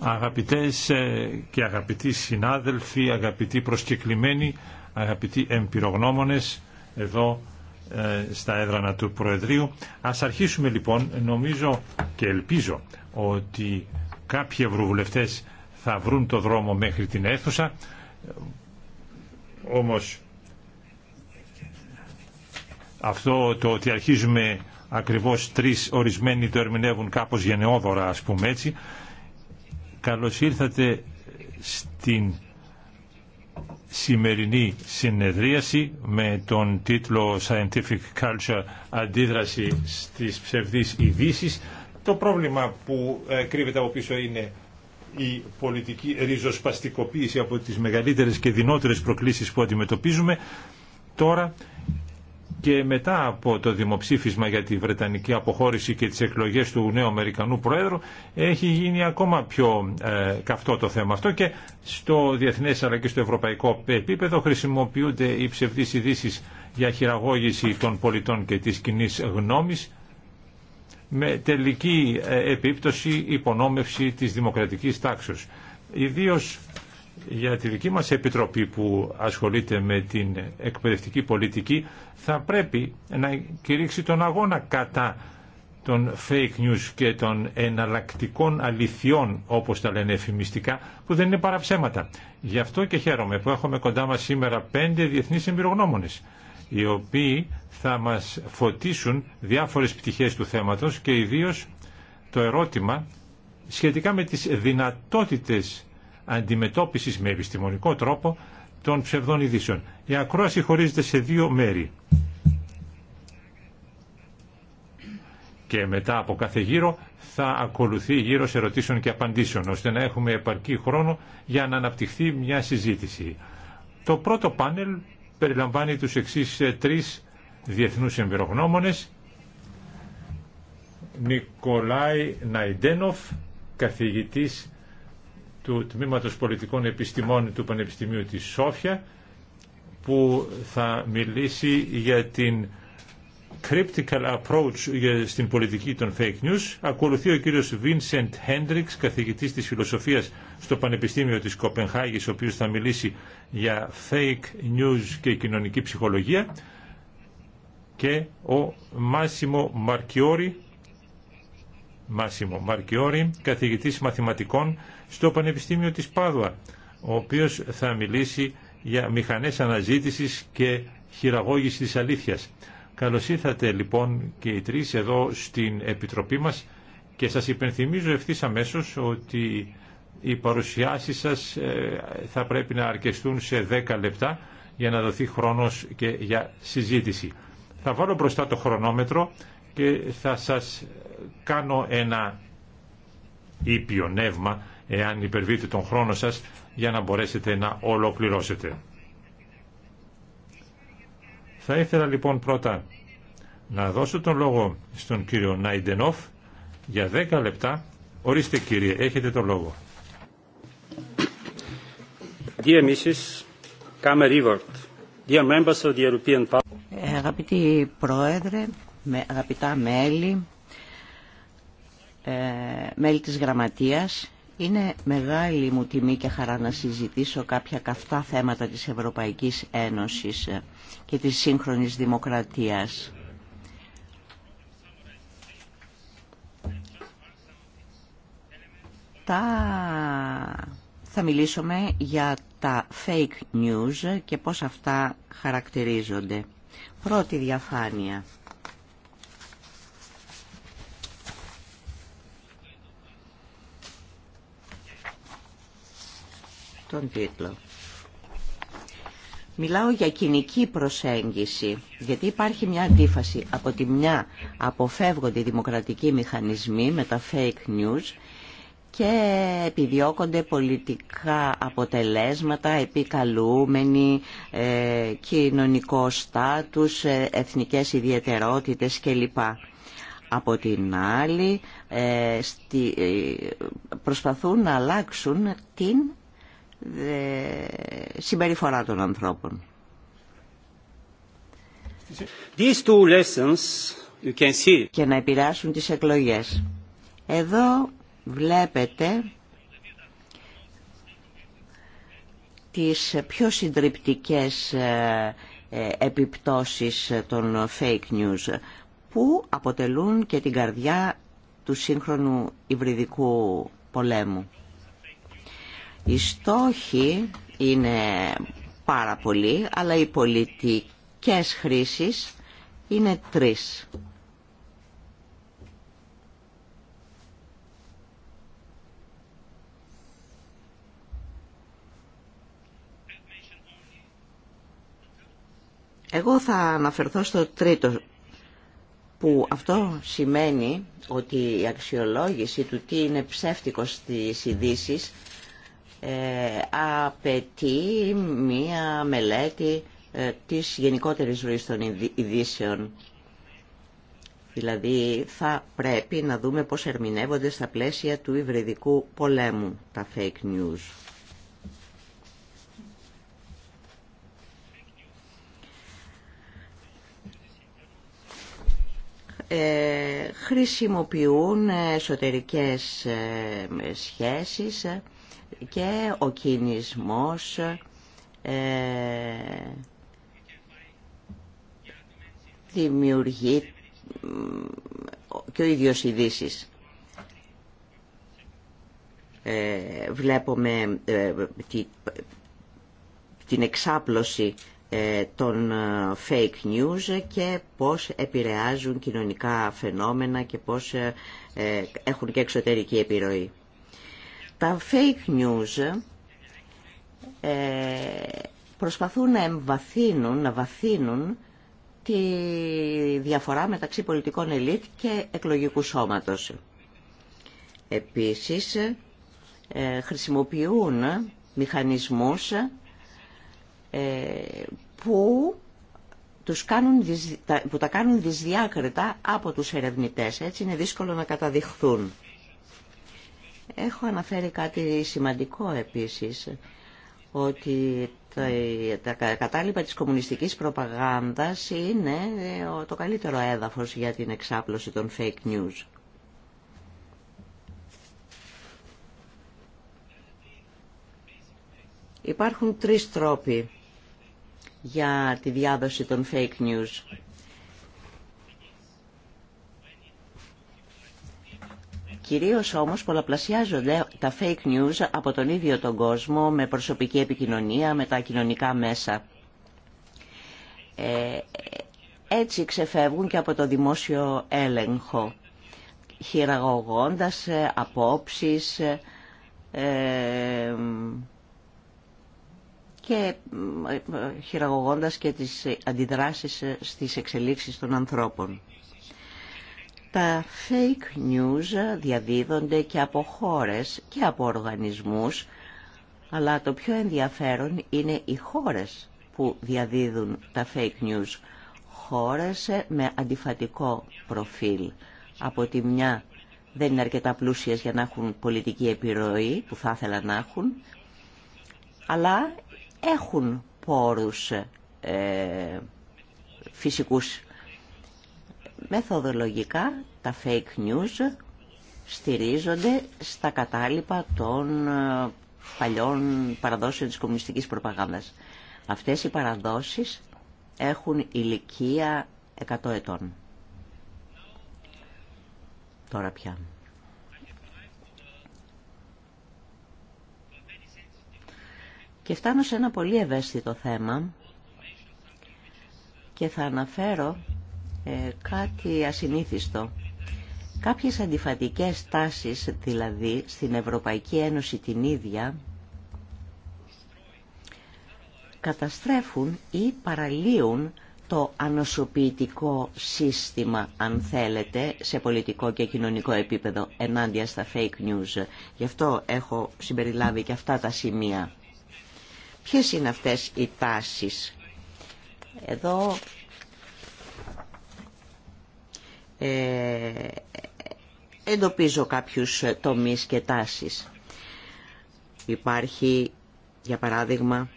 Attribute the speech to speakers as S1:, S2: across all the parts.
S1: Αγαπητές ε, και αγαπητοί συνάδελφοι, αγαπητοί προσκεκλημένοι, αγαπητοί εμπειρογνώμονες εδώ ε, στα έδρανα του προεδρίου, Ας αρχίσουμε λοιπόν, νομίζω και ελπίζω ότι κάποιοι ευρωβουλευτές θα βρουν το δρόμο μέχρι την αίθουσα, όμως αυτό το ότι αρχίζουμε ακριβώς τρεις ορισμένοι το ερμηνεύουν κάπως γενναιόδωρα ας πούμε έτσι. Καλώς ήρθατε στην σημερινή συνεδρίαση με τον τίτλο Scientific Culture Αντίδραση στις ψευδείς ειδήσει. Το πρόβλημα που ε, κρύβεται από πίσω είναι η πολιτική ριζοσπαστικοποίηση από τις μεγαλύτερες και δυνότερες προκλήσεις που αντιμετωπίζουμε. Τώρα και μετά από το δημοψήφισμα για τη Βρετανική αποχώρηση και τις εκλογές του νέου Αμερικανού Πρόεδρου έχει γίνει ακόμα πιο ε, καυτό το θέμα αυτό και στο διεθνές αλλά και στο ευρωπαϊκό επίπεδο χρησιμοποιούνται οι ψευδείς ειδήσει για χειραγώγηση των πολιτών και της κοινή γνώμης με τελική ε, επίπτωση υπονόμευση της δημοκρατικής τάξης. Ιδίως για τη δική μας επιτροπή που ασχολείται με την εκπαιδευτική πολιτική θα πρέπει να κηρύξει τον αγώνα κατά των fake news και των εναλλακτικών αληθιών όπως τα λένε εφημιστικά που δεν είναι παραψέματα. Γι' αυτό και χαίρομαι που έχουμε κοντά μας σήμερα πέντε διεθνείς εμπειρογνώμονες οι οποίοι θα μας φωτίσουν διάφορες πτυχές του θέματος και ιδίως το ερώτημα σχετικά με τις δυνατότητες αντιμετώπισης με επιστημονικό τρόπο των ψευδών ειδήσεων. Η ακρόαση χωρίζεται σε δύο μέρη. Και μετά από κάθε γύρο θα ακολουθεί γύρος ερωτήσεων και απαντήσεων, ώστε να έχουμε επαρκή χρόνο για να αναπτυχθεί μια συζήτηση. Το πρώτο πάνελ περιλαμβάνει τους εξής ε, τρεις διεθνούς εμπειρογνώμονες, Νικολάη Ναϊντένοφ, καθηγητής του Τμήματος Πολιτικών Επιστημών του Πανεπιστημίου της Σόφια που θα μιλήσει για την cryptical approach στην πολιτική των fake news. Ακολουθεί ο κύριος Vincent Χέντριξ καθηγητής της φιλοσοφίας στο Πανεπιστήμιο της Κοπενχάγης, ο οποίος θα μιλήσει για fake news και κοινωνική ψυχολογία. Και ο Μάσιμο Μαρκιόρη, Μάσιμο Μαρκιόρη, καθηγητής μαθηματικών στο Πανεπιστήμιο της Πάδουα, ο οποίος θα μιλήσει για μηχανές αναζήτησης και χειραγώγηση της αλήθειας. Καλώς ήρθατε λοιπόν και οι τρεις εδώ στην Επιτροπή μας και σας υπενθυμίζω ευθύς αμέσως ότι οι παρουσιάσεις σας ε, θα πρέπει να αρκεστούν σε 10 λεπτά για να δοθεί χρόνος και για συζήτηση. Θα βάλω μπροστά το χρονόμετρο και θα σας κάνω ένα ήπιο νεύμα εάν υπερβείτε τον χρόνο σας για να μπορέσετε να ολοκληρώσετε. Θα ήθελα λοιπόν πρώτα να δώσω τον λόγο στον κύριο Ναϊντενόφ για 10 λεπτά. Ορίστε κύριε, έχετε τον λόγο. Dear Mrs. dear members of the European Parliament.
S2: Ε, αγαπητοί Πρόεδρε, αγαπητά μέλη, ε, μέλη της Γραμματείας, είναι μεγάλη μου τιμή και χαρά να συζητήσω κάποια καυτά θέματα της Ευρωπαϊκής Ένωσης και της σύγχρονης δημοκρατίας. Τα... Θα μιλήσουμε για τα fake news και πώς αυτά χαρακτηρίζονται. Πρώτη διαφάνεια. τον τίτλο. Μιλάω για κοινική προσέγγιση, γιατί υπάρχει μια αντίφαση. Από τη μια αποφεύγονται οι δημοκρατικοί μηχανισμοί με τα fake news και επιδιώκονται πολιτικά αποτελέσματα, επικαλούμενοι, ε, κοινωνικό στάτους, ε, εθνικές ιδιαιτερότητες κλπ. Από την άλλη, ε, στη, ε, προσπαθούν να αλλάξουν την συμπεριφορά των ανθρώπων. These two lessons Και να επηρεάσουν τις εκλογές. Εδώ βλέπετε τις πιο συντριπτικές ε, ε, επιπτώσεις των fake news που αποτελούν και την καρδιά του σύγχρονου υβριδικού πολέμου. Οι στόχοι είναι πάρα πολλοί, αλλά οι πολιτικές χρήσεις είναι τρεις. Εγώ θα αναφερθώ στο τρίτο που αυτό σημαίνει ότι η αξιολόγηση του τι είναι ψεύτικο στις ειδήσει ε, απαιτεί μία μελέτη ε, της γενικότερης ροής των ειδήσεων. Δηλαδή θα πρέπει να δούμε πώς ερμηνεύονται στα πλαίσια του υβριδικού πολέμου τα fake news. Ε, χρησιμοποιούν εσωτερικές ε, σχέσεις και ο κινησμός ε, δημιουργεί και ο ίδιος ειδήσει. Ε, βλέπουμε ε, την εξάπλωση ε, των fake news και πώς επηρεάζουν κοινωνικά φαινόμενα και πώς έχουν και εξωτερική επιρροή. Τα fake news ε, προσπαθούν να εμβαθύνουν, να βαθύνουν τη διαφορά μεταξύ πολιτικών ελίτ και εκλογικού σώματος. Επίσης, ε, χρησιμοποιούν μηχανισμούς ε, που, τους κάνουν, που τα κάνουν δυσδιάκριτα από τους ερευνητές. Έτσι είναι δύσκολο να καταδειχθούν έχω αναφέρει κάτι σημαντικό επίσης, ότι τα κατάλοιπα της κομμουνιστικής προπαγάνδας είναι ε, το καλύτερο έδαφος για την εξάπλωση των fake news. Υπάρχουν τρεις τρόποι για τη διάδοση των fake news. Κυρίως όμως πολλαπλασιάζονται τα fake news από τον ίδιο τον κόσμο με προσωπική επικοινωνία, με τα κοινωνικά μέσα. Ε, έτσι ξεφεύγουν και από το δημόσιο έλεγχο, χειραγωγώντας ε, απόψεις ε, και χειραγωγώντας και τις αντιδράσεις στις εξελίξεις των ανθρώπων. Τα fake news διαδίδονται και από χώρες και από οργανισμούς, αλλά το πιο ενδιαφέρον είναι οι χώρες που διαδίδουν τα fake news. Χώρες με αντιφατικό προφίλ. Από τη μια δεν είναι αρκετά πλούσιες για να έχουν πολιτική επιρροή που θα ήθελαν να έχουν, αλλά έχουν πόρους ε, φυσικούς Μεθοδολογικά τα fake news στηρίζονται στα κατάλοιπα των ε, παλιών παραδόσεων της κομμουνιστικής προπαγάνδας. Αυτές οι παραδόσεις έχουν ηλικία 100 ετών. Τώρα πια. Και φτάνω σε ένα πολύ ευαίσθητο θέμα και θα αναφέρω ε, κάτι ασυνήθιστο. Κάποιες αντιφατικές τάσεις δηλαδή στην Ευρωπαϊκή Ένωση την ίδια καταστρέφουν ή παραλύουν το ανοσοποιητικό σύστημα, αν θέλετε, σε πολιτικό και κοινωνικό επίπεδο ενάντια στα fake news. Γι' αυτό έχω συμπεριλάβει και αυτά τα σημεία. Ποιες είναι αυτές οι τάσεις. Εδώ ε, εντοπίζω κάποιους τομείς και τάσεις. Υπάρχει, για παράδειγμα,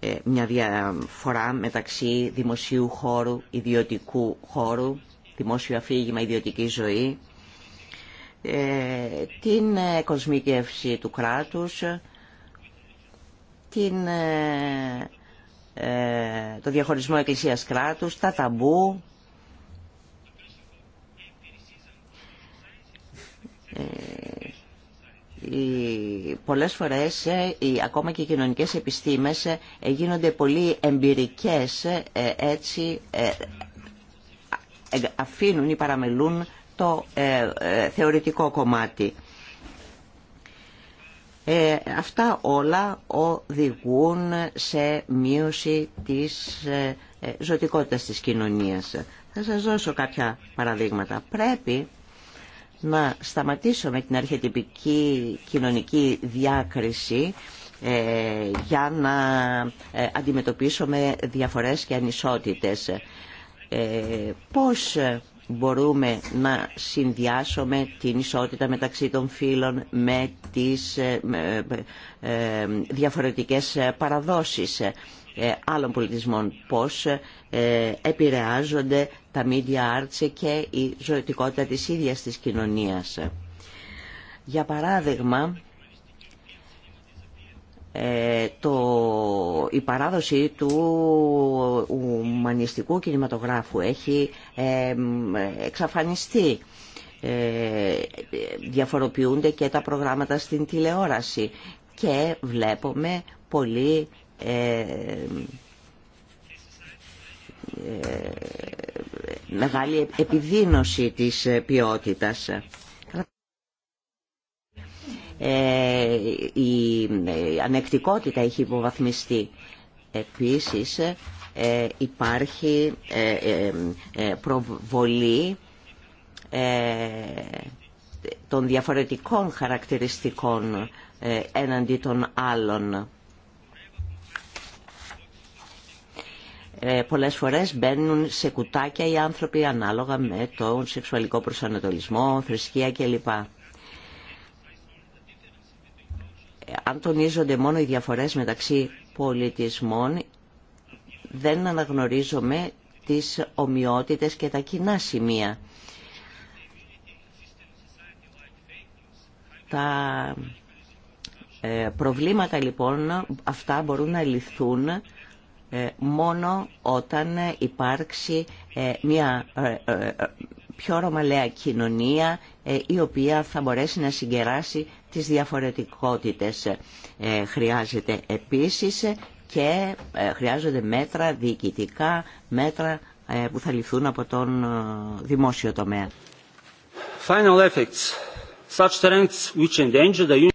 S2: ε, μια διαφορά μεταξύ δημοσίου χώρου, ιδιωτικού χώρου, δημόσιο αφήγημα, ιδιωτική ζωή, ε, την κοσμικεύση του κράτους, την, το διαχωρισμό εκκλησίας κράτους, τα ταμπού, Ε, πολλές φορές ε, ακόμα και οι κοινωνικές επιστήμες ε, γίνονται πολύ εμπειρικές έτσι αφήνουν ή παραμελούν το θεωρητικό κομμάτι. Αυτά όλα οδηγούν σε μείωση της ζωτικότητας της κοινωνίας. Θα σας δώσω κάποια παραδείγματα. Πρέπει να σταματήσουμε την αρχιετυπική κοινωνική διάκριση ε, για να ε, αντιμετωπίσουμε διαφορές και ανισότητες. Ε, πώς μπορούμε να συνδυάσουμε την ισότητα μεταξύ των φύλων με τις διαφορετικές παραδόσεις ε, άλλων πολιτισμών, πώς ε, επηρεάζονται τα media arts και η ζωητικότητα της ίδιας της κοινωνίας. Για παράδειγμα, ε, το, η παράδοση του ουμανιστικού κινηματογράφου έχει εξαφανιστεί. διαφοροποιούνται και τα προγράμματα στην τηλεόραση και βλέπουμε πολύ ε, ε, μεγάλη επιδίνωση της ε, ποιότητας. η ανεκτικότητα έχει υποβαθμιστεί. Επίσης υπάρχει προβολή των διαφορετικών χαρακτηριστικών έναντι των άλλων ε, πολλές φορές μπαίνουν σε κουτάκια οι άνθρωποι ανάλογα με τον σεξουαλικό προσανατολισμό, θρησκεία κλπ. Αν τονίζονται μόνο οι διαφορές μεταξύ πολιτισμών, δεν αναγνωρίζουμε τις ομοιότητες και τα κοινά σημεία. Τα ε, προβλήματα λοιπόν αυτά μπορούν να λυθούν ε, μόνο όταν υπάρξει ε, μια ε, πιο ρωμαλαία κοινωνία η οποία θα μπορέσει να συγκεράσει τις διαφορετικότητες. Χρειάζεται επίσης και χρειάζονται μέτρα διοικητικά, μέτρα που θα ληφθούν από τον δημόσιο τομέα.
S1: Final effects.
S2: Such trends which endanger the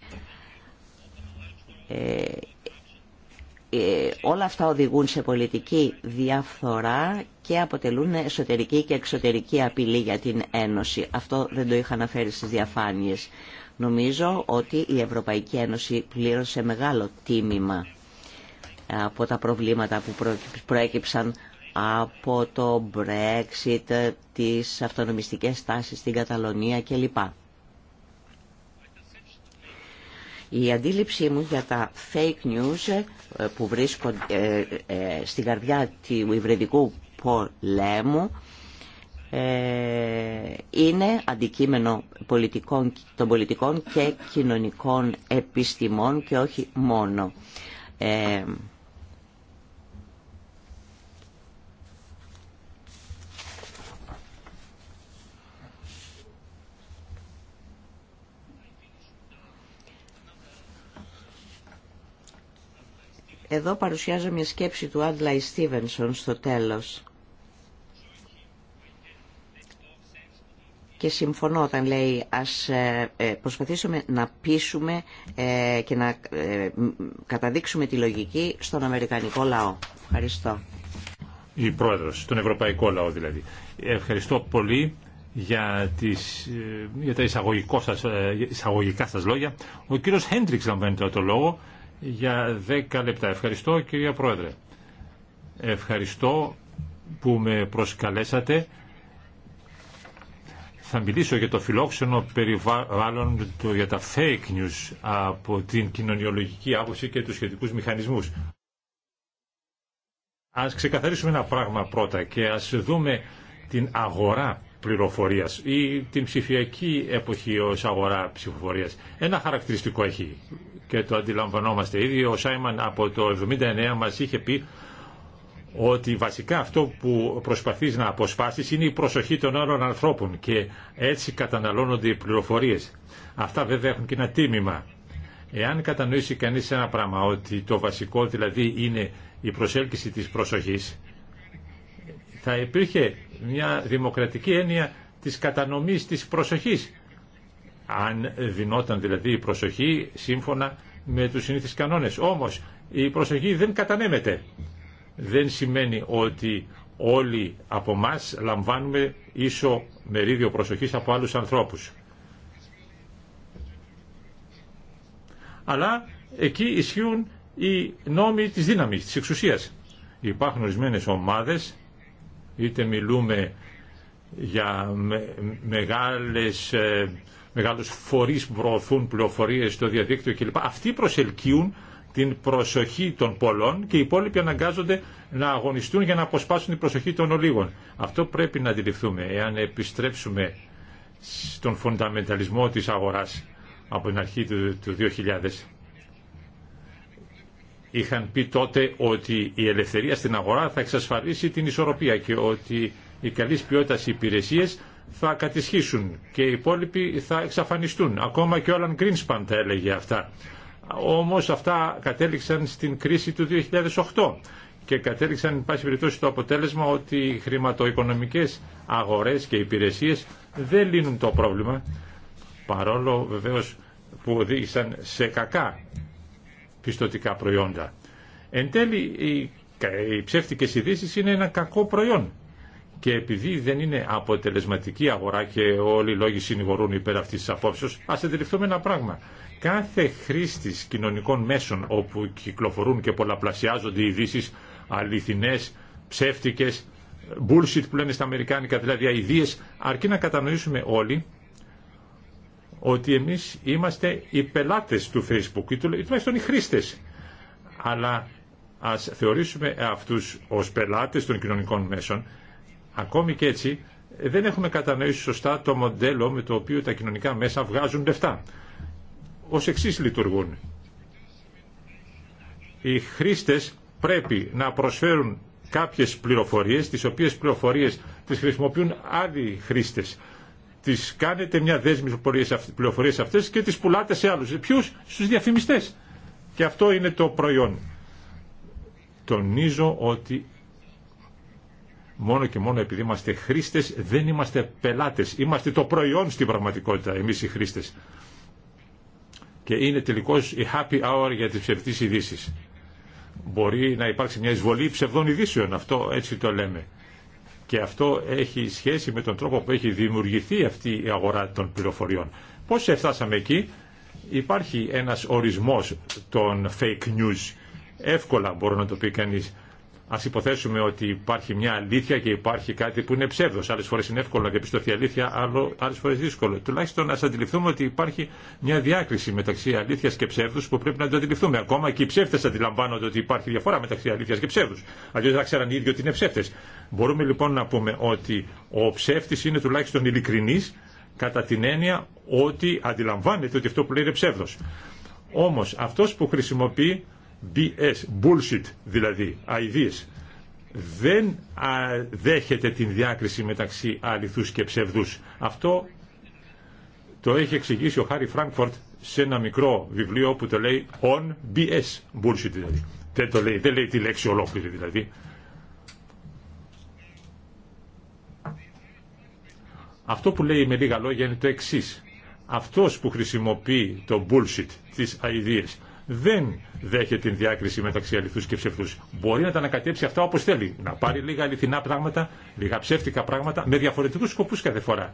S2: ε, όλα αυτά οδηγούν σε πολιτική διαφθορά και αποτελούν εσωτερική και εξωτερική απειλή για την Ένωση. Αυτό δεν το είχα αναφέρει στις διαφάνειες. Νομίζω ότι η Ευρωπαϊκή Ένωση πλήρωσε μεγάλο τίμημα από τα προβλήματα που προέκυψαν από το Brexit, τις αυτονομιστικές τάσεις στην Καταλωνία κλπ. Η αντίληψή μου για τα fake news ε, που βρίσκονται ε, ε, στην καρδιά του υβριδικού πολέμου είναι αντικείμενο πολιτικών, των πολιτικών και κοινωνικών επιστημών και όχι μόνο. Εδώ παρουσιάζω μια σκέψη του Άντλαϊ Στίβενσον στο τέλος. Και συμφωνώ όταν λέει ας ε, ε, προσπαθήσουμε να πείσουμε ε, και να καταδείξουμε τη λογική στον Αμερικανικό
S1: λαό. Ευχαριστώ. Η πρόεδρος, τον Ευρωπαϊκό λαό δηλαδή. Ευχαριστώ πολύ για, τις, για τα εισαγωγικά σας λόγια. Ο κύριος Χέντριξ λαμβάνει το λόγο για 10 λεπτά. Ευχαριστώ κυρία Πρόεδρε. Ευχαριστώ που με προσκαλέσατε. Θα μιλήσω για το φιλόξενο περιβάλλον για τα fake news από την κοινωνιολογική άποψη και τους σχετικούς μηχανισμούς. Ας ξεκαθαρίσουμε ένα πράγμα πρώτα και ας δούμε την αγορά πληροφορίας ή την ψηφιακή εποχή ως αγορά ψηφοφορίας. Ένα χαρακτηριστικό έχει και το αντιλαμβανόμαστε ήδη. Ο Σάιμαν από το 1979 μας είχε πει ότι βασικά αυτό που προσπαθείς να αποσπάσεις είναι η προσοχή των άλλων ανθρώπων και έτσι καταναλώνονται οι πληροφορίες. Αυτά βέβαια έχουν και ένα τίμημα. Εάν κατανοήσει κανείς ένα πράγμα ότι το βασικό δηλαδή είναι η προσέλκυση της προσοχής θα υπήρχε μια δημοκρατική έννοια της κατανομής της προσοχής αν δινόταν δηλαδή η προσοχή σύμφωνα με τους συνήθεις κανόνες. Όμως η προσοχή δεν κατανέμεται. Δεν σημαίνει ότι όλοι από εμά λαμβάνουμε ίσο μερίδιο προσοχής από άλλους ανθρώπους. Αλλά εκεί ισχύουν οι νόμοι της δύναμης, της εξουσίας. Υπάρχουν ορισμένε ομάδες, είτε μιλούμε για μεγάλες ε, μεγάλους φορείς που προωθούν πληροφορίες στο διαδίκτυο κλπ. Αυτοί προσελκύουν την προσοχή των πολλών και οι υπόλοιποι αναγκάζονται να αγωνιστούν για να αποσπάσουν την προσοχή των ολίγων. Αυτό πρέπει να αντιληφθούμε. Εάν επιστρέψουμε στον φονταμενταλισμό της αγοράς από την αρχή του, 2000, είχαν πει τότε ότι η ελευθερία στην αγορά θα εξασφαλίσει την ισορροπία και ότι οι καλής ποιότητας υπηρεσίες θα κατησχίσουν και οι υπόλοιποι θα εξαφανιστούν. Ακόμα και όλαν Greenspan τα έλεγε αυτά. Όμως αυτά κατέληξαν στην κρίση του 2008 και κατέληξαν, εν πάση περιπτώσει, το αποτέλεσμα ότι οι χρηματοοικονομικές αγορές και υπηρεσίες δεν λύνουν το πρόβλημα, παρόλο βεβαίως που οδήγησαν σε κακά πιστοτικά προϊόντα. Εν τέλει, οι ψεύτικες ειδήσει είναι ένα κακό προϊόν και επειδή δεν είναι αποτελεσματική αγορά και όλοι οι λόγοι συνηγορούν υπέρ αυτής της απόψεως, ας αντιληφθούμε ένα πράγμα. Κάθε χρήστη κοινωνικών μέσων όπου κυκλοφορούν και πολλαπλασιάζονται ειδήσει αληθινέ, ψεύτικες, bullshit που λένε στα αμερικάνικα, δηλαδή αειδίε, αρκεί να κατανοήσουμε όλοι ότι εμεί είμαστε οι πελάτε του Facebook ή τουλάχιστον οι χρήστε. Αλλά α θεωρήσουμε αυτού ω πελάτε των κοινωνικών μέσων Ακόμη και έτσι ε, δεν έχουμε κατανοήσει σωστά το μοντέλο με το οποίο τα κοινωνικά μέσα βγάζουν λεφτά. Ως εξή λειτουργούν. Οι χρήστε πρέπει να προσφέρουν κάποιες πληροφορίες, τις οποίες πληροφορίες τις χρησιμοποιούν άλλοι χρήστες. Τις κάνετε μια δέσμη πληροφορίες αυτές και τις πουλάτε σε άλλους. Ποιους? Στους διαφημιστές. Και αυτό είναι το προϊόν. Τονίζω ότι μόνο και μόνο επειδή είμαστε χρήστες δεν είμαστε πελάτες. Είμαστε το προϊόν στην πραγματικότητα εμείς οι χρήστες. Και είναι τελικώς η happy hour για τις ψευτείς ειδήσει. Μπορεί να υπάρξει μια εισβολή ψευδών ειδήσεων, αυτό έτσι το λέμε. Και αυτό έχει σχέση με τον τρόπο που έχει δημιουργηθεί αυτή η αγορά των πληροφοριών. Πώς έφτασαμε εκεί, υπάρχει ένας ορισμός των fake news. Εύκολα μπορεί να το πει κανείς Α υποθέσουμε ότι υπάρχει μια αλήθεια και υπάρχει κάτι που είναι ψεύδο. Άλλε φορέ είναι εύκολο να διαπιστωθεί αλήθεια, άλλε φορέ δύσκολο. Τουλάχιστον α αντιληφθούμε ότι υπάρχει μια διάκριση μεταξύ αλήθεια και ψεύδου που πρέπει να το αντιληφθούμε. Ακόμα και οι ψεύτε αντιλαμβάνονται ότι υπάρχει διαφορά μεταξύ αλήθεια και ψεύδου. Αλλιώ δεν ξέραν οι ίδιοι ότι είναι ψεύτε. Μπορούμε λοιπόν να πούμε ότι ο ψεύτη είναι τουλάχιστον ειλικρινή κατά την έννοια ότι αντιλαμβάνεται ότι αυτό που λέει είναι ψεύδο. Όμως αυτός που χρησιμοποιεί BS, bullshit δηλαδή, ideas, δεν δέχεται την διάκριση μεταξύ αληθούς και ψευδούς. Αυτό το έχει εξηγήσει ο Χάρη Φράνκφορτ σε ένα μικρό βιβλίο που το λέει on BS, bullshit δηλαδή. Δεν, το λέει, δεν λέει τη λέξη ολόκληρη δηλαδή. Αυτό που λέει με λίγα λόγια είναι το εξής. Αυτός που χρησιμοποιεί το bullshit, τις αηδίες, δεν δέχεται την διάκριση μεταξύ αληθού και ψευδού. Μπορεί να τα ανακατέψει αυτά όπω θέλει. Να πάρει λίγα αληθινά πράγματα, λίγα ψεύτικα πράγματα, με διαφορετικού σκοπού κάθε φορά.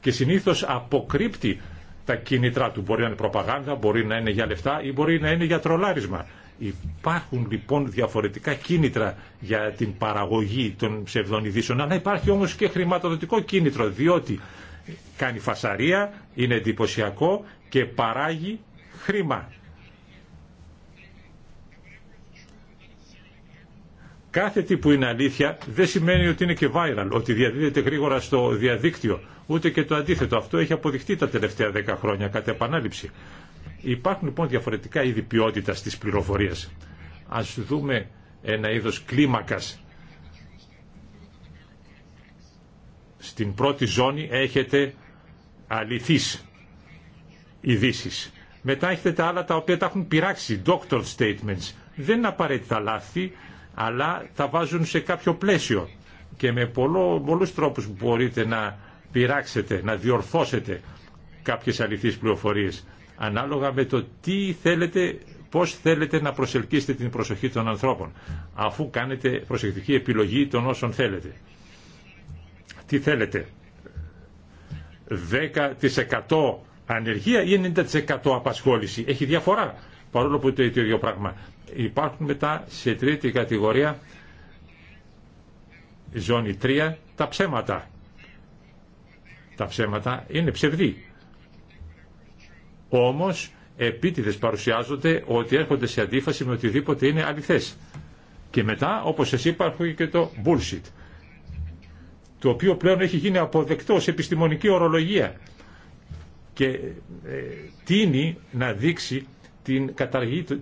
S1: Και συνήθω αποκρύπτει τα κίνητρά του. Μπορεί να είναι προπαγάνδα, μπορεί να είναι για λεφτά ή μπορεί να είναι για τρολάρισμα. Υπάρχουν λοιπόν διαφορετικά κίνητρα για την παραγωγή των ψευδών ειδήσεων, αλλά υπάρχει όμως και χρηματοδοτικό κίνητρο, διότι κάνει φασαρία, είναι εντυπωσιακό και παράγει χρήμα. Κάθε τι που είναι αλήθεια δεν σημαίνει ότι είναι και viral, ότι διαδίδεται γρήγορα στο διαδίκτυο. Ούτε και το αντίθετο. Αυτό έχει αποδειχτεί τα τελευταία δέκα χρόνια κατά επανάληψη. Υπάρχουν λοιπόν διαφορετικά είδη ποιότητα τη πληροφορία. Α δούμε ένα είδο κλίμακα. Στην πρώτη ζώνη έχετε αλήθεί ειδήσει. Μετά έχετε τα άλλα τα οποία τα έχουν πειράξει, doctor statements. Δεν είναι απαραίτητα λάθη, αλλά τα βάζουν σε κάποιο πλαίσιο και με πολλού, πολλούς τρόπους μπορείτε να πειράξετε, να διορθώσετε κάποιες αληθείς πληροφορίες ανάλογα με το τι θέλετε, πώς θέλετε να προσελκύσετε την προσοχή των ανθρώπων αφού κάνετε προσεκτική επιλογή των όσων θέλετε. Τι θέλετε, 10% ανεργία ή 90% απασχόληση. Έχει διαφορά, παρόλο που το ίδιο πράγμα. Υπάρχουν μετά σε τρίτη κατηγορία ζώνη 3 τα ψέματα. Τα ψέματα είναι ψευδή. Όμως επίτηδες παρουσιάζονται ότι έρχονται σε αντίφαση με οτιδήποτε είναι αληθές. Και μετά, όπως σας είπα, έρχονται και το bullshit, το οποίο πλέον έχει γίνει αποδεκτό σε επιστημονική ορολογία και ε, τίνει να δείξει την,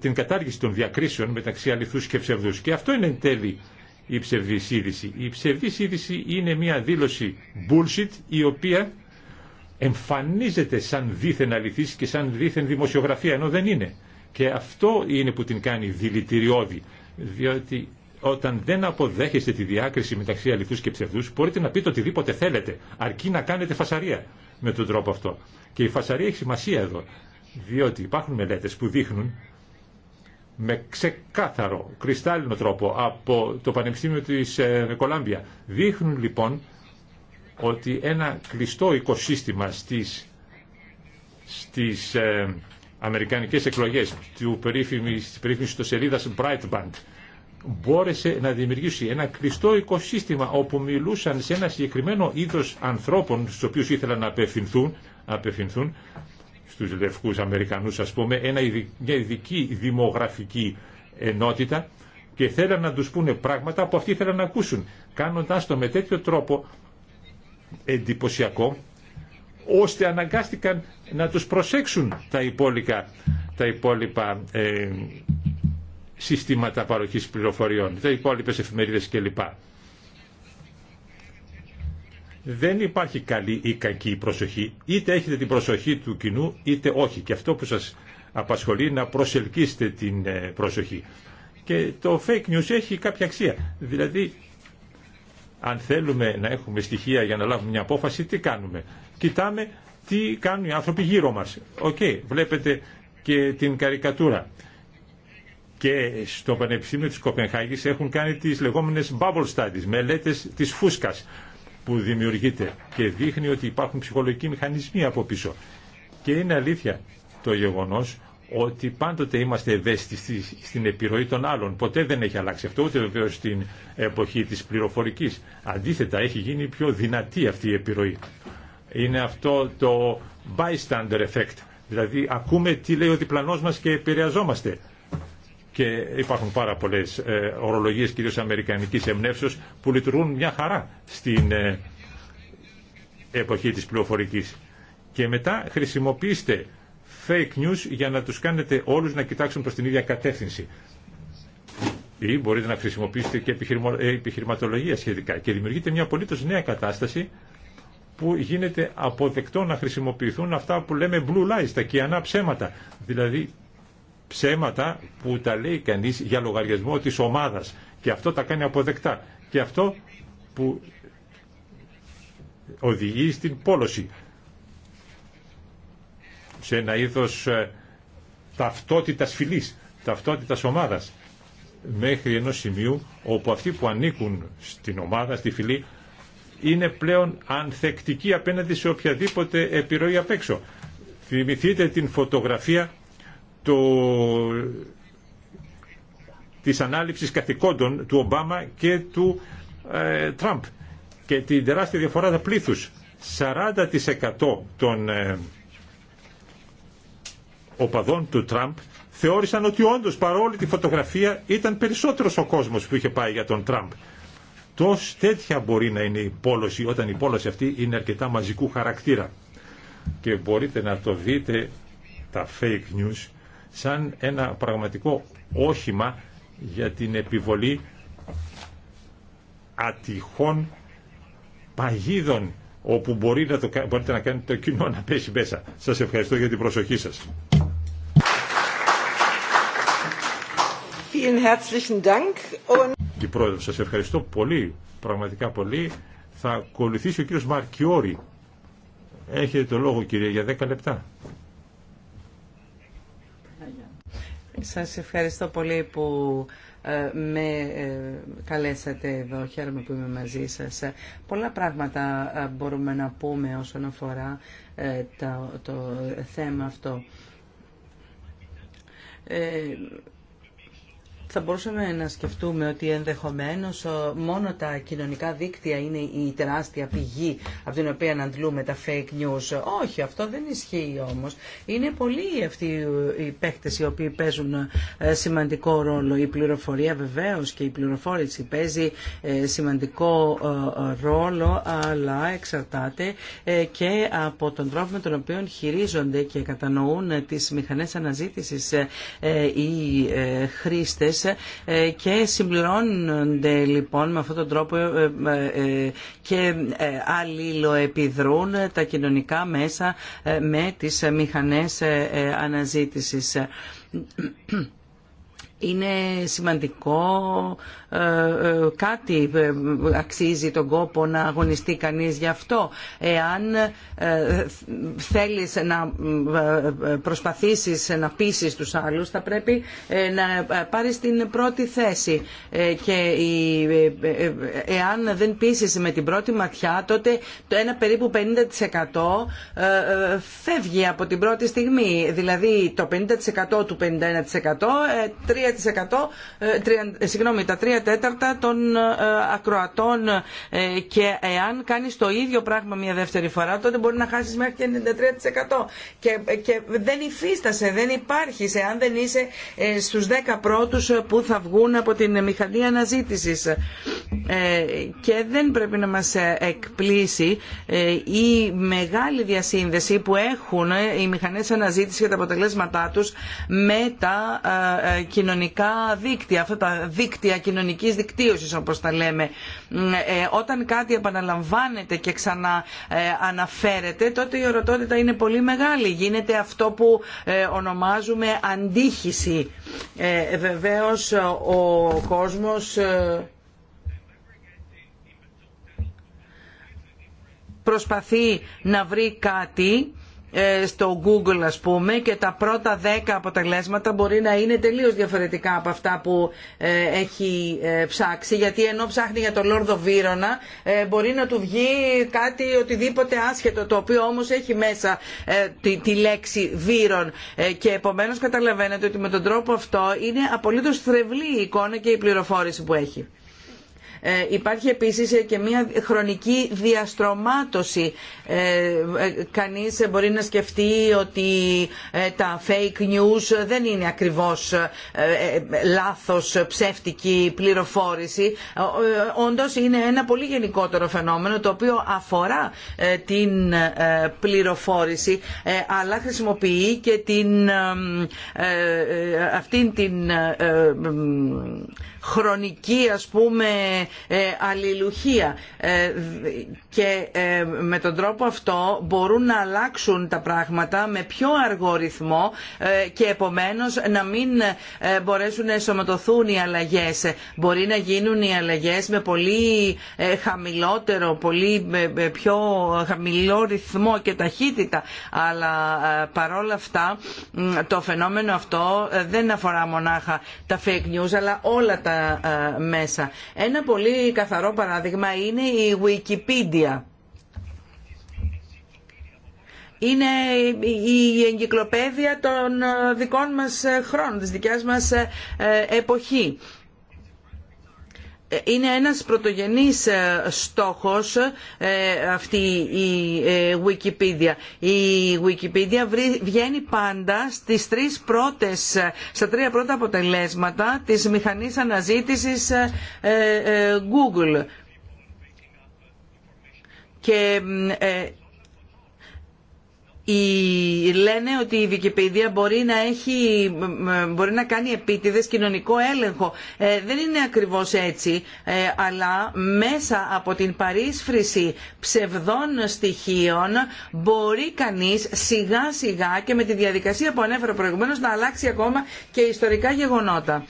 S1: την κατάργηση των διακρίσεων μεταξύ αληθούς και ψευδούς. Και αυτό είναι εν τέλει η ψευδής είδηση. Η ψευδής είδηση είναι μια δήλωση bullshit η οποία εμφανίζεται σαν δίθεν αληθής και σαν δίθεν δημοσιογραφία ενώ δεν είναι. Και αυτό είναι που την κάνει δηλητηριώδη διότι όταν δεν αποδέχεστε τη διάκριση μεταξύ αληθούς και ψευδούς μπορείτε να πείτε οτιδήποτε θέλετε αρκεί να κάνετε φασαρία με τον τρόπο αυτό. Και η φασαρία έχει σημασία εδώ διότι υπάρχουν μελέτες που δείχνουν με ξεκάθαρο, κρυστάλλινο τρόπο από το Πανεπιστήμιο της ε, Κολάμπια. Δείχνουν λοιπόν ότι ένα κλειστό οικοσύστημα στις, στις ε, αμερικανικές εκλογές του περίφημης, της περίφημης του σελίδας Brightband μπόρεσε να δημιουργήσει ένα κλειστό οικοσύστημα όπου μιλούσαν σε ένα συγκεκριμένο είδος ανθρώπων στους οποίους ήθελαν να απευθυνθούν στους λευκούς Αμερικανούς ας πούμε ένα, μια ειδική δημογραφική ενότητα και θέλαν να τους πούνε πράγματα που αυτοί θέλαν να ακούσουν κάνοντάς το με τέτοιο τρόπο εντυπωσιακό ώστε αναγκάστηκαν να τους προσέξουν τα υπόλοιπα, τα ε, συστήματα παροχής πληροφοριών, τα υπόλοιπες εφημερίδες κλπ δεν υπάρχει καλή ή κακή προσοχή. Είτε έχετε την προσοχή του κοινού είτε όχι. Και αυτό που σας απασχολεί να προσελκύσετε την ε, προσοχή. Και το fake news έχει κάποια αξία. Δηλαδή, αν θέλουμε να έχουμε στοιχεία για να λάβουμε μια απόφαση, τι κάνουμε. Κοιτάμε τι κάνουν οι άνθρωποι γύρω μας. Οκ, βλέπετε και την καρικατούρα. Και στο Πανεπιστήμιο της Κοπενχάγης έχουν κάνει τις λεγόμενες bubble studies, μελέτες της φούσκας που δημιουργείται και δείχνει ότι υπάρχουν ψυχολογικοί μηχανισμοί από πίσω. Και είναι αλήθεια το γεγονός ότι πάντοτε είμαστε ευαίσθητοι στην επιρροή των άλλων. Ποτέ δεν έχει αλλάξει αυτό, ούτε βεβαίω στην εποχή της πληροφορικής. Αντίθετα, έχει γίνει πιο δυνατή αυτή η επιρροή. Είναι αυτό το bystander effect. Δηλαδή, ακούμε τι λέει ο διπλανός μας και επηρεαζόμαστε και υπάρχουν πάρα πολλέ ε, ορολογίες κυρίως αμερικανικής εμνεύσεως που λειτουργούν μια χαρά στην ε, εποχή της πληροφορικής. Και μετά χρησιμοποιήστε fake news για να τους κάνετε όλους να κοιτάξουν προς την ίδια κατεύθυνση. Ή μπορείτε να χρησιμοποιήσετε και ε, επιχειρηματολογία σχετικά και δημιουργείται μια απολύτως νέα κατάσταση που γίνεται αποδεκτό να χρησιμοποιηθούν αυτά που λέμε blue lies, τα κιανά ψέματα. Δηλαδή ψέματα που τα λέει κανείς για λογαριασμό της ομάδας και αυτό τα κάνει αποδεκτά και αυτό που οδηγεί στην πόλωση σε ένα είδος ε, ταυτότητας φυλής, ταυτότητας ομάδας μέχρι ενο σημείου όπου αυτοί που ανήκουν στην ομάδα, στη φυλή είναι πλέον ανθεκτικοί απέναντι σε οποιαδήποτε επιρροή απ' έξω. Θυμηθείτε την φωτογραφία το, της ανάληψης καθηκόντων του Ομπάμα και του ε, Τραμπ και την τεράστια διαφορά τα πλήθους. 40% των ε, οπαδών του Τραμπ θεώρησαν ότι όντως παρόλη τη φωτογραφία ήταν περισσότερος ο κόσμος που είχε πάει για τον Τραμπ. Τόσο τέτοια μπορεί να είναι η πόλωση όταν η πόλωση αυτή είναι αρκετά μαζικού χαρακτήρα. Και μπορείτε να το δείτε τα fake news σαν ένα πραγματικό όχημα για την επιβολή ατυχών παγίδων όπου μπορεί να το, μπορείτε να κάνετε το κοινό να πέσει μέσα. Σας ευχαριστώ για την προσοχή σας. Η πρόεδρο, σας ευχαριστώ πολύ, πραγματικά πολύ. Θα ακολουθήσει ο κύριος Μαρκιόρη. Έχετε το λόγο κύριε για 10 λεπτά.
S3: Σας ευχαριστώ πολύ που ε, με ε, καλέσατε εδώ. Χαίρομαι που είμαι μαζί σας. Πολλά πράγματα ε, μπορούμε να πούμε όσον αφορά το θέμα αυτό θα μπορούσαμε να σκεφτούμε ότι ενδεχομένως μόνο τα κοινωνικά δίκτυα είναι η τεράστια πηγή από την οποία αντλούμε τα fake news. Όχι, αυτό δεν ισχύει όμως. Είναι πολλοί αυτοί οι παίκτες οι οποίοι παίζουν ε, σημαντικό ρόλο. Η πληροφορία βεβαίως και η πληροφόρηση παίζει ε, σημαντικό ε, ρόλο αλλά εξαρτάται και από τον τρόπο με τον οποίο χειρίζονται και κατανοούν τις μηχανές αναζήτησης οι χρήστες ε, και συμπληρώνονται λοιπόν με αυτόν τον τρόπο ε, ε, και αλληλοεπιδρούν τα κοινωνικά μέσα με τις μηχανές αναζήτησης. Είναι σημαντικό ε, ε, κάτι ε, αξίζει τον κόπο να αγωνιστεί κανείς γι' αυτό. Εάν θέλεις να προσπαθήσεις να πείσεις τους άλλους θα πρέπει να πάρεις την πρώτη θέση και εάν δεν πείσεις με την πρώτη ματιά τότε το ένα περίπου 50% φεύγει από την πρώτη στιγμή. Δηλαδή το 50% του 51% 3%, συγγνώμη, τα 3% τέταρτα των ε, ακροατών ε, και εάν κάνεις το ίδιο πράγμα μια δεύτερη φορά τότε μπορεί να χάσεις μέχρι και 93% και, ε, και δεν υφίστασε, δεν υπάρχει εάν δεν είσαι στους 10 πρώτους που θα βγουν από την μηχανή αναζήτησης και δεν πρέπει να μας εκπλήσει η μεγάλη διασύνδεση που έχουν οι μηχανές αναζήτησης και τα αποτελέσματά τους με τα κοινωνικά δίκτυα, αυτά τα δίκτυα κοινωνικά κοινωνικής όπως τα λέμε. Ε, ε, όταν κάτι επαναλαμβάνεται και ξανά ε, αναφέρεται τότε η ορατότητα είναι πολύ μεγάλη. Γίνεται αυτό που ονομάζουμε αντίχηση. Βεβαίως ο κόσμος... προσπαθεί να βρει κάτι ε, στο Google ας πούμε και τα πρώτα 10 αποτελέσματα μπορεί να είναι τελείως διαφορετικά από αυτά που ε, έχει ε, ψάξει γιατί ενώ ψάχνει για τον Λόρδο Βύρονα μπορεί να του βγει κάτι οτιδήποτε άσχετο το οποίο όμως έχει μέσα τη, λέξη Βύρον και επομένως καταλαβαίνετε ότι με τον τρόπο αυτό είναι απολύτως θρευλή η εικόνα και η πληροφόρηση που έχει. Ε, υπάρχει επίσης και μια χρονική διαστρωμάτωση. Ε, ε, κανείς μπορεί να σκεφτεί ότι τα fake news δεν είναι ακριβώς λάθος ψεύτικη πληροφόρηση. Όντως είναι ένα πολύ γενικότερο φαινόμενο το οποίο αφορά την πληροφόρηση αλλά χρησιμοποιεί και την, αυτήν την χρονική ας πούμε ε, αλληλουχία ε, και ε, με τον τρόπο αυτό μπορούν να αλλάξουν τα πράγματα με πιο αργό ρυθμό και επομένως να μην μπορέσουν να εσωματωθούν οι αλλαγές. Μπορεί να γίνουν οι αλλαγές με πολύ χαμηλότερο, πολύ πιο χαμηλό ρυθμό και ταχύτητα αλλά παρόλα αυτά το φαινόμενο αυτό δεν αφορά μονάχα τα fake news αλλά όλα τα ε, μέσα. Ένα πολύ καθαρό παράδειγμα είναι η Wikipedia. Είναι η εγκυκλοπαίδεια των ε, δικών μας ε, χρόνων, της δικιάς μας εποχή είναι ένας πρωτογενής ε, στόχος ε, αυτή η ε, Wikipedia. Η Wikipedia βγαίνει πάντα στις τρεις πρώτες, στα τρία πρώτα αποτελέσματα της μηχανής αναζήτησης Google. Και λένε ότι η Wikipedia μπορεί να, έχει, μπορεί να κάνει επίτηδες κοινωνικό έλεγχο. Ε, δεν είναι ακριβώς έτσι, ε, αλλά μέσα από την παρίσφρηση ψευδών στοιχείων μπορεί κανείς σιγά σιγά και με τη διαδικασία που ανέφερα προηγουμένως να αλλάξει ακόμα και ιστορικά γεγονότα.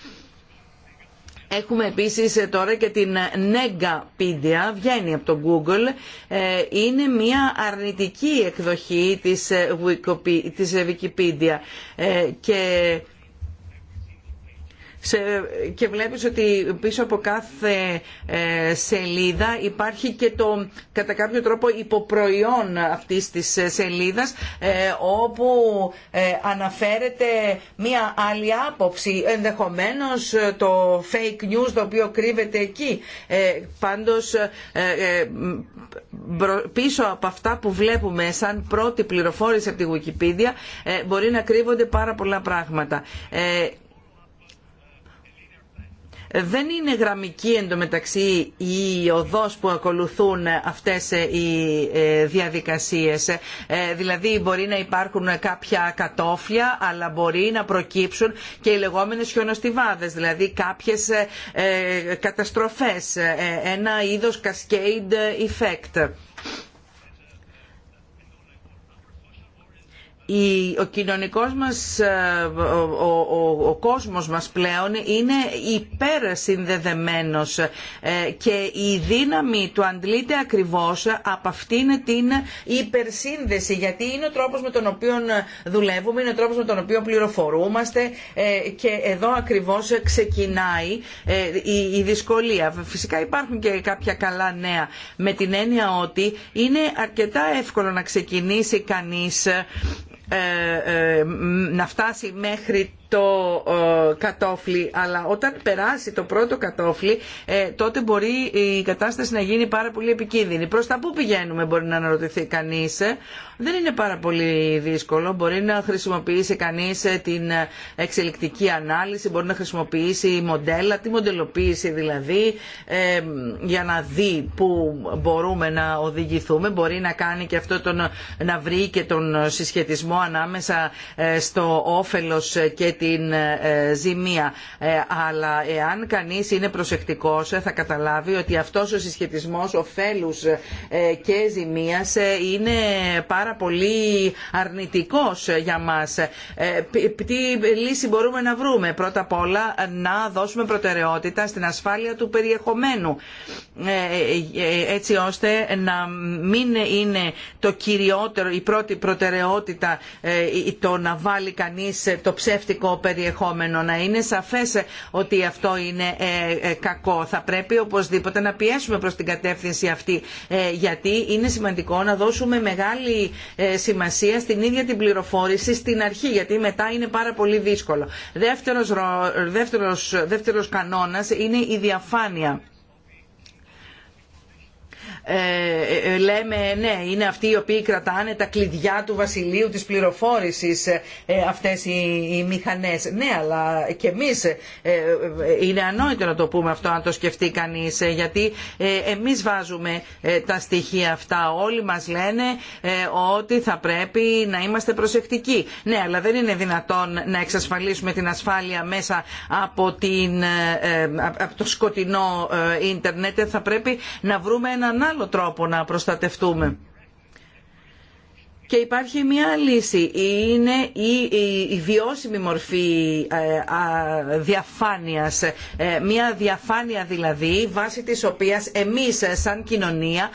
S3: Έχουμε επίσης ε, τώρα και την ε, Negapedia, βγαίνει από το Google. Ε, είναι μια αρνητική εκδοχή της Wikipedia και και βλέπεις ότι πίσω από κάθε ε, σελίδα υπάρχει και το κατά κάποιο τρόπο υποπροϊόν αυτής της ε, σελίδας ε, όπου αναφέρεται μία άλλη άποψη, ενδεχομένως το fake news το οποίο κρύβεται εκεί. Πάντως πίσω από αυτά που βλέπουμε σαν πρώτη πληροφόρηση από τη Wikipedia μπορεί να κρύβονται πάρα πολλά πράγματα. Δεν είναι γραμμική εντωμεταξύ η οδός που ακολουθούν αυτές οι ε, διαδικασίες. Ε, δηλαδή μπορεί να υπάρχουν κάποια κατόφλια αλλά μπορεί να προκύψουν και οι λεγόμενες χιονοστιβάδες, δηλαδή κάποιες ε, καταστροφές, ένα είδος cascade effect. ο κοινωνικός μας, ε, ο, ο, κόσμος μας πλέον είναι υπερσυνδεδεμένος ε, και η δύναμη του αντλείται ακριβώς από αυτήν την υπερσύνδεση γιατί είναι ο τρόπος με τον οποίο δουλεύουμε, είναι ο τρόπος με τον οποίο πληροφορούμαστε ε, και εδώ ακριβώς ξεκινάει η, η δυσκολία. Φυσικά υπάρχουν και κάποια καλά νέα με την έννοια ότι είναι αρκετά εύκολο να ξεκινήσει κανείς ε, ε, να φτάσει μέχρι το ε, κατόφλι αλλά όταν περάσει το πρώτο κατόφλι ε, τότε μπορεί η κατάσταση να γίνει πάρα πολύ επικίνδυνη. Προς τα πού πηγαίνουμε μπορεί να αναρωτηθεί κανείς. Ε? Δεν είναι πάρα πολύ δύσκολο. Μπορεί να χρησιμοποιήσει κανείς την εξελικτική ανάλυση, μπορεί να χρησιμοποιήσει μοντέλα, τη μοντελοποίηση δηλαδή για να δει πού μπορούμε να οδηγηθούμε. Μπορεί να κάνει και αυτό τον, να βρει και τον συσχετισμό ανάμεσα στο όφελος και την ε, ζημία. Ε, αλλά εάν κανείς είναι προσεκτικός θα καταλάβει ότι αυτός ο συσχετισμός ωφέλους ε, και ζημίας είναι πάρα πολύ αρνητικός για μας. Τι λύση μπορούμε να βρούμε. Πρώτα απ' όλα να δώσουμε προτεραιότητα στην ασφάλεια του περιεχομένου έτσι ώστε να μην είναι το κυριότερο, η πρώτη προτεραιότητα το να βάλει κανείς το ψεύτικο περιεχόμενο, να είναι σαφές ότι αυτό είναι ε, ε, κακό. Θα πρέπει οπωσδήποτε να πιέσουμε προς την κατεύθυνση αυτή, ε, γιατί είναι σημαντικό να δώσουμε μεγάλη σημασία στην ίδια την πληροφόρηση στην αρχή, γιατί μετά είναι πάρα πολύ δύσκολο. Δεύτερος, δεύτερος, κανόνας είναι η διαφάνεια ε, ε, ε, λέμε ναι είναι αυτοί οι οποίοι κρατάνε τα κλειδιά του βασιλείου της πληροφόρησης αυτές οι μηχανές. Ναι αλλά και εμείς είναι ανόητο να το πούμε αυτό αν το σκεφτεί κανείς γιατί εμείς βάζουμε τα στοιχεία αυτά. Όλοι μας λένε ότι θα πρέπει να είμαστε προσεκτικοί. Ναι αλλά δεν είναι δυνατόν να εξασφαλίσουμε την ασφάλεια μέσα από, την, το σκοτεινό ίντερνετ. Θα πρέπει να βρούμε έναν άλλο τρόπο να προστατευτούμε. Και υπάρχει μια λύση. Είναι η, η, η βιώσιμη μορφή ε, α, διαφάνειας. Ε, μια διαφάνεια δηλαδή βάσει της οποίας εμείς ε, σαν κοινωνία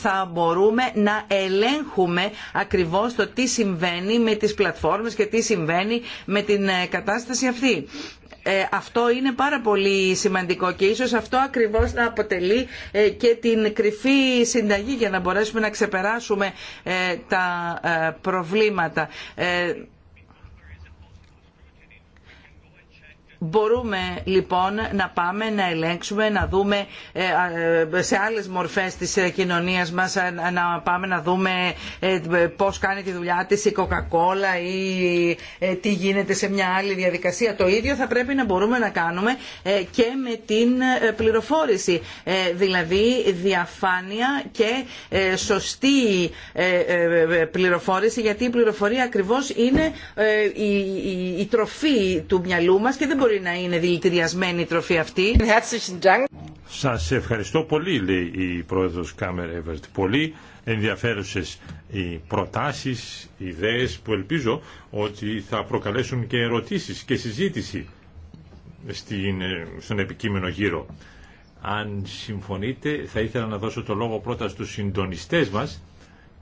S3: θα μπορούμε να ελέγχουμε ακριβώς το τι συμβαίνει με τις πλατφόρμες και τι συμβαίνει με την κατάσταση αυτή. Ε, αυτό είναι πάρα πολύ σημαντικό και ίσως αυτό ακριβώς να αποτελεί ε, και την κρυφή συνταγή για να μπορέσουμε να ξεπεράσουμε ε, τα προβλήματα. Μπορούμε λοιπόν να πάμε να ελέγξουμε, να δούμε ε, ε, σε άλλες μορφές της ε, κοινωνίας μας, να πάμε να δούμε πώς κάνει τη δουλειά της η coca ή τι γίνεται σε μια άλλη διαδικασία. Το ίδιο θα πρέπει να μπορούμε να κάνουμε και με την πληροφόρηση. Δηλαδή διαφάνεια και σωστή πληροφόρηση, γιατί η πληροφορία ακριβώς είναι η τροφή του μυαλού μας και δεν μπορεί να είναι δηλητηριασμένη η τροφή αυτή.
S1: Σας ευχαριστώ πολύ, λέει η πρόεδρος Κάμερ Εύερτ. Πολύ ενδιαφέρουσες οι προτάσεις, οι ιδέες που ελπίζω ότι θα προκαλέσουν και ερωτήσεις και συζήτηση στην, ε, στον επικείμενο γύρο. Αν συμφωνείτε, θα ήθελα να δώσω το λόγο πρώτα στους συντονιστές μας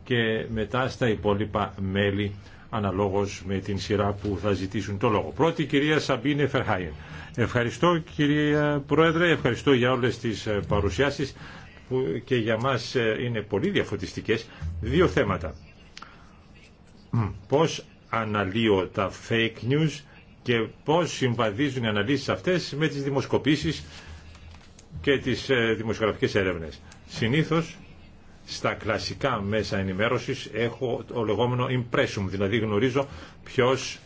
S1: και μετά στα υπόλοιπα μέλη αναλόγως με την σειρά που θα ζητήσουν το λόγο. Πρώτη, κυρία Σαμπίνε Φερχάιν. Ευχαριστώ κυρία Πρόεδρε, ευχαριστώ για όλες τις ε, παρουσιάσεις που και για μας ε, είναι πολύ διαφωτιστικές. Δύο θέματα. Πώς αναλύω τα fake news και πώς συμβαδίζουν οι αναλύσεις αυτές με τις δημοσκοπήσεις και τις ε, δημοσιογραφικές έρευνες. Συνήθως στα κλασικά μέσα ενημέρωσης έχω το λεγόμενο impressum, δηλαδή γνωρίζω ποιος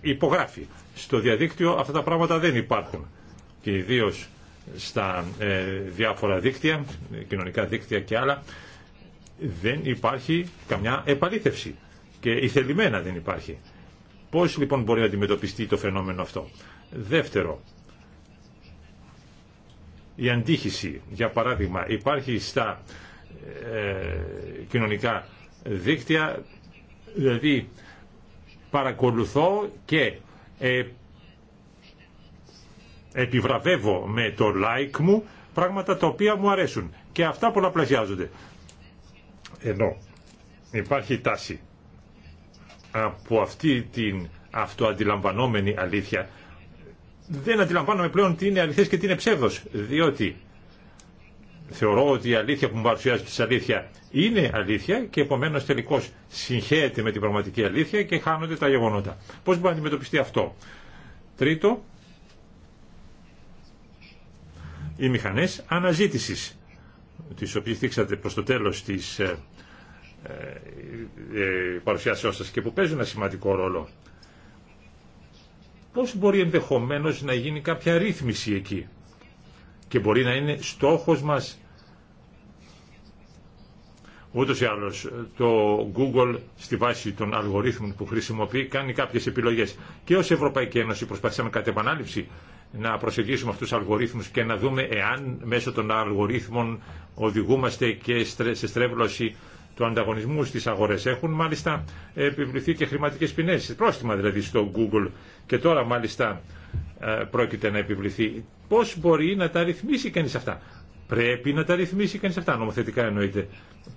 S1: υπογράφει. Στο διαδίκτυο αυτά τα πράγματα δεν υπάρχουν και ιδίω στα ε, διάφορα δίκτυα, κοινωνικά δίκτυα και άλλα, δεν υπάρχει καμιά επαλήθευση και ηθελημένα δεν υπάρχει. Πώς λοιπόν μπορεί να αντιμετωπιστεί το φαινόμενο αυτό. Δεύτερο, η αντίχηση, για παράδειγμα, υπάρχει στα ε, κοινωνικά δίκτυα, δηλαδή παρακολουθώ και ε, επιβραβεύω με το like μου πράγματα τα οποία μου αρέσουν και αυτά πολλαπλασιάζονται. Ενώ υπάρχει τάση από αυτή την αυτοαντιλαμβανόμενη αλήθεια δεν αντιλαμβάνομαι πλέον τι είναι αληθές και τι είναι ψεύδος διότι θεωρώ ότι η αλήθεια που μου παρουσιάζει τη αλήθεια είναι αλήθεια και επομένω τελικώ συγχαίεται με την πραγματική αλήθεια και χάνονται τα γεγονότα. Πώ μπορεί να αντιμετωπιστεί αυτό. Τρίτο, οι μηχανέ αναζήτηση, τι οποίε δείξατε προ το τέλο τη ε, ε, ε παρουσιάσεώ σα και που παίζουν ένα σημαντικό ρόλο. Πώς μπορεί ενδεχομένως να γίνει κάποια ρύθμιση εκεί και μπορεί να είναι στόχος μας Ούτω ή άλλω, το Google στη βάση των αλγορίθμων που χρησιμοποιεί κάνει κάποιε επιλογέ. Και ω Ευρωπαϊκή Ένωση προσπαθήσαμε κατά επανάληψη να προσεγγίσουμε αυτού του αλγορίθμού και να δούμε εάν μέσω των αλγορίθμων οδηγούμαστε και σε στρέβλωση του ανταγωνισμού στι αγορέ, Έχουν μάλιστα επιβληθεί και χρηματικέ ποινέ, πρόστιμα δηλαδή στο Google και τώρα μάλιστα ε, πρόκειται να επιβληθεί. Πώ μπορεί να τα ρυθμίσει κανείς αυτά. Πρέπει να τα ρυθμίσει κανεί αυτά, νομοθετικά εννοείται.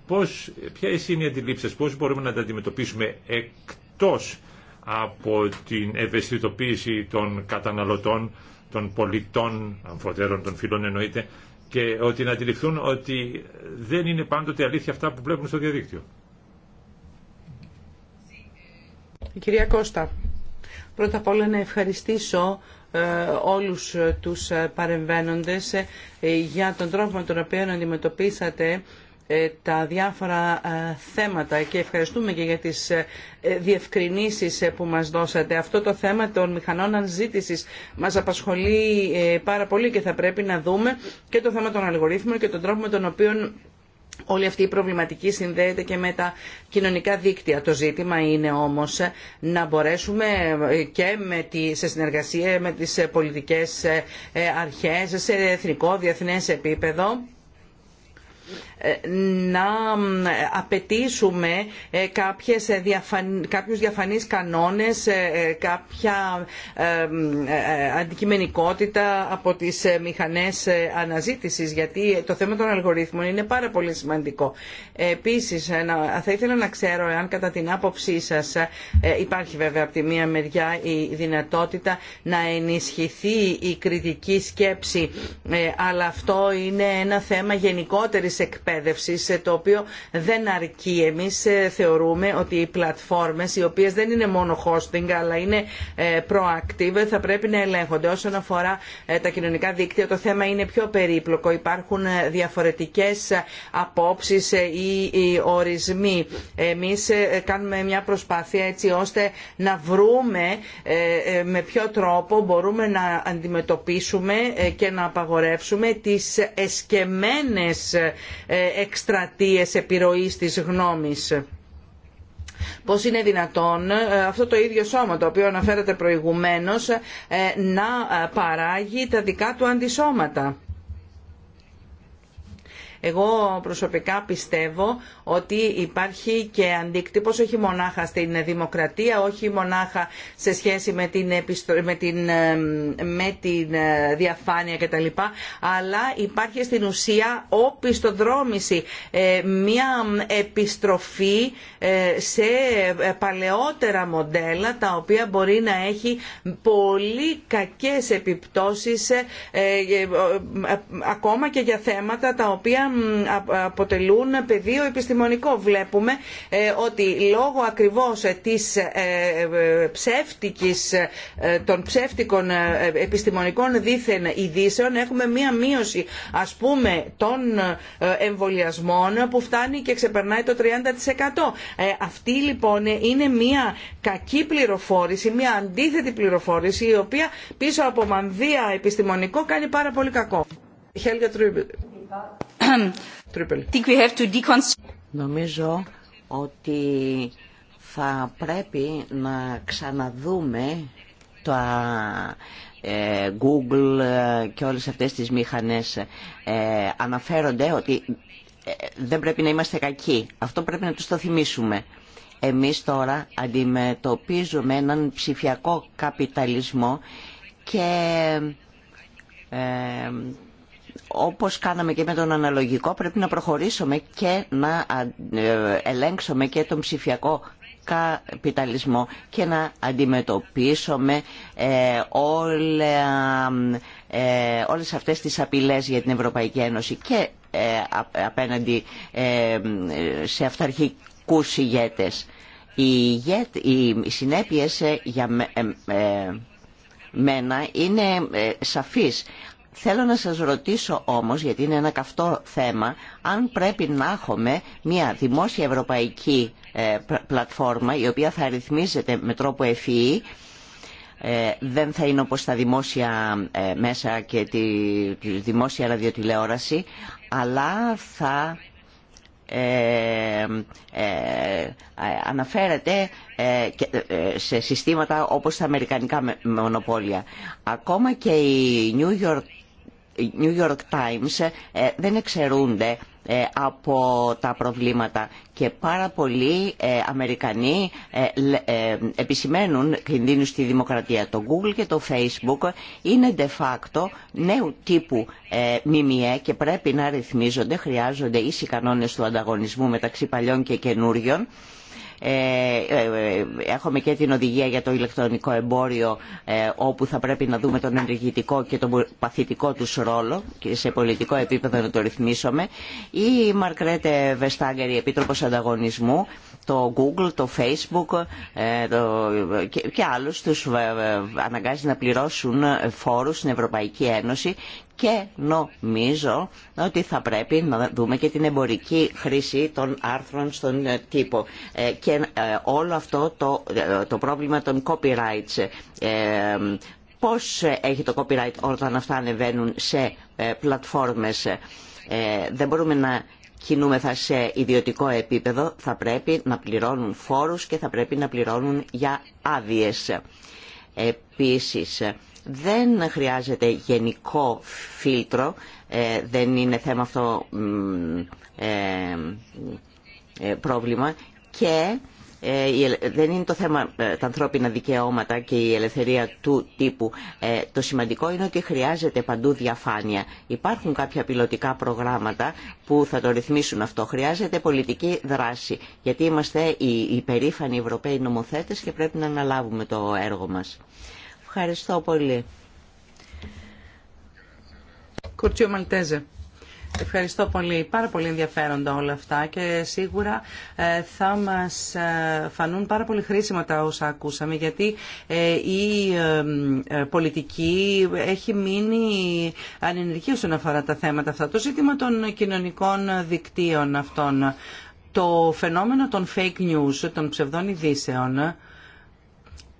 S1: Πώς, εσύ είναι οι αντιλήψεις, πώς μπορούμε να τα αντιμετωπίσουμε εκτός από την ευαισθητοποίηση των καταναλωτών, των πολιτών, αμφωτέρων των φίλων εννοείται, και ότι να αντιληφθούν ότι δεν είναι πάντοτε αλήθεια αυτά που βλέπουν στο διαδίκτυο.
S3: κυρία Κώστα, πρώτα απ' όλα να ευχαριστήσω ε, όλους τους παρεμβαίνοντες ε, για τον τρόπο με τον οποίο αντιμετωπίσατε ε, τα διάφορα θέματα και ευχαριστούμε και για τις διευκρινήσεις που μας δώσατε. Αυτό το θέμα των μηχανών αναζήτησης μας απασχολεί πάρα πολύ και θα πρέπει να δούμε και το θέμα των αλγορίθμων και τον τρόπο με τον οποίο Όλη αυτή η προβληματική συνδέεται και με τα κοινωνικά δίκτυα. Το ζήτημα είναι όμως να μπορέσουμε και με τη, σε συνεργασία με τις πολιτικές ε, ε, αρχές, σε εθνικό, διεθνές επίπεδο, ε, να απαιτήσουμε ε, κάποιες ε, διαφαν... κάποιους διαφανείς κανόνες, κάποια αντικειμενικότητα από τις μηχανές αναζήτησης, γιατί το θέμα των αλγορίθμων είναι πάρα πολύ σημαντικό. Επίσης, θα ήθελα να ξέρω άν κατά την άποψή σας υπάρχει βέβαια από τη μία μεριά η δυνατότητα να ενισχυθεί η κριτική σκέψη, αλλά αυτό είναι ένα θέμα γενικότερη της εκπαίδευσης ε, το οποίο δεν αρκεί. Εμείς ε, θεωρούμε ότι οι πλατφόρμες οι οποίες δεν είναι μόνο hosting αλλά είναι ε, proactive θα πρέπει να ελέγχονται. Όσον αφορά τα κοινωνικά δίκτυα το θέμα είναι πιο περίπλοκο. Υπάρχουν διαφορετικές απόψεις ή ορισμοί. Εμείς κάνουμε μια προσπάθεια έτσι ώστε να βρούμε με ποιο τρόπο μπορούμε να αντιμετωπίσουμε και να απαγορεύσουμε τις εσκεμμένες ε, εκστρατείες επιρροής της γνώμης πως είναι δυνατόν ε, αυτό το ίδιο σώμα το οποίο αναφέρατε προηγουμένως ε, να παράγει τα δικά του αντισώματα. Εγώ προσωπικά πιστεύω ότι υπάρχει και αντίκτυπος όχι μονάχα στην δημοκρατία, όχι μονάχα σε σχέση με την, με την, ε, με την ε, διαφάνεια κτλ. Αλλά υπάρχει στην ουσία οπισθοδρόμηση, ε, μια επιστροφή σε παλαιότερα μοντέλα τα οποία μπορεί να έχει πολύ κακές επιπτώσεις ακόμα και για θέματα τα οποία αποτελούν πεδίο επιστημονικό. Βλέπουμε ε, ότι λόγω ακριβώς ε, της ε, ψεύτικης, των ψεύτικων επιστημονικών δίθεν ειδήσεων έχουμε μία μείωση ας πούμε των εμβολιασμών που φτάνει και ξεπερνάει το 30%. Αυτή λοιπόν είναι μία κακή πληροφόρηση, μία αντίθετη πληροφόρηση η οποία πίσω από μανδύα επιστημονικό κάνει πάρα πολύ κακό.
S2: Νομίζω ότι θα πρέπει να ξαναδούμε τα ε, Google και όλες αυτές τις μηχανές ε, αναφέρονται ότι ε, δεν πρέπει να είμαστε κακοί. Αυτό πρέπει να τους το θυμίσουμε. Εμείς τώρα αντιμετωπίζουμε έναν ψηφιακό καπιταλισμό και όπως κάναμε και με τον αναλογικό πρέπει να προχωρήσουμε και να ε, ελέγξουμε και τον ψηφιακό καπιταλισμό και να αντιμετωπίσουμε ε, όλα, ε, όλες αυτές τις απειλές για την Ευρωπαϊκή Ένωση και ε, απέναντι ε, σε αυταρχικούς ηγέτες. Οι, οι συνέπειες για μένα είναι σαφείς. Θέλω να σας ρωτήσω όμως, γιατί είναι ένα καυτό θέμα, αν πρέπει να έχουμε μια δημόσια ευρωπαϊκή ε, πλατφόρμα η οποία θα αριθμίζεται με τρόπο ευφυή, ε, δεν θα είναι όπως τα δημόσια ε, μέσα και τη δημόσια ραδιοτηλεόραση, αλλά θα ε, αναφέρεται σε συστήματα όπως τα αμερικανικά μονοπόλια. Ακόμα και η New York New York Times ε, δεν εξαιρούνται ε, από τα προβλήματα και πάρα πολλοί ε, Αμερικανοί επισημαίνουν κινδύνους στη δημοκρατία. Το Google και το Facebook είναι de facto νέου τύπου μιμιέ και πρέπει να ρυθμίζονται, χρειάζονται ίσοι κανόνες του ανταγωνισμού μεταξύ παλιών και καινούριων ε, ε, ε, έχουμε και την οδηγία για το ηλεκτρονικό εμπόριο όπου θα πρέπει να δούμε τον ενεργητικό και τον παθητικό του ρόλο και σε πολιτικό επίπεδο να το ρυθμίσουμε. Η Μαρκρέτε Βεστάγκερ, η Επίτροπος Ανταγωνισμού, το Google, το Facebook ε, και άλλους τους ε, ε, αναγκάζει να πληρώσουν φόρους στην Ευρωπαϊκή Ένωση και νομίζω ότι θα πρέπει να δούμε και την εμπορική χρήση των άρθρων στον τύπο και όλο αυτό το, το πρόβλημα των copyrights πώς έχει το copyright όταν αυτά ανεβαίνουν σε πλατφόρμες δεν μπορούμε να κινούμεθα σε ιδιωτικό επίπεδο θα πρέπει να πληρώνουν φόρους και θα πρέπει να πληρώνουν για άδειες. Επίσης, δεν χρειάζεται γενικό φίλτρο, ε, δεν είναι θέμα αυτό ε, ε, πρόβλημα και ε, δεν είναι το θέμα ε, τα ανθρώπινα δικαιώματα και η ελευθερία του τύπου. Ε, το σημαντικό είναι ότι χρειάζεται παντού διαφάνεια. Υπάρχουν κάποια πιλωτικά προγράμματα που θα το ρυθμίσουν αυτό. Χρειάζεται πολιτική δράση. Γιατί είμαστε οι υπερήφανοι Ευρωπαίοι νομοθέτες και πρέπει να αναλάβουμε το έργο μας. Ευχαριστώ πολύ.
S3: Ευχαριστώ πολύ. Πάρα πολύ ενδιαφέροντα όλα αυτά και σίγουρα ε, θα μας ε, φανούν πάρα πολύ χρήσιμα τα όσα ακούσαμε γιατί ε, η πολιτική έχει μείνει ανενεργή όσον αφορά τα θέματα αυτά. Το ζήτημα των κοινωνικών δικτύων αυτών, το φαινόμενο των fake news, των ψευδών ειδήσεων,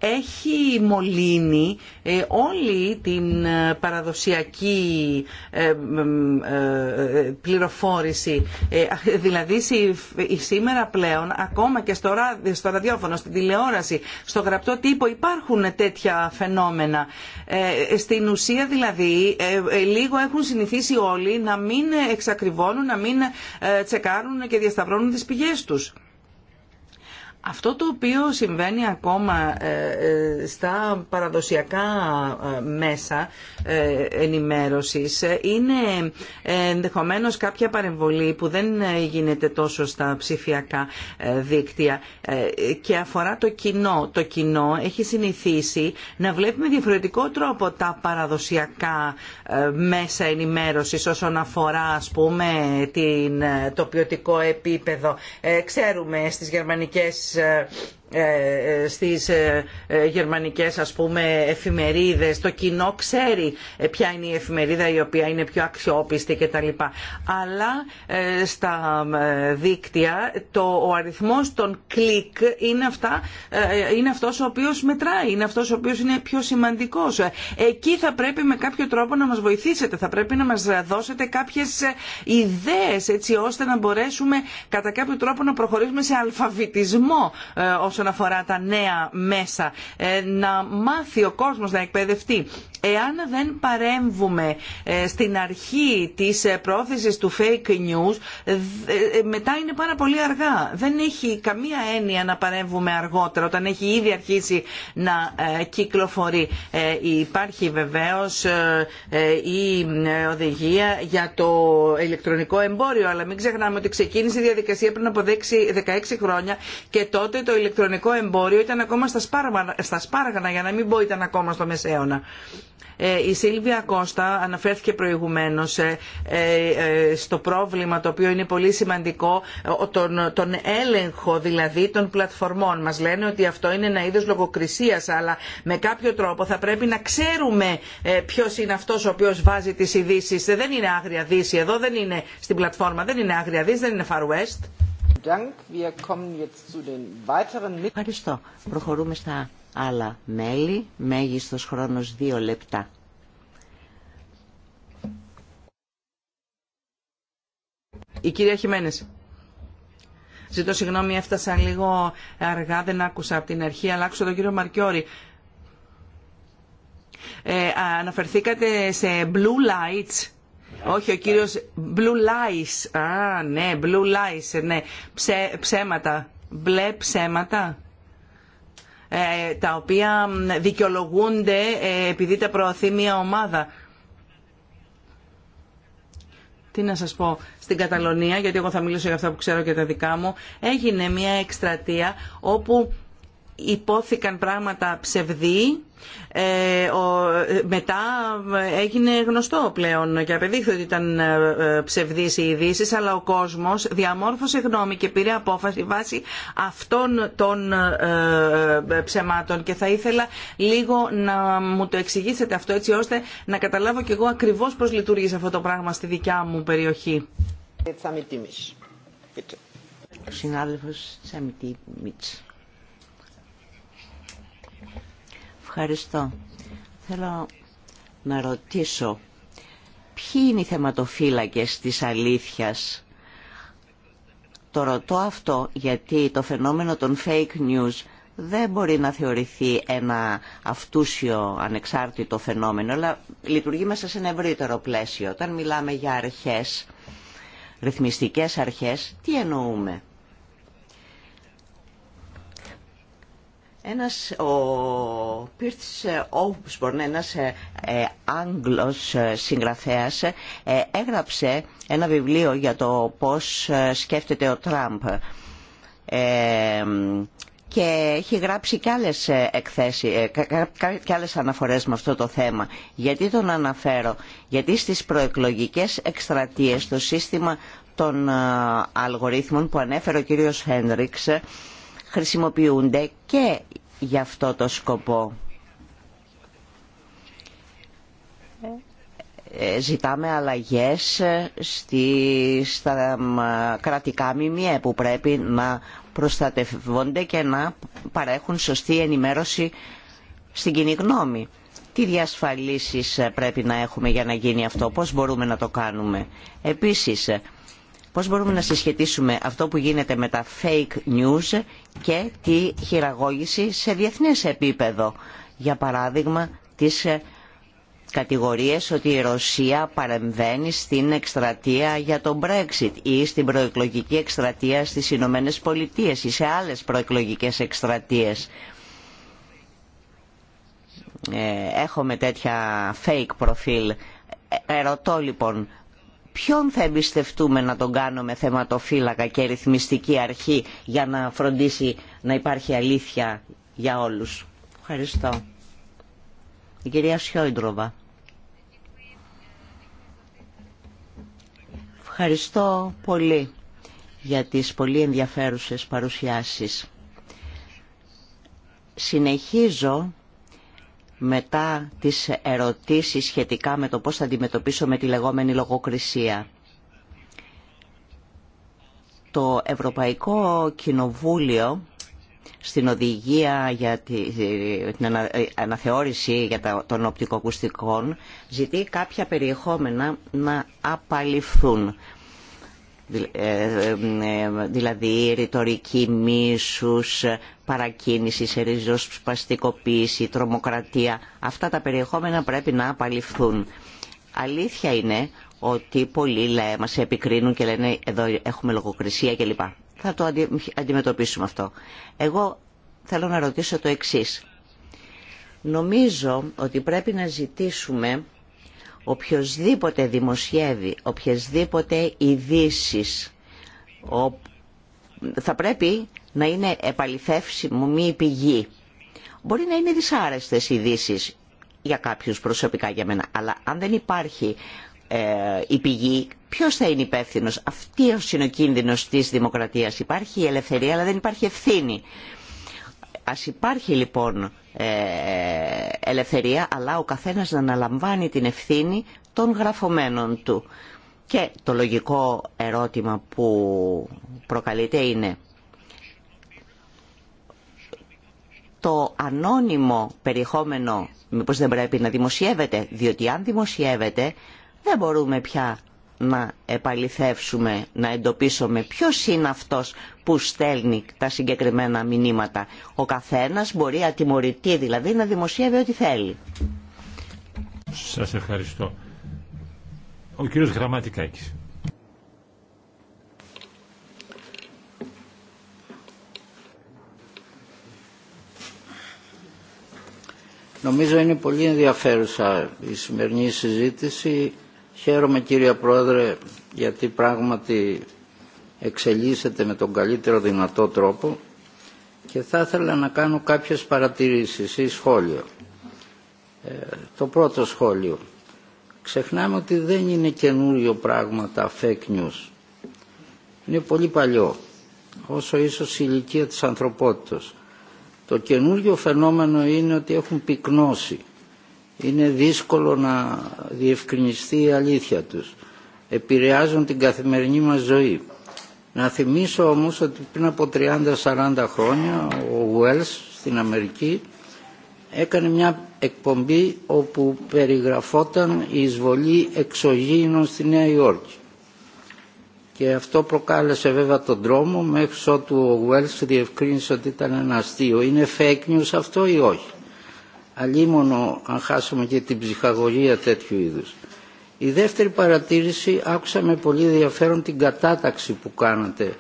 S3: έχει μολύνει ε, όλη την ε, παραδοσιακή ε, πληροφόρηση. Δηλαδή σήμερα πλέον ακόμα και στο ραδιόφωνο, στην τηλεόραση, στο γραπτό τύπο υπάρχουν τέτοια φαινόμενα. Στην ουσία δηλαδή λίγο έχουν συνηθίσει όλοι να μην εξακριβώνουν, να μην τσεκάρουν και διασταυρώνουν τις πηγές τους. Αυτό το οποίο συμβαίνει ακόμα ε, ε, στα παραδοσιακά ε, μέσα ενημέρωσης είναι ενδεχομένως κάποια παρεμβολή που δεν γίνεται τόσο στα ψηφιακά δίκτυα και αφορά το κοινό. Το κοινό έχει συνηθίσει να βλέπει με διαφορετικό τρόπο τα παραδοσιακά μέσα ενημέρωσης όσον αφορά ας πούμε το ποιοτικό επίπεδο. Ξέρουμε στις γερμανικές τις ε, ε, στις ε, ε, γερμανικές ας πούμε εφημερίδες το κοινό ξέρει ποια είναι η εφημερίδα η οποία είναι πιο αξιόπιστη κτλ. Αλλά στα δίκτυα το, ο αριθμός των κλικ είναι, αυτά, είναι αυτός ο οποίος μετράει, είναι αυτός ο οποίος είναι πιο σημαντικός. Εκεί θα πρέπει με κάποιο τρόπο να μας βοηθήσετε, θα πρέπει να μας δώσετε κάποιες ιδέες έτσι ώστε να μπορέσουμε κατά κάποιο τρόπο να προχωρήσουμε σε αλφαβητισμό όσον όσον αφορά τα νέα μέσα, ε, να μάθει ο κόσμος να εκπαιδευτεί. Εάν δεν παρέμβουμε ε, στην αρχή της ε, πρόθεσης του fake news, ε, μετά είναι πάρα πολύ αργά. Δεν έχει καμία έννοια να παρέμβουμε αργότερα, όταν έχει ήδη αρχίσει να κυκλοφορεί. Υπάρχει βεβαίως η οδηγία για το ηλεκτρονικό εμπόριο, αλλά μην ξεχνάμε ότι ξεκίνησε η διαδικασία πριν από 16 χρόνια και τότε το ηλεκτρονικό εμπόριο ήταν ακόμα στα σπάργανα, για να μην πω ήταν ακόμα στο μεσαίωνα. Ε, η Σίλβια Κώστα αναφέρθηκε προηγουμένως ε, ε, στο πρόβλημα το οποίο είναι πολύ σημαντικό, τον, έλεγχο δηλαδή των πλατφορμών. Μας λένε ότι αυτό είναι ένα είδος λογοκρισίας, αλλά με κάποιο τρόπο θα πρέπει να ξέρουμε ποιος είναι αυτός ο οποίος βάζει τις ειδήσει. Δεν είναι άγρια δύση
S2: εδώ, δεν είναι στην πλατφόρμα,
S3: δεν είναι άγρια δύση, δεν είναι Far West.
S2: Ευχαριστώ. Προχωρούμε στα άλλα μέλη, μέγιστος χρόνος 2 λεπτά.
S3: Η κυρία Χιμένες. Ζητώ συγγνώμη, έφτασα λίγο αργά, δεν άκουσα από την αρχή, αλλά άκουσα τον κύριο Μαρκιόρη. Ε, αναφερθήκατε σε blue lights. Όχι, ο κύριος blue lies. Α, ναι, blue lies, ναι. ψέματα. Μπλε ψέματα. Ε, τα οποία δικαιολογούνται ε, επειδή τα προωθεί μια ομάδα. Τι να σας πω, στην Καταλωνία, γιατί εγώ θα μιλήσω για αυτά που ξέρω και τα δικά μου, έγινε μια εκστρατεία όπου υπόθηκαν πράγματα ψευδή ε, ο, μετά έγινε γνωστό πλέον και απεδείχθη ότι ήταν ε, ε, ψευδείς οι ειδήσει, αλλά ο κόσμος διαμόρφωσε γνώμη και πήρε απόφαση βάσει αυτών των ε, ψεμάτων και θα ήθελα λίγο να μου το εξηγήσετε αυτό έτσι ώστε να καταλάβω κι εγώ ακριβώς πώς λειτουργεί αυτό το πράγμα στη δικιά μου
S2: περιοχή. Ο συνάδελφος Ευχαριστώ. Θέλω να ρωτήσω, ποιοι είναι οι θεματοφύλακες της αλήθειας. Το ρωτώ αυτό γιατί το φαινόμενο των fake news δεν μπορεί να θεωρηθεί ένα αυτούσιο ανεξάρτητο φαινόμενο, αλλά λειτουργεί μέσα σε ένα ευρύτερο πλαίσιο. Όταν μιλάμε για αρχές, ρυθμιστικές αρχές, τι εννοούμε. Ένας, ο Πίρτς Όμπσπορν, ένας ε, ε Άγγλος ε, συγγραφέας, ε, έγραψε ένα βιβλίο για το πώς σκέφτεται ο Τραμπ. και έχει γράψει και άλλες, εκθέσεις, και άλλες αναφορές με αυτό το θέμα. Γιατί τον αναφέρω. Γιατί στις προεκλογικές εκστρατείες το σύστημα των αλγορίθμων που ανέφερε ο κύριος Χένριξ χρησιμοποιούνται και για αυτό το σκοπό. Ε, ζητάμε αλλαγές ε, στη, στα κρατικά μημία που πρέπει να προστατευόνται και να παρέχουν σωστή ενημέρωση στην κοινή γνώμη. Τι διασφαλίσεις ε, πρέπει να έχουμε για να γίνει αυτό, πώς μπορούμε να το κάνουμε. Επίσης, Πώς μπορούμε να συσχετίσουμε αυτό που γίνεται με τα fake news και τη χειραγώγηση σε διεθνές επίπεδο. Για παράδειγμα, τις ε, κατηγορίες ότι η Ρωσία παρεμβαίνει στην εκστρατεία για τον Brexit ή στην προεκλογική εκστρατεία στις Ηνωμένε Πολιτείες ή σε άλλες προεκλογικές εκστρατείες. Ε, έχουμε τέτοια fake προφίλ. Ε, ερωτώ λοιπόν ποιον θα εμπιστευτούμε να τον κάνουμε θεματοφύλακα και ρυθμιστική αρχή για να φροντίσει να υπάρχει αλήθεια για όλους. Ευχαριστώ. Η κυρία Σιόιντροβα. Ευχαριστώ πολύ για τις πολύ ενδιαφέρουσες παρουσιάσεις. Συνεχίζω μετά τις ερωτήσεις σχετικά με το πώς θα αντιμετωπίσω με τη λεγόμενη λογοκρισία. Το Ευρωπαϊκό Κοινοβούλιο στην οδηγία για την αναθεώρηση για των οπτικοακουστικών ζητεί κάποια περιεχόμενα να απαλληφθούν. Ε, ε, ε, δηλαδή ρητορική μίσους, παρακίνηση σε ριζοσπαστικοποίηση, τρομοκρατία. Αυτά τα περιεχόμενα πρέπει να απαλληφθούν. Αλήθεια είναι ότι πολλοί λέ, μας επικρίνουν και λένε εδώ έχουμε λογοκρισία κλπ. Θα το αντιμετωπίσουμε αυτό. Εγώ θέλω να ρωτήσω το εξής. Νομίζω ότι πρέπει να ζητήσουμε οποιοδήποτε δημοσιεύει, οποιασδήποτε ειδήσει θα πρέπει να είναι επαληθεύσιμο μη πηγή. Μπορεί να είναι δυσάρεστες ειδήσει για κάποιους προσωπικά για μένα, αλλά αν δεν υπάρχει ε, η πηγή, ποιος θα είναι υπεύθυνο. Αυτή είναι ο κίνδυνος της δημοκρατίας. Υπάρχει η ελευθερία, αλλά δεν υπάρχει ευθύνη. Ας υπάρχει λοιπόν ε, ελευθερία, αλλά ο καθένας να αναλαμβάνει την ευθύνη των γραφωμένων του. Και το λογικό ερώτημα που προκαλείται είναι το ανώνυμο περιεχόμενο μήπως δεν πρέπει να δημοσιεύεται, διότι αν δημοσιεύεται δεν μπορούμε πια να επαληθεύσουμε, να εντοπίσουμε ποιος είναι αυτός που στέλνει τα
S1: συγκεκριμένα
S2: μηνύματα. Ο καθένας μπορεί ατιμωρητή δηλαδή να δημοσιεύει ό,τι θέλει.
S1: Σας ευχαριστώ. Ο κύριος Γραμματικάκης.
S4: Νομίζω είναι πολύ ενδιαφέρουσα η σημερινή συζήτηση Χαίρομαι κύριε Πρόεδρε γιατί πράγματι εξελίσσεται με τον καλύτερο δυνατό τρόπο και θα ήθελα να κάνω κάποιες παρατηρήσεις ή σχόλιο. Ε, το πρώτο σχόλιο. Ξεχνάμε ότι δεν είναι καινούριο πράγμα τα fake news. Είναι πολύ παλιό, όσο ίσως η ηλικία της ανθρωπότητας. Το καινούριο φαινόμενο είναι ότι έχουν πυκνώσει είναι δύσκολο να διευκρινιστεί η αλήθεια τους. Επηρεάζουν την καθημερινή μας ζωή. Να θυμίσω όμως ότι πριν από 30-40 χρόνια ο Wells στην Αμερική έκανε μια εκπομπή όπου περιγραφόταν η εισβολή εξωγήινων στη Νέα Υόρκη. Και αυτό προκάλεσε βέβαια τον τρόμο μέχρι ότου ο Wells διευκρίνησε ότι ήταν ένα αστείο. Είναι fake news αυτό ή όχι αλίμονο αν χάσουμε και την ψυχαγωγία τέτοιου είδους. Η δεύτερη παρατήρηση άκουσα με πολύ ενδιαφέρον την κατάταξη που κάνατε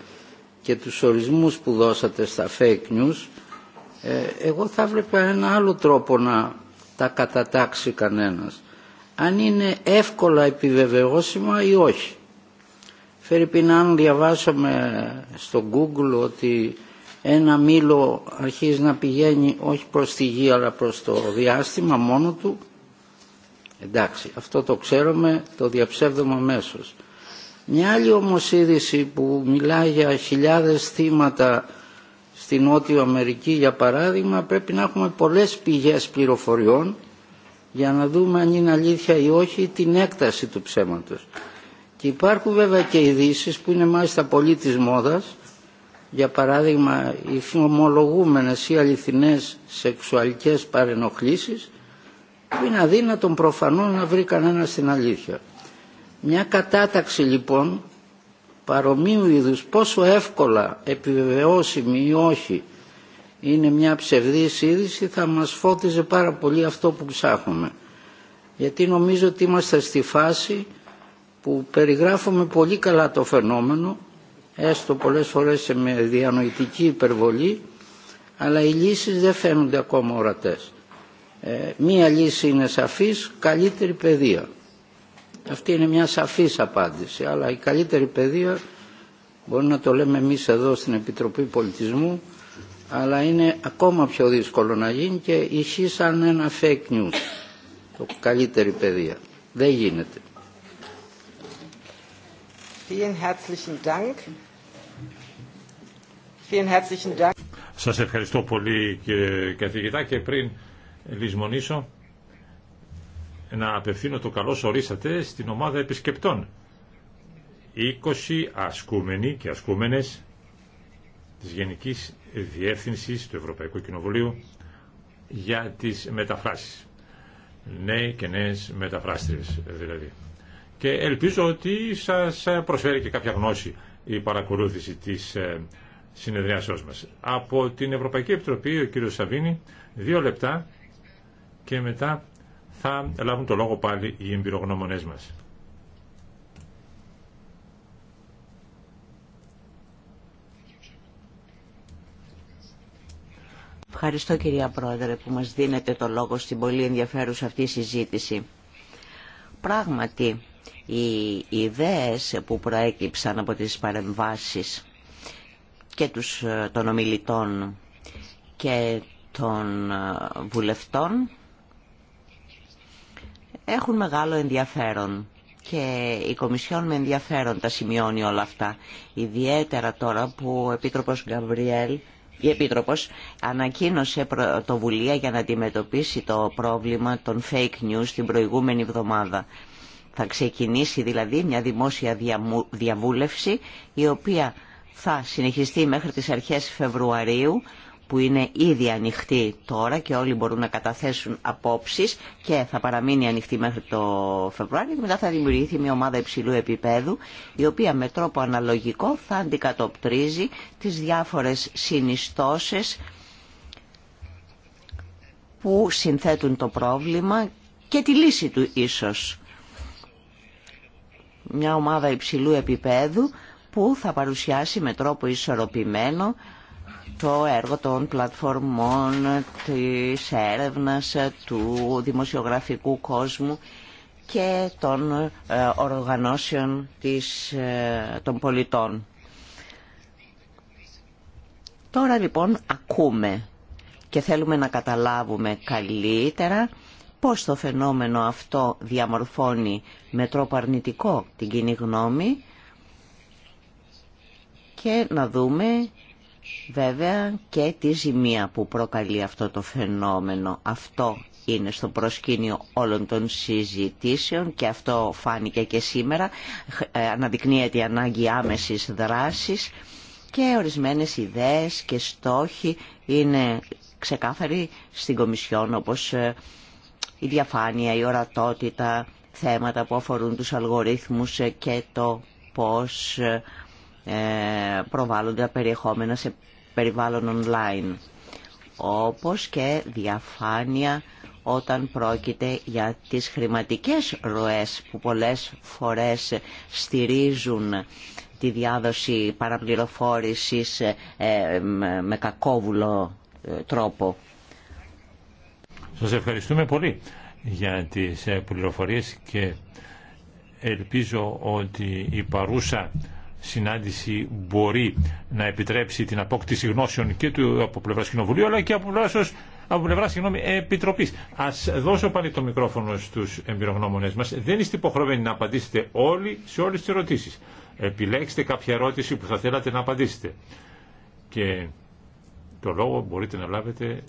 S4: και τους ορισμούς που δώσατε στα fake news. Ε, εγώ θα βλέπα ένα άλλο τρόπο να τα κατατάξει κανένας. Αν είναι εύκολα επιβεβαιώσιμα ή όχι. Φερρυπίν αν διαβάσαμε στο Google ότι ένα μήλο αρχίζει να πηγαίνει όχι προς τη γη αλλά προς το διάστημα μόνο του εντάξει αυτό το ξέρουμε το διαψεύδουμε αμέσω. μια άλλη όμως είδηση που μιλάει για χιλιάδες θύματα στη Νότιο Αμερική για παράδειγμα πρέπει να έχουμε πολλές πηγές πληροφοριών για να δούμε αν είναι αλήθεια ή όχι την έκταση του ψέματος. Και υπάρχουν βέβαια και ειδήσει που είναι μάλιστα πολύ της μόδας για παράδειγμα οι φημολογούμενες ή αληθινές σεξουαλικές παρενοχλήσεις που είναι αδύνατον προφανώς να βρει κανένα στην αλήθεια. Μια κατάταξη λοιπόν παρομοίου είδους πόσο εύκολα επιβεβαιώσιμη ή όχι είναι μια ψευδής είδηση θα μας φώτιζε πάρα πολύ αυτό που ψάχνουμε. Γιατί νομίζω ότι είμαστε στη φάση που περιγράφουμε πολύ καλά το φαινόμενο έστω πολλές φορές με διανοητική υπερβολή, αλλά οι λύσεις δεν φαίνονται ακόμα ορατές. Ε, μια σαφής απάντηση, αλλά η καλύτερη παιδεία μπορεί να το λέμε εμείς εδώ στην Επιτροπή Πολιτισμού, αλλά είναι ακόμα πιο δύσκολο να γίνει και ισχύει σαν ένα fake news, το καλύτερη παιδεία. Δεν γίνεται. Vielen
S1: σας ευχαριστώ πολύ και καθηγητά και πριν λησμονήσω να απευθύνω το καλό ορίσατε στην ομάδα επισκεπτών. 20 ασκούμενοι και ασκούμενες της Γενικής Διεύθυνσης του Ευρωπαϊκού Κοινοβουλίου για τις μεταφράσεις. Νέοι και νέες μεταφράστριες δηλαδή. Και ελπίζω ότι σας προσφέρει και κάποια γνώση η παρακολούθηση της ε, συνεδριάσεώς μας. Από την Ευρωπαϊκή Επιτροπή ο κύριος Σαβίνη, δύο λεπτά και μετά θα λάβουν το λόγο πάλι οι εμπειρογνώμονές μας.
S2: Ευχαριστώ κυρία Πρόεδρε που μας δίνετε το λόγο στην πολύ ενδιαφέρουσα αυτή συζήτηση. Πράγματι, οι ιδέες που προέκυψαν από τις παρεμβάσεις και τους, ε, των ομιλητών και των ε, βουλευτών έχουν μεγάλο ενδιαφέρον και η Κομισιόν με ενδιαφέρον τα σημειώνει όλα αυτά. Ιδιαίτερα τώρα που ο Επίτροπος Γκαμπριέλ η Επίτροπος ανακοίνωσε πρωτοβουλία για να αντιμετωπίσει το πρόβλημα των fake news την προηγούμενη εβδομάδα. Θα ξεκινήσει δηλαδή μια δημόσια διαβούλευση η οποία θα συνεχιστεί μέχρι τις αρχές Φεβρουαρίου που είναι ήδη ανοιχτή τώρα και όλοι μπορούν να καταθέσουν απόψεις και θα παραμείνει ανοιχτή μέχρι το Φεβρουάριο και μετά θα δημιουργηθεί μια ομάδα υψηλού επίπεδου η οποία με τρόπο αναλογικό θα αντικατοπτρίζει τις διάφορες συνιστώσεις που συνθέτουν το πρόβλημα και τη λύση του ίσως. Μια ομάδα υψηλού επίπεδου που θα παρουσιάσει με τρόπο ισορροπημένο το έργο των πλατφορμών, της έρευνας, του δημοσιογραφικού κόσμου και των ε, οργανώσεων της, ε, των πολιτών. Τώρα λοιπόν ακούμε και θέλουμε να καταλάβουμε καλύτερα πώς το φαινόμενο αυτό διαμορφώνει με τρόπο αρνητικό την κοινή γνώμη και να δούμε βέβαια και τη ζημία που προκαλεί αυτό το φαινόμενο. Αυτό είναι στο προσκήνιο όλων των συζητήσεων και αυτό φάνηκε και σήμερα. Ε, αναδεικνύεται η ανάγκη άμεσης δράσης και ορισμένες ιδέες και στόχοι είναι ξεκάθαροι στην Κομισιόν όπως ε, η διαφάνεια, η ορατότητα, θέματα που αφορούν τους αλγορίθμους ε, και το πώς ε, προβάλλονται περιεχόμενα σε περιβάλλον online όπως και διαφάνεια όταν πρόκειται για τις χρηματικές ροές που πολλές φορές στηρίζουν τη διάδοση παραπληροφόρησης ε, ε, με
S1: κακόβουλο τρόπο. Σας ευχαριστούμε πολύ για τις πληροφορίες και ελπίζω ότι η παρούσα συνάντηση μπορεί να επιτρέψει την απόκτηση γνώσεων και του από πλευρά Κοινοβουλίου αλλά και από πλευρά από πλευράς συγγνώμη, Επιτροπής. Ας δώσω πάλι το μικρόφωνο στους εμπειρογνώμονες μας. Δεν είστε υποχρεωμένοι να απαντήσετε όλοι σε όλες τις ερωτήσεις. Επιλέξτε κάποια ερώτηση που θα θέλατε να απαντήσετε. Και το λόγο μπορείτε να λάβετε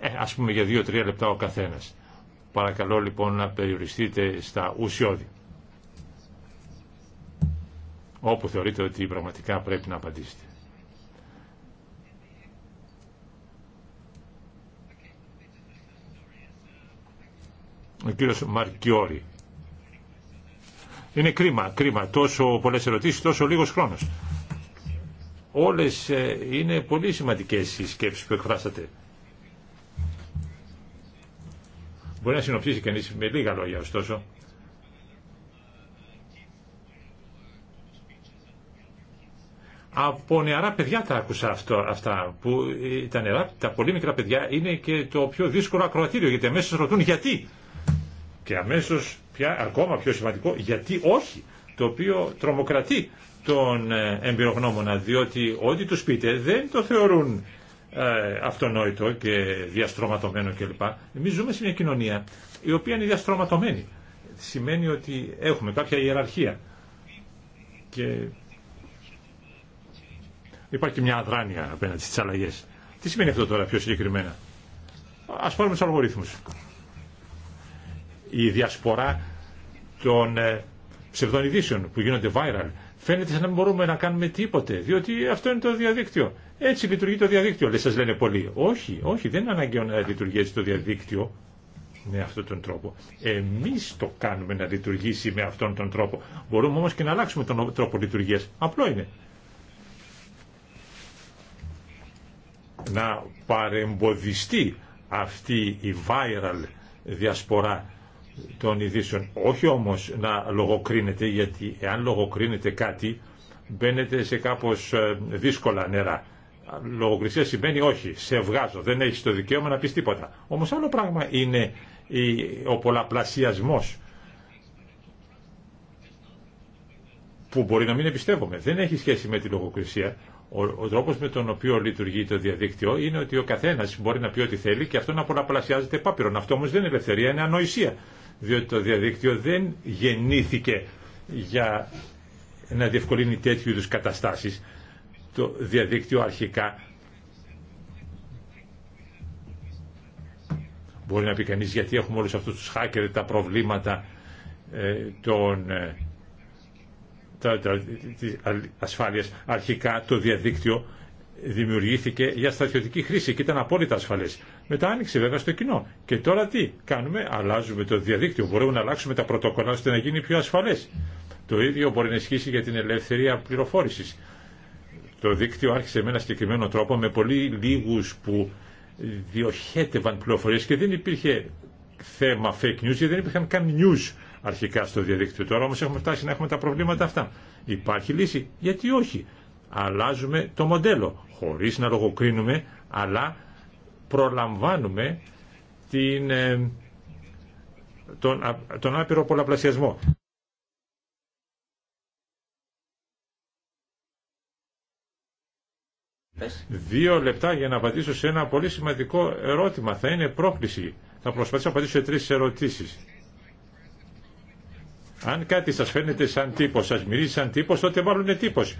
S1: ε, ας πούμε για δύο-τρία λεπτά ο καθένας. Παρακαλώ λοιπόν να περιοριστείτε στα ουσιώδη όπου θεωρείτε ότι πραγματικά πρέπει να απαντήσετε. Ο κύριος Μαρκιόρη. Είναι κρίμα, κρίμα. Τόσο πολλές ερωτήσεις, τόσο λίγος χρόνος. Όλες ε, είναι πολύ σημαντικές οι σκέψεις που εκφράσατε. Μπορεί να συνοψίσει κανείς με λίγα λόγια, ωστόσο. από νεαρά παιδιά τα άκουσα αυτό, αυτά, που τα νεαρά, τα πολύ μικρά παιδιά είναι και το πιο δύσκολο ακροατήριο, γιατί αμέσω ρωτούν γιατί. Και αμέσω πια, ακόμα πιο σημαντικό, γιατί όχι, το οποίο τρομοκρατεί τον ε, εμπειρογνώμονα, διότι ό,τι τους πείτε δεν το θεωρούν ε, αυτονόητο και διαστρωματωμένο κλπ. Εμείς ζούμε σε μια κοινωνία η οποία είναι διαστρωματωμένη. Σημαίνει ότι έχουμε κάποια ιεραρχία και υπάρχει και μια αδράνεια απέναντι στι αλλαγέ. Τι σημαίνει αυτό τώρα πιο συγκεκριμένα. Α πάρουμε τους αλγορίθμους. Η διασπορά των ε, ψευδών ειδήσεων που γίνονται viral φαίνεται σαν να μην μπορούμε να κάνουμε τίποτε, διότι αυτό είναι το διαδίκτυο. Έτσι λειτουργεί το διαδίκτυο, λέει, σα λένε πολλοί. Όχι, όχι, δεν είναι αναγκαίο να λειτουργεί έτσι το διαδίκτυο με αυτόν τον τρόπο. Εμεί το κάνουμε να λειτουργήσει με αυτόν τον τρόπο. Μπορούμε όμω και να αλλάξουμε τον τρόπο λειτουργία. Απλό είναι. να παρεμποδιστεί αυτή η viral διασπορά των ειδήσεων. Όχι όμως να λογοκρίνεται, γιατί εάν λογοκρίνεται κάτι, μπαίνετε σε κάπως ε, δύσκολα νερά. Λογοκρισία σημαίνει όχι, σε βγάζω, δεν έχεις το δικαίωμα να πεις τίποτα. Όμως άλλο πράγμα είναι ο πολλαπλασιασμός που μπορεί να μην εμπιστεύομαι. Δεν έχει σχέση με τη λογοκρισία. Ο, ο τρόπος με τον οποίο λειτουργεί το διαδίκτυο είναι ότι ο καθένας μπορεί να πει ό,τι θέλει και αυτό να πολλαπλασιάζεται επάπειρον. Αυτό όμως δεν είναι ελευθερία, είναι ανοησία. Διότι το διαδίκτυο δεν γεννήθηκε για να διευκολύνει τέτοιου είδους καταστάσεις. Το διαδίκτυο αρχικά μπορεί να πει κανείς γιατί έχουμε όλους αυτούς τους hacker τα προβλήματα ε, των ε, της ασφάλειας. Αρχικά το διαδίκτυο δημιουργήθηκε για στρατιωτική χρήση και ήταν απόλυτα ασφαλέ. Μετά άνοιξε βέβαια στο κοινό. Και τώρα τι κάνουμε, αλλάζουμε το διαδίκτυο. Μπορούμε να αλλάξουμε τα πρωτοκολλά ώστε να γίνει πιο ασφαλέ. Το ίδιο μπορεί να ισχύσει για την ελευθερία πληροφόρηση. Το δίκτυο άρχισε με ένα συγκεκριμένο τρόπο με πολύ λίγου που διοχέτευαν πληροφορίε και δεν υπήρχε θέμα fake news δεν υπήρχαν καν news αρχικά στο διαδίκτυο. Τώρα όμως έχουμε φτάσει να έχουμε τα προβλήματα αυτά. Υπάρχει λύση. Γιατί όχι. Αλλάζουμε το μοντέλο χωρίς να λογοκρίνουμε αλλά προλαμβάνουμε ε, τον, τον άπειρο πολλαπλασιασμό. Δύο λεπτά για να απαντήσω σε ένα πολύ σημαντικό ερώτημα. Θα είναι πρόκληση. Θα προσπαθήσω να απαντήσω σε τρεις ερωτήσεις. Αν κάτι σας φαίνεται σαν τύπος, σας μυρίζει σαν τύπος, τότε μάλλον είναι τύπος.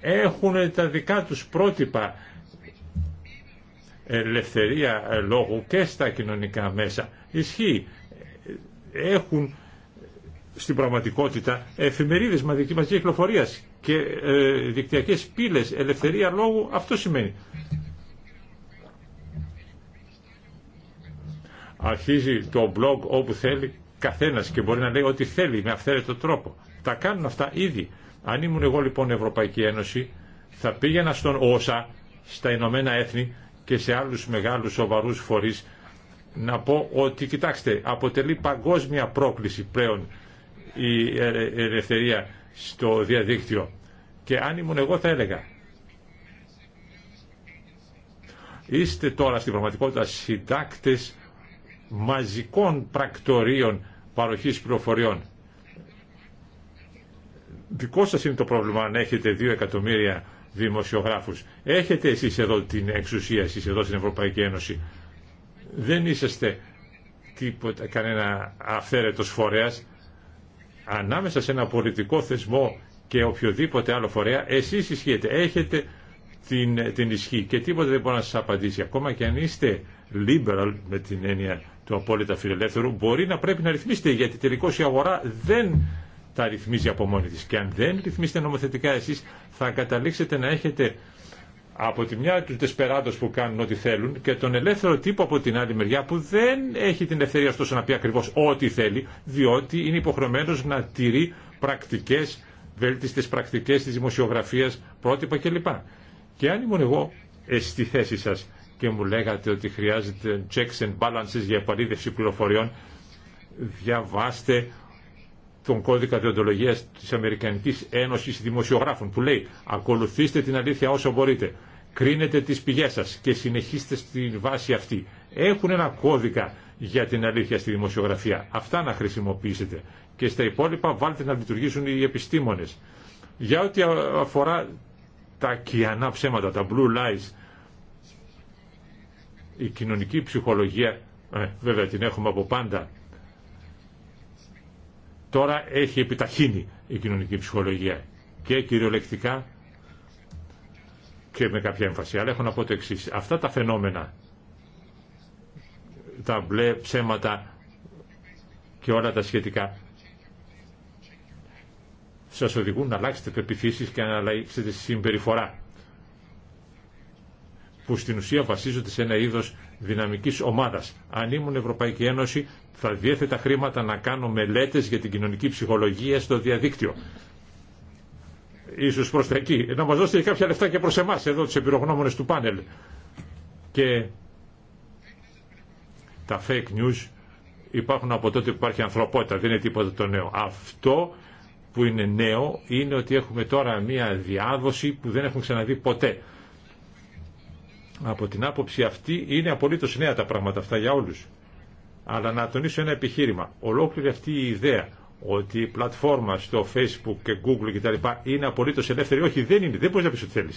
S1: Έχουν τα δικά τους πρότυπα ελευθερία λόγου και στα κοινωνικά μέσα. Ισχύει. Έχουν στην πραγματικότητα εφημερίδες μαζικής κυκλοφορίας και ε, δικτυακές πύλες ελευθερία λόγου. Αυτό σημαίνει. αρχίζει το blog όπου θέλει καθένας και μπορεί να λέει ό,τι θέλει με αυθαίρετο τρόπο. Τα κάνουν αυτά ήδη. Αν ήμουν εγώ λοιπόν Ευρωπαϊκή Ένωση θα πήγαινα στον ΩΣΑ, στα Ηνωμένα Έθνη και σε άλλους μεγάλους σοβαρού φορεί να πω ότι κοιτάξτε αποτελεί παγκόσμια πρόκληση πλέον η ελευθερία στο διαδίκτυο και αν ήμουν εγώ θα έλεγα είστε τώρα στην πραγματικότητα συντάκτες μαζικών πρακτορείων παροχής πληροφοριών. Δικό σας είναι το πρόβλημα αν έχετε δύο εκατομμύρια δημοσιογράφους. Έχετε εσείς εδώ την εξουσία, εσείς εδώ στην Ευρωπαϊκή Ένωση. Δεν είσαστε τίποτα, κανένα αυθαίρετος φορέας. Ανάμεσα σε ένα πολιτικό θεσμό και οποιοδήποτε άλλο φορέα, εσείς ισχύετε. Έχετε την, την ισχύ και τίποτα δεν μπορεί να σας απαντήσει. Ακόμα και αν είστε liberal με την έννοια του απόλυτα φιλελεύθερου μπορεί να πρέπει να ρυθμίσετε γιατί τελικώ η αγορά δεν τα ρυθμίζει από μόνη της. Και αν δεν ρυθμίσετε νομοθετικά εσείς θα καταλήξετε να έχετε από τη μια του τεσπεράντος που κάνουν ό,τι θέλουν και τον ελεύθερο τύπο από την άλλη μεριά που δεν έχει την ελευθερία ωστόσο να πει ακριβώς ό,τι θέλει διότι είναι υποχρεωμένος να τηρεί πρακτικές, βέλτιστες πρακτικές της δημοσιογραφίας, πρότυπα κλπ. Και αν ήμουν εγώ ε, στη θέση σας και μου λέγατε ότι χρειάζεται checks and balances για επαλήθευση πληροφοριών. Διαβάστε τον κώδικα διοντολογία της Αμερικανικής Ένωσης Δημοσιογράφων που λέει «Ακολουθήστε την αλήθεια όσο μπορείτε, κρίνετε τις πηγές σας και συνεχίστε στην βάση αυτή». Έχουν ένα κώδικα για την αλήθεια στη δημοσιογραφία. Αυτά να χρησιμοποιήσετε. Και στα υπόλοιπα βάλτε να λειτουργήσουν οι επιστήμονες. Για ό,τι αφορά τα κιανά ψέματα, τα blue lies, η κοινωνική ψυχολογία, ε, βέβαια την έχουμε από πάντα, τώρα έχει επιταχύνει η κοινωνική ψυχολογία και κυριολεκτικά και με κάποια έμφαση. Αλλά έχω να πω το εξή. Αυτά τα φαινόμενα, τα μπλε ψέματα και όλα τα σχετικά, σας οδηγούν να αλλάξετε πεπιθήσεις και να αλλάξετε συμπεριφορά που στην ουσία βασίζονται σε ένα είδο δυναμική ομάδα. Αν ήμουν Ευρωπαϊκή Ένωση θα διέθετα χρήματα να κάνω μελέτε για την κοινωνική ψυχολογία στο διαδίκτυο. Ίσως προ τα εκεί. Να μα δώσετε κάποια λεφτά και προ εμά εδώ τους επιρογνώμονες του πάνελ. Και τα fake news υπάρχουν από τότε που υπάρχει ανθρωπότητα, δεν είναι τίποτα το νέο. Αυτό που είναι νέο είναι ότι έχουμε τώρα μια διάδοση που δεν έχουμε ξαναδεί ποτέ. Από την άποψη αυτή είναι απολύτως νέα τα πράγματα αυτά για όλους. Αλλά να τονίσω ένα επιχείρημα. Ολόκληρη αυτή η ιδέα ότι η πλατφόρμα στο Facebook και Google κτλ. είναι απολύτως ελεύθερη. Όχι, δεν είναι. Δεν μπορείς να πεις ότι θέλει.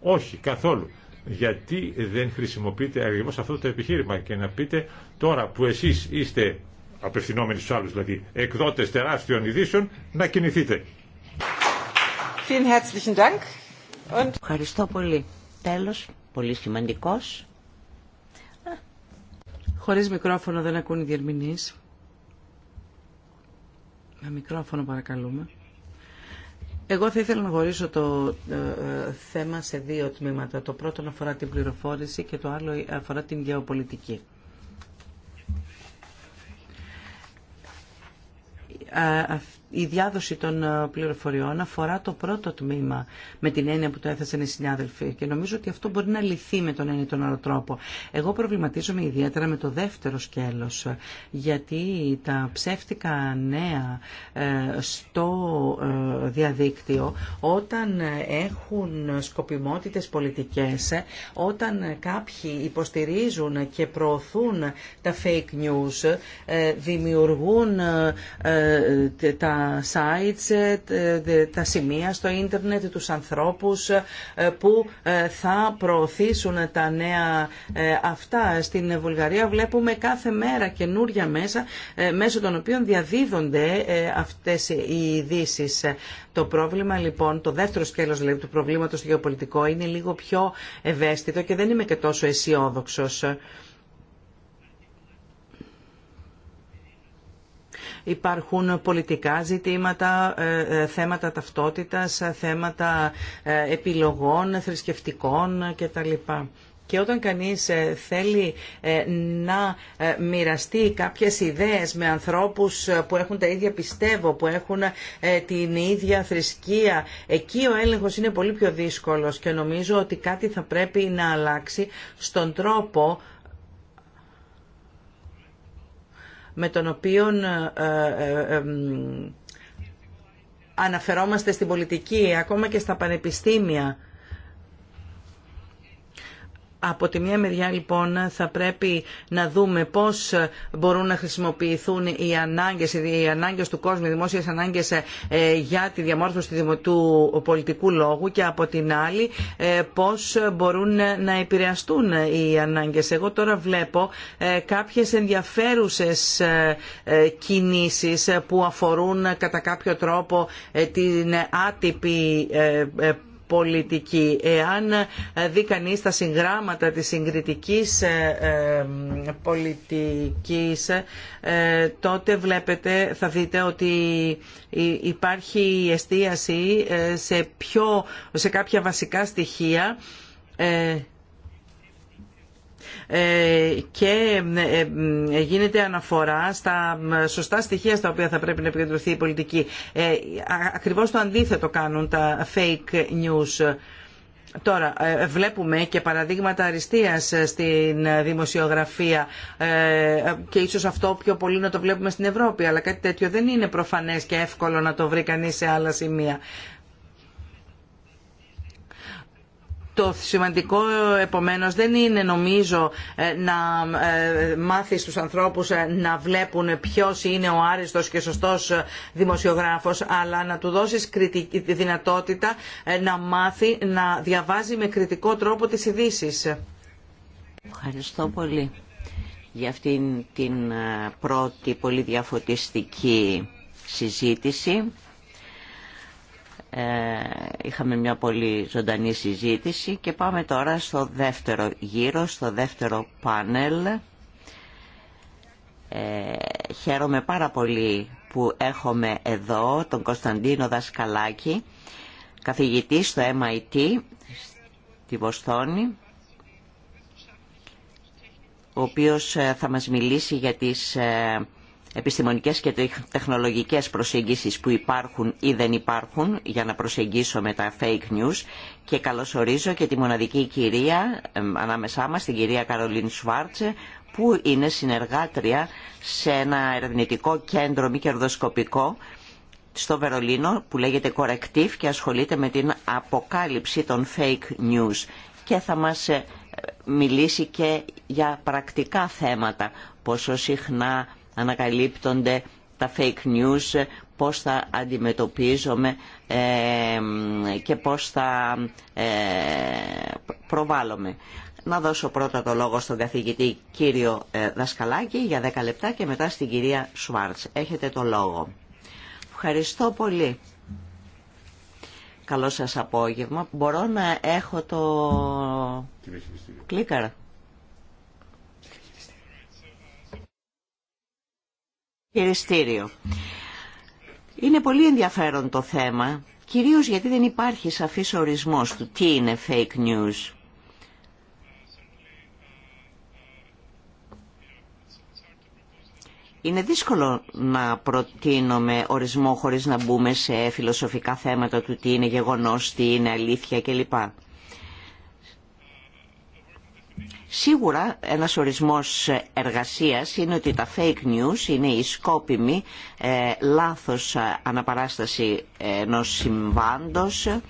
S1: Όχι, καθόλου. Γιατί δεν χρησιμοποιείτε ακριβώ αυτό το επιχείρημα και να πείτε τώρα που εσείς είστε απευθυνόμενοι στους άλλους δηλαδή εκδότε τεράστιων ειδήσεων, να κινηθείτε.
S2: Ευχαριστώ πολύ. Τέλος
S1: πολύ σημαντικός.
S2: Χωρίς μικρόφωνο δεν ακούν οι διερμηνείς.
S3: Με μικρόφωνο παρακαλούμε. Εγώ θα ήθελα να χωρίσω το ε, ε, θέμα σε δύο τμήματα. Το πρώτο αφορά την πληροφόρηση και το άλλο αφορά την γεωπολιτική η διάδοση των ε, πληροφοριών αφορά το πρώτο τμήμα με την έννοια που το έθεσαν οι συνάδελφοι και νομίζω ότι αυτό μπορεί να λυθεί με τον ένα τον άλλο τρόπο. Εγώ προβληματίζομαι ιδιαίτερα με το δεύτερο σκέλος γιατί τα ψεύτικα νέα ε, στο ε, διαδίκτυο όταν έχουν σκοπιμότητες πολιτικές, όταν κάποιοι υποστηρίζουν και προωθούν τα fake news, δημιουργούν τα sites, ε, τα σημεία στο ίντερνετ, τους ανθρώπους ε, που ε, θα προωθήσουν τα νέα αυτά. Στην Βουλγαρία βλέπουμε κάθε μέρα καινούρια μέσα, μέσω των οποίων διαδίδονται αυτές οι ειδήσει. Το πρόβλημα λοιπόν, το δεύτερο σκέλος δηλαδή, του προβλήματος του γεωπολιτικό είναι λίγο πιο ευαίσθητο και δεν είμαι και τόσο αισιόδοξο. Υπάρχουν πολιτικά ζητήματα, ε, ε, θέματα ταυτότητας, ε, θέματα επιλογών, θρησκευτικών κτλ. Και όταν κανείς θέλει να μοιραστεί κάποιες ιδέες με ανθρώπους που έχουν τα ίδια πιστεύω, που έχουν την ίδια θρησκεία, εκεί ο έλεγχος είναι πολύ πιο δύσκολος και νομίζω ότι κάτι θα πρέπει να αλλάξει στον τρόπο με τον οποίο ε, ε, ε, αναφερόμαστε στην πολιτική, ακόμα και στα πανεπιστήμια. Από τη μία μεριά λοιπόν θα πρέπει να δούμε πώς μπορούν να χρησιμοποιηθούν οι ανάγκες, οι ανάγκες του κόσμου, οι δημόσιες ανάγκες ε, για τη διαμόρφωση του πολιτικού λόγου και από την άλλη ε, πώς μπορούν να επηρεαστούν οι ανάγκες. Εγώ τώρα βλέπω ε, κάποιες ενδιαφέρουσες κινήσεις που αφορούν κατά κάποιο τρόπο την άτυπη πολιτική. Εάν δει κανεί τα συγγράμματα της συγκριτικής ε, ε, πολιτικής, ε, τότε βλέπετε, θα δείτε ότι υπάρχει εστίαση σε, πιο, σε κάποια βασικά στοιχεία ε, και ε, ε, γίνεται αναφορά στα σωστά στοιχεία στα οποία θα πρέπει να επικεντρωθεί η πολιτική. Ακριβώς το αντίθετο κάνουν τα fake news. Τώρα βλέπουμε και παραδείγματα αριστείας στην δημοσιογραφία και ίσως αυτό πιο πολύ να το βλέπουμε στην Ευρώπη αλλά κάτι τέτοιο δεν είναι προφανές και εύκολο να το βρει κανείς σε άλλα σημεία. Το σημαντικό επομένως δεν είναι νομίζω ε, να ε, μάθεις τους ανθρώπους ε, να βλέπουν ποιος είναι ο άριστος και σωστός δημοσιογράφος αλλά να του δώσεις τη δυνατότητα να μάθει να διαβάζει με κριτικό τρόπο τις ειδήσει.
S2: Ευχαριστώ πολύ για αυτήν την πρώτη πολύ διαφωτιστική συζήτηση. Ε, είχαμε μια πολύ ζωντανή συζήτηση και πάμε τώρα στο δεύτερο γύρο, στο δεύτερο πάνελ. Ε, χαίρομαι πάρα πολύ που έχουμε εδώ τον Κωνσταντίνο Δασκαλάκη, καθηγητή στο MIT, τη Βοστόνη, ο οποίος ε, θα μας μιλήσει για τις ε, επιστημονικές και τεχνολογικές προσεγγίσεις που υπάρχουν ή δεν υπάρχουν για να προσεγγίσω με τα fake news και καλωσορίζω και τη μοναδική κυρία ανάμεσά μας, την κυρία Καρολίν Σουάρτσε που είναι συνεργάτρια σε ένα ερευνητικό κέντρο μη κερδοσκοπικό στο Βερολίνο που λέγεται Corrective και ασχολείται με την αποκάλυψη των fake news και θα μας ε, μιλήσει και για πρακτικά θέματα πόσο συχνά ανακαλύπτονται τα fake news, πώς θα αντιμετωπίζουμε και πώς θα ε, προβάλλουμε. Να δώσω πρώτα το λόγο στον καθηγητή κύριο ε, Δασκαλάκη για 10 λεπτά και μετά στην κυρία Σουάρτς. Έχετε το λόγο. Ευχαριστώ πολύ. Καλό σας απόγευμα. Μπορώ να έχω το κλίκαρα. χειριστήριο. Είναι πολύ ενδιαφέρον το θέμα, κυρίως γιατί δεν υπάρχει σαφής ορισμός του τι είναι fake news. Είναι δύσκολο να προτείνουμε ορισμό χωρίς να μπούμε σε φιλοσοφικά θέματα του τι είναι γεγονός, τι είναι αλήθεια κλπ. Σίγουρα ένας ορισμός εργασίας είναι ότι τα fake news είναι η σκόπιμη ε, λάθος αναπαράσταση ενός συμβάντος, ε,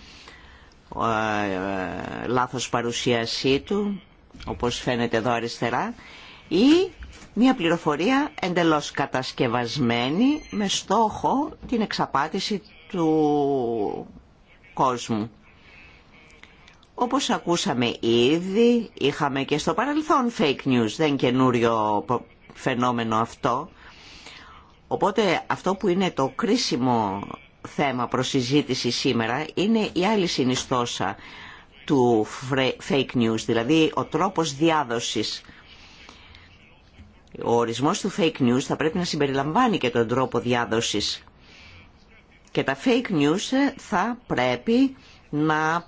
S2: λάθος παρουσίασή του, όπως φαίνεται εδώ αριστερά, ή μια πληροφορία εντελώς κατασκευασμένη με στόχο την εξαπάτηση του κόσμου. Όπως ακούσαμε ήδη, είχαμε και στο παρελθόν fake news, δεν καινούριο φαινόμενο αυτό. Οπότε αυτό που είναι το κρίσιμο θέμα προς συζήτηση σήμερα είναι η άλλη συνιστόσα του fake news, δηλαδή ο τρόπος διάδοσης. Ο ορισμός του fake news θα πρέπει να συμπεριλαμβάνει και τον τρόπο διάδοσης. Και τα fake news θα πρέπει να,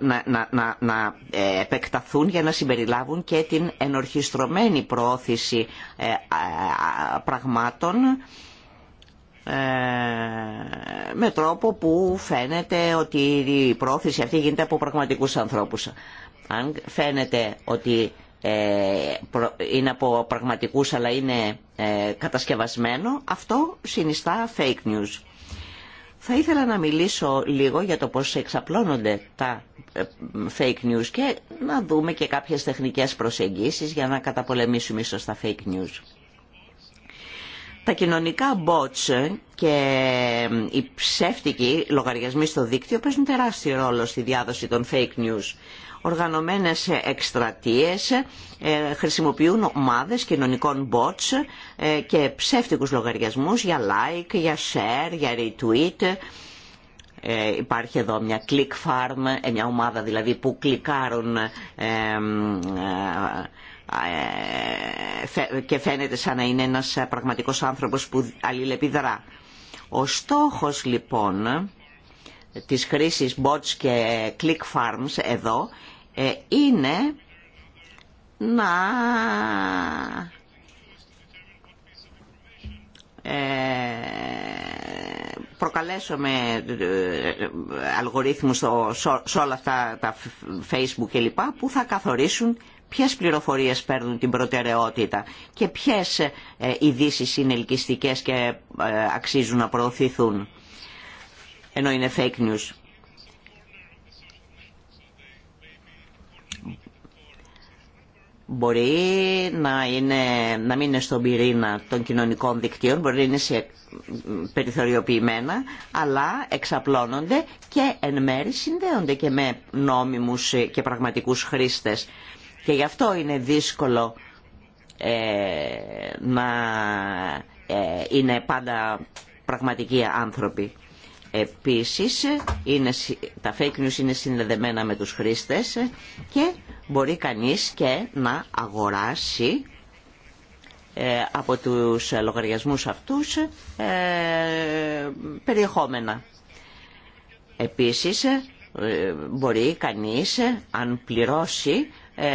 S2: να, να, να, να ε, επεκταθούν για να συμπεριλάβουν και την ενορχιστρωμένη προώθηση ε, πραγμάτων ε, με τρόπο που φαίνεται ότι η πρόθεση αυτή γίνεται από πραγματικούς ανθρώπους. Αν φαίνεται ότι είναι από πραγματικούς αλλά είναι κατασκευασμένο, αυτό συνιστά fake news. Θα ήθελα να μιλήσω λίγο για το πώς εξαπλώνονται τα ε, fake news και να δούμε και κάποιες τεχνικές προσεγγίσεις για να καταπολεμήσουμε ίσως τα fake news. Τα κοινωνικά bots και οι ψεύτικοι λογαριασμοί στο δίκτυο παίζουν τεράστιο ρόλο στη διάδοση των fake news οργανωμένες εκστρατείες, ε, χρησιμοποιούν ομάδες κοινωνικών bots ε, και ψεύτικους λογαριασμούς για like, για share, για retweet. Ε, υπάρχει εδώ μια click farm, μια ομάδα δηλαδή που κλικάρουν και φαίνεται σαν να είναι ένας πραγματικός άνθρωπος που αλληλεπιδρά. Ο στόχος λοιπόν της χρήσης bots και click farms εδώ ε, είναι να ε, προκαλέσουμε ε, αλγορίθμους σε όλα αυτά τα facebook κλπ που θα καθορίσουν ποιες πληροφορίες παίρνουν την προτεραιότητα και ποιες ειδήσει είναι ελκυστικές και αξίζουν να προωθηθούν ενώ είναι fake news. Μπορεί να, είναι, να μην είναι στον πυρήνα των κοινωνικών δικτύων, μπορεί να είναι σε περιθωριοποιημένα, αλλά εξαπλώνονται και εν μέρη συνδέονται και με νόμιμους και πραγματικούς χρήστες. Και γι' αυτό είναι δύσκολο ε, να ε, είναι πάντα πραγματικοί άνθρωποι. Επίσης, είναι, τα fake news είναι συνδεδεμένα με τους χρήστες και μπορεί κανείς και να αγοράσει ε, από τους λογαριασμούς αυτούς ε, περιεχόμενα. Επίσης, ε, μπορεί κανείς, αν πληρώσει,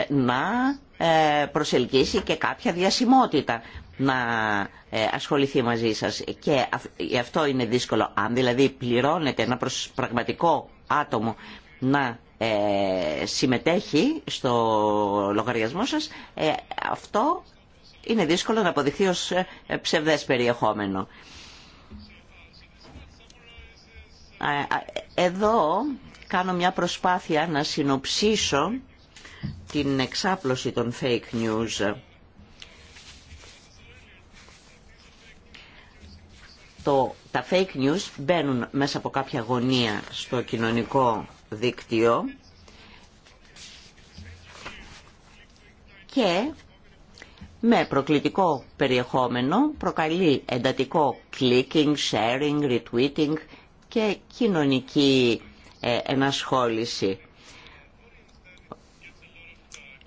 S2: να προσελκύσει και κάποια διασημότητα να ασχοληθεί μαζί σας. Και αυτό είναι δύσκολο. Αν δηλαδή πληρώνετε ένα πραγματικό άτομο να ε, συμμετέχει στο λογαριασμό σας, ε, αυτό είναι δύσκολο να αποδειχθεί ως ε, ψευδές περιεχόμενο. Εδώ κάνω μια προσπάθεια να συνοψίσω την εξάπλωση των fake news. τα fake news μπαίνουν μέσα από κάποια γωνία στο κοινωνικό δίκτυο και με προκλητικό περιεχόμενο προκαλεί εντατικό clicking, sharing, retweeting και κοινωνική ε, ενασχόληση.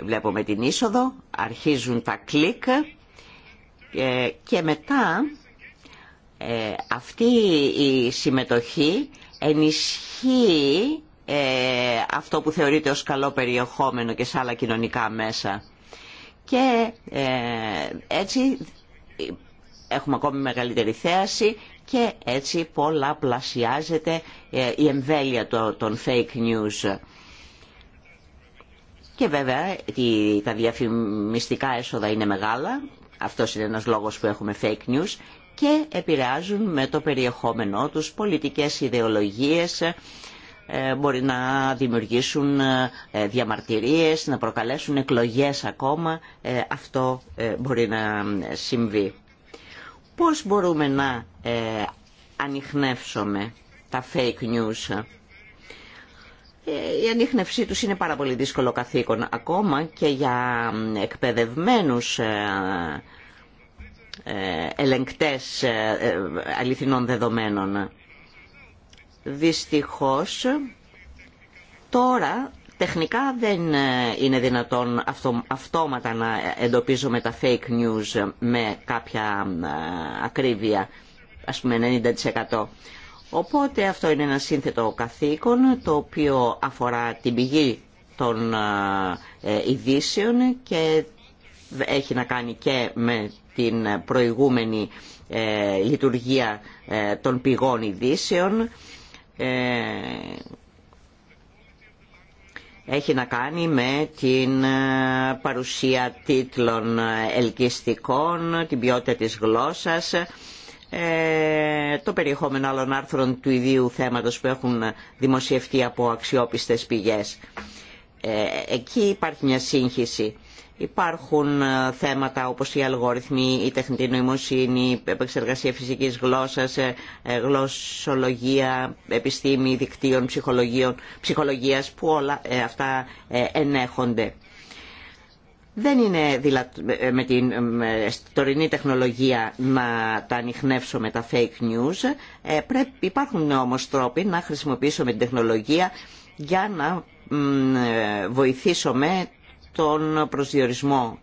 S2: Βλέπουμε την είσοδο, αρχίζουν τα κλικ ε, και μετά ε, αυτή η συμμετοχή ενισχύει ε, αυτό που θεωρείται ως καλό περιεχόμενο και σε άλλα κοινωνικά μέσα. Και ε, έτσι έχουμε ακόμη μεγαλύτερη θέαση και έτσι πολλαπλασιάζεται ε, η εμβέλεια των fake news. Και βέβαια τα διαφημιστικά έσοδα είναι μεγάλα, αυτός είναι ένας λόγος που έχουμε fake news και επηρεάζουν με το περιεχόμενό τους πολιτικές ιδεολογίες ε, μπορεί να δημιουργήσουν ε, ε, διαμαρτυρίες, να προκαλέσουν εκλογές ακόμα. Αυτό μπορεί να συμβεί. Πώς μπορούμε να ανοιχνεύσουμε τα fake news. Η ανοιχνεύση τους είναι πάρα πολύ δύσκολο καθήκον ακόμα και για εκπαιδευμένους ελεγκτές αληθινών δεδομένων. Δυστυχώς τώρα τεχνικά δεν ε, είναι δυνατόν αυτόματα να εντοπίζουμε τα fake news με κάποια ε, ακρίβεια, ας πούμε 90%. Οπότε αυτό είναι ένα σύνθετο καθήκον το οποίο αφορά την πηγή των ε, ειδήσεων και έχει να κάνει και με την προηγούμενη λειτουργία των πηγών ειδήσεων ε, έχει να κάνει με την ε, παρουσία τίτλων ελκυστικών, την ποιότητα της γλώσσας, ε, το περιεχόμενο άλλων άρθρων του ιδίου θέματος που έχουν δημοσιευτεί από αξιόπιστες πηγές. Εκεί υπάρχει μια σύγχυση. Υπάρχουν ε, θέματα όπως οι αλγόριθμοι, η τεχνητή νοημοσύνη, η επεξεργασία φυσικής γλώσσας, ε, ε, γλωσσολογία, επιστήμη δικτύων, ψυχολογίας που όλα αυτά ενέχονται. Δεν είναι με την τωρινή τεχνολογία να τα με τα fake news. Υπάρχουν όμως τρόποι να χρησιμοποιήσουμε την τεχνολογία για να βοηθήσουμε τον προσδιορισμό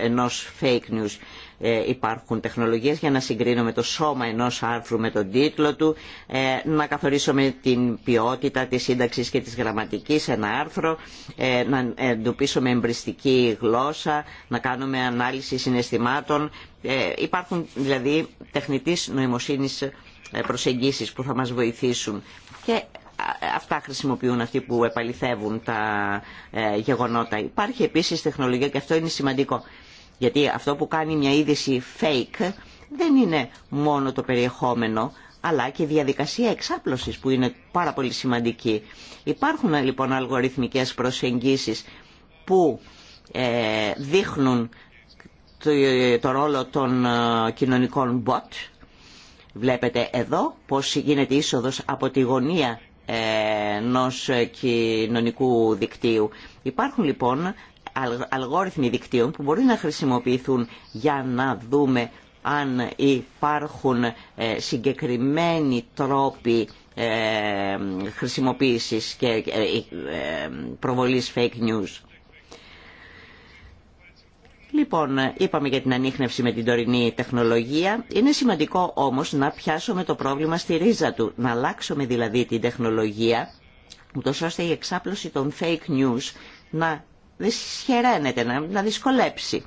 S2: ενός fake news. Ε, υπάρχουν τεχνολογίες για να συγκρίνουμε το σώμα ενός άρθρου με τον τίτλο του, ε, να καθορίσουμε την ποιότητα της σύνταξης και της γραμματικής ένα άρθρο, ε, να εντοπίσουμε εμπριστική γλώσσα, να κάνουμε ανάλυση συναισθημάτων. Υπάρχουν δηλαδή τεχνητής νοημοσύνης προσεγγίσεις που θα μας βοηθήσουν αυτά χρησιμοποιούν αυτοί που επαληθεύουν τα ε, γεγονότα. Υπάρχει επίσης τεχνολογία και αυτό είναι σημαντικό. Γιατί αυτό που κάνει μια είδηση fake δεν είναι μόνο το περιεχόμενο, αλλά και διαδικασία εξάπλωσης που είναι πάρα πολύ σημαντική. Υπάρχουν λοιπόν αλγοριθμικές προσεγγίσεις που ε, δείχνουν το ρόλο των ε, κοινωνικών bot. Βλέπετε εδώ πώς γίνεται είσοδος από τη γωνία ενό κοινωνικού δικτύου. Υπάρχουν λοιπόν αλγόριθμοι δικτύων που μπορεί να χρησιμοποιηθούν για να δούμε αν υπάρχουν ε, συγκεκριμένοι τρόποι ε, χρησιμοποίησης και ε, προβολής fake news. Λοιπόν, είπαμε για την ανείχνευση με την τωρινή τεχνολογία. Είναι σημαντικό όμως να πιάσουμε το πρόβλημα στη ρίζα του, να αλλάξουμε δηλαδή την τεχνολογία, ούτως ώστε η εξάπλωση των fake news να δυσχεραίνεται, να, να δυσκολέψει.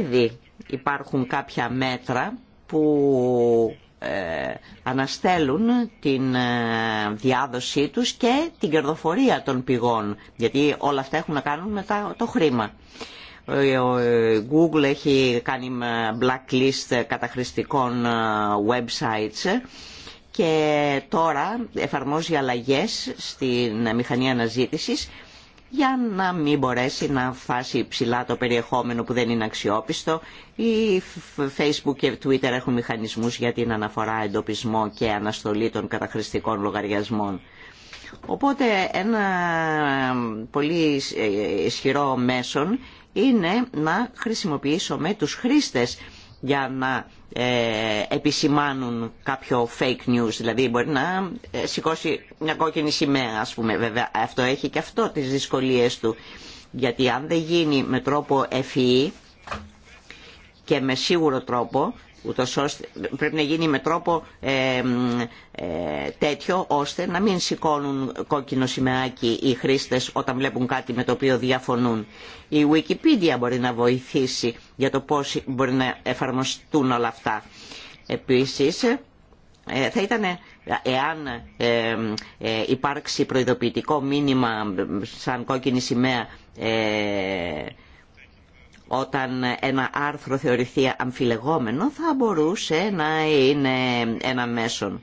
S2: Ήδη υπάρχουν κάποια μέτρα που ε, αναστέλουν την ε, διάδοσή τους και την κερδοφορία των πηγών, γιατί όλα αυτά έχουν να κάνουν με το χρήμα. ο Google έχει κάνει ε, blacklist καταχρηστικών websites και τώρα εφαρμόζει αλλαγές στην μηχανή αναζήτησης για να μην μπορέσει να φάσει ψηλά το περιεχόμενο που δεν είναι αξιόπιστο. Οι Facebook και Twitter έχουν μηχανισμούς για την αναφορά, εντοπισμό και αναστολή των καταχρηστικών λογαριασμών. Οπότε ένα πολύ ισχυρό μέσον είναι να χρησιμοποιήσουμε τους χρήστες για να ε, επισημάνουν κάποιο fake news, δηλαδή μπορεί να ε, σηκώσει μια κόκκινη σημαία ας πούμε. Βέβαια αυτό έχει και αυτό τις δυσκολίες του, γιατί αν δεν γίνει με τρόπο ευφυή και με σίγουρο τρόπο Ούτως ώστε, πρέπει να γίνει με τρόπο ε, ε, τέτοιο ώστε να μην σηκώνουν κόκκινο σημαίακι οι χρήστες όταν βλέπουν κάτι με το οποίο διαφωνούν. Η Wikipedia μπορεί να βοηθήσει για το πώς μπορεί να εφαρμοστούν όλα αυτά. Επίσης, ε, θα ήταν εάν ε, ε, υπάρξει προειδοποιητικό μήνυμα σαν κόκκινη σημαία όταν ένα άρθρο θεωρηθεί αμφιλεγόμενο θα μπορούσε να είναι ένα μέσον.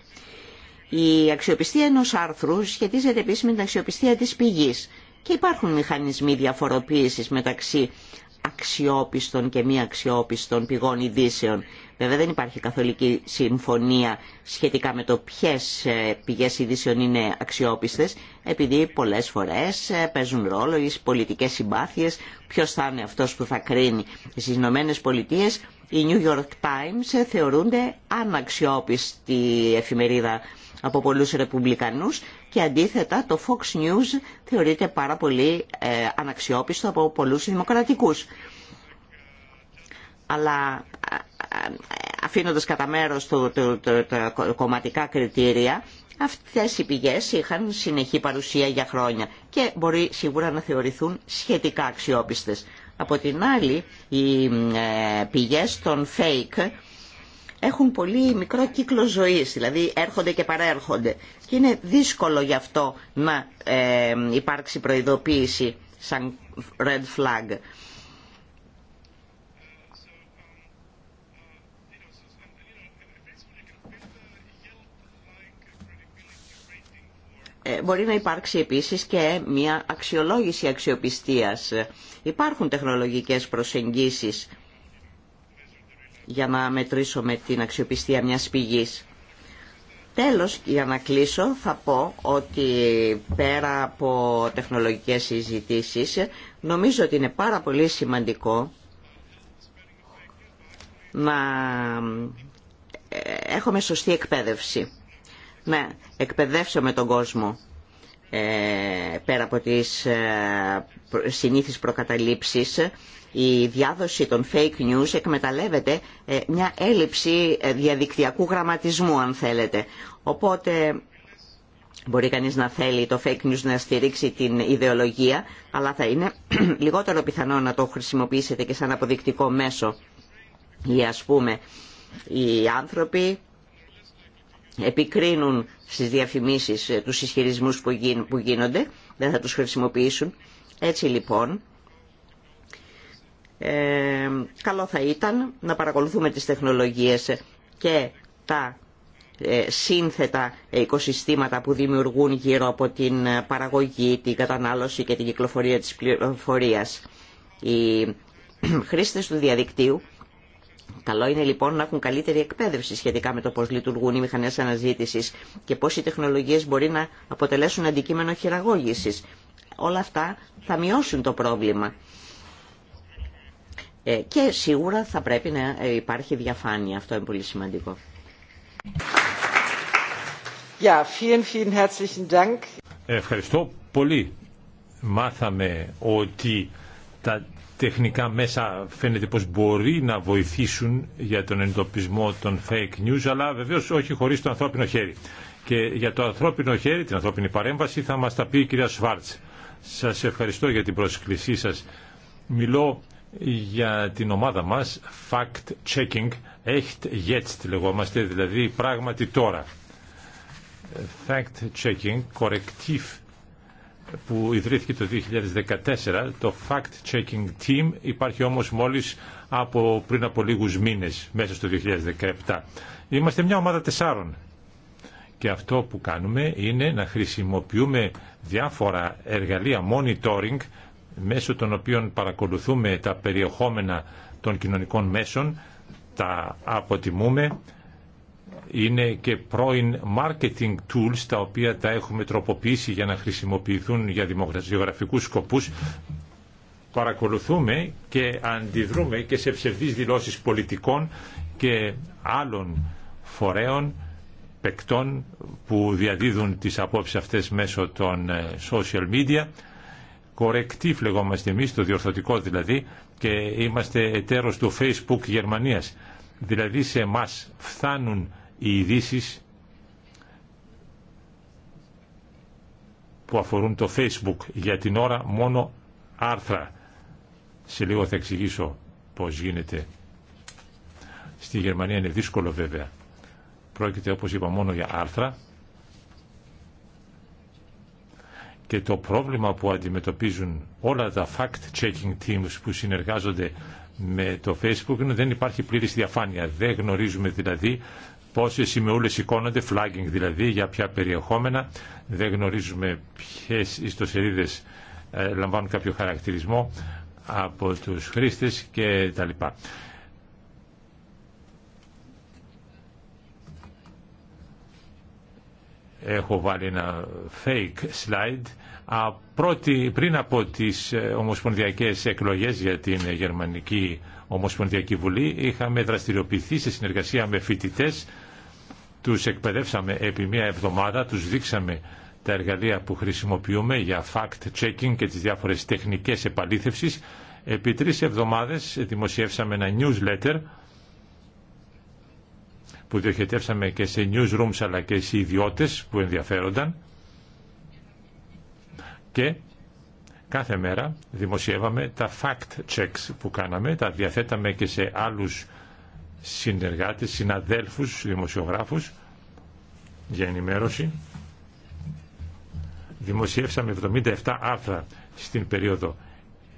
S2: Η αξιοπιστία ενός άρθρου σχετίζεται επίσης με την αξιοπιστία της πηγής και υπάρχουν μηχανισμοί διαφοροποίησης μεταξύ αξιόπιστων και μη αξιόπιστων πηγών ειδήσεων. Βέβαια δεν υπάρχει καθολική συμφωνία σχετικά με το ποιες ε, πηγές ειδήσεων είναι αξιόπιστες, επειδή πολλές φορές ε, παίζουν ρόλο οι πολιτικές συμπάθειε, ποιο θα είναι αυτός που θα κρίνει. στι Ηνωμένε Πολιτείες οι New York Times ε, θεωρούνται αναξιόπιστη εφημερίδα από πολλούς ρεπουμπλικανούς και αντίθετα το Fox News θεωρείται πάρα πολύ αναξιόπιστο από πολλούς δημοκρατικούς αλλά αφήνοντας κατά μέρος το, τα κομματικά κριτήρια, αυτές οι πηγές είχαν συνεχή παρουσία για χρόνια και μπορεί σίγουρα να θεωρηθούν σχετικά αξιόπιστες. Από την άλλη, οι ε, πηγές των fake έχουν πολύ μικρό κύκλο ζωής, δηλαδή έρχονται και παρέρχονται. Και είναι δύσκολο γι' αυτό να ε, υπάρξει προειδοποίηση σαν red flag. Ε, μπορεί να υπάρξει επίσης και μια αξιολόγηση αξιοπιστίας. Υπάρχουν τεχνολογικές προσεγγίσεις για να μετρήσουμε την αξιοπιστία μιας πηγής. Τέλος, για να κλείσω, θα πω ότι πέρα από τεχνολογικές συζητήσεις, νομίζω ότι είναι πάρα πολύ σημαντικό να ε, έχουμε σωστή εκπαίδευση. Ναι, με τον κόσμο ε, πέρα από τις ε, συνήθεις προκαταλήψεις η διάδοση των fake news εκμεταλλεύεται ε, μια έλλειψη διαδικτυακού γραμματισμού αν θέλετε. Οπότε μπορεί κανείς να θέλει το fake news να στηρίξει την ιδεολογία αλλά θα είναι λιγότερο πιθανό να το χρησιμοποιήσετε και σαν αποδεικτικό μέσο ή ας πούμε οι άνθρωποι επικρίνουν στις διαφημίσεις ε, τους ισχυρισμούς που γίνονται, δεν θα τους χρησιμοποιήσουν. Έτσι λοιπόν, ε, καλό θα ήταν να παρακολουθούμε τις τεχνολογίες και τα ε, σύνθετα οικοσυστήματα που δημιουργούν γύρω από την παραγωγή, την κατανάλωση και την κυκλοφορία της πληροφορίας. Οι χρήστες του διαδικτύου Καλό είναι λοιπόν να έχουν καλύτερη εκπαίδευση σχετικά με το πώ λειτουργούν οι μηχανές αναζήτησης και πώ οι τεχνολογίες μπορεί να αποτελέσουν αντικείμενο χειραγώγησης. Όλα αυτά θα μειώσουν το πρόβλημα. Ε, και σίγουρα θα πρέπει να ε, υπάρχει διαφάνεια. Αυτό είναι πολύ σημαντικό.
S1: Ευχαριστώ πολύ. Μάθαμε ότι τα τεχνικά μέσα φαίνεται πως μπορεί να βοηθήσουν για τον εντοπισμό των fake news, αλλά βεβαίως όχι χωρίς το ανθρώπινο χέρι. Και για το ανθρώπινο χέρι, την ανθρώπινη παρέμβαση, θα μας τα πει η κυρία Σφάρτς. Σας ευχαριστώ για την πρόσκλησή σας. Μιλώ για την ομάδα μας, fact-checking, echt jetzt λεγόμαστε, δηλαδή πράγματι τώρα. Fact-checking, corrective που ιδρύθηκε το 2014, το Fact Checking Team υπάρχει όμως μόλις από πριν από λίγους μήνες, μέσα στο 2017. Είμαστε μια ομάδα τεσσάρων και αυτό που κάνουμε είναι να χρησιμοποιούμε διάφορα εργαλεία monitoring μέσω των οποίων παρακολουθούμε τα περιεχόμενα των κοινωνικών μέσων, τα αποτιμούμε είναι και πρώην marketing tools τα οποία τα έχουμε τροποποιήσει για να χρησιμοποιηθούν για δημογραφικούς σκοπούς παρακολουθούμε και αντιδρούμε και σε ψευδείς δηλώσεις πολιτικών και άλλων φορέων παικτών που διαδίδουν τις απόψεις αυτές μέσω των ε, social media Κορεκτή φλεγόμαστε εμείς το διορθωτικό δηλαδή και είμαστε εταίρος του facebook Γερμανίας δηλαδή σε εμά φτάνουν οι ειδήσει που αφορούν το facebook για την ώρα μόνο άρθρα σε λίγο θα εξηγήσω πως γίνεται στη Γερμανία είναι δύσκολο βέβαια πρόκειται όπως είπα μόνο για άρθρα και το πρόβλημα που αντιμετωπίζουν όλα τα fact-checking teams που συνεργάζονται με το Facebook είναι ότι δεν υπάρχει πλήρης διαφάνεια. Δεν γνωρίζουμε δηλαδή πόσες σημεούλε σηκώνονται, flagging δηλαδή, για ποια περιεχόμενα. Δεν γνωρίζουμε ποιες ιστοσελίδες ε, λαμβάνουν κάποιο χαρακτηρισμό από τους χρήστε και τα λοιπά. Έχω βάλει ένα fake slide πρώτη, πριν από τις ε, ομοσπονδιακές εκλογές για την Γερμανική Ομοσπονδιακή Βουλή είχαμε δραστηριοποιηθεί σε συνεργασία με φοιτητές τους εκπαιδεύσαμε επί μία εβδομάδα, τους δείξαμε τα εργαλεία που χρησιμοποιούμε για fact-checking και τις διάφορες τεχνικές επαλήθευσης. Επί τρεις εβδομάδες δημοσιεύσαμε ένα newsletter που διοχετεύσαμε και σε newsrooms αλλά και σε ιδιώτες που ενδιαφέρονταν και κάθε μέρα δημοσιεύαμε τα fact checks που κάναμε, τα διαθέταμε και σε άλλους συνεργάτες, συναδέλφους, δημοσιογράφους για ενημέρωση. Δημοσιεύσαμε 77 άρθρα στην περίοδο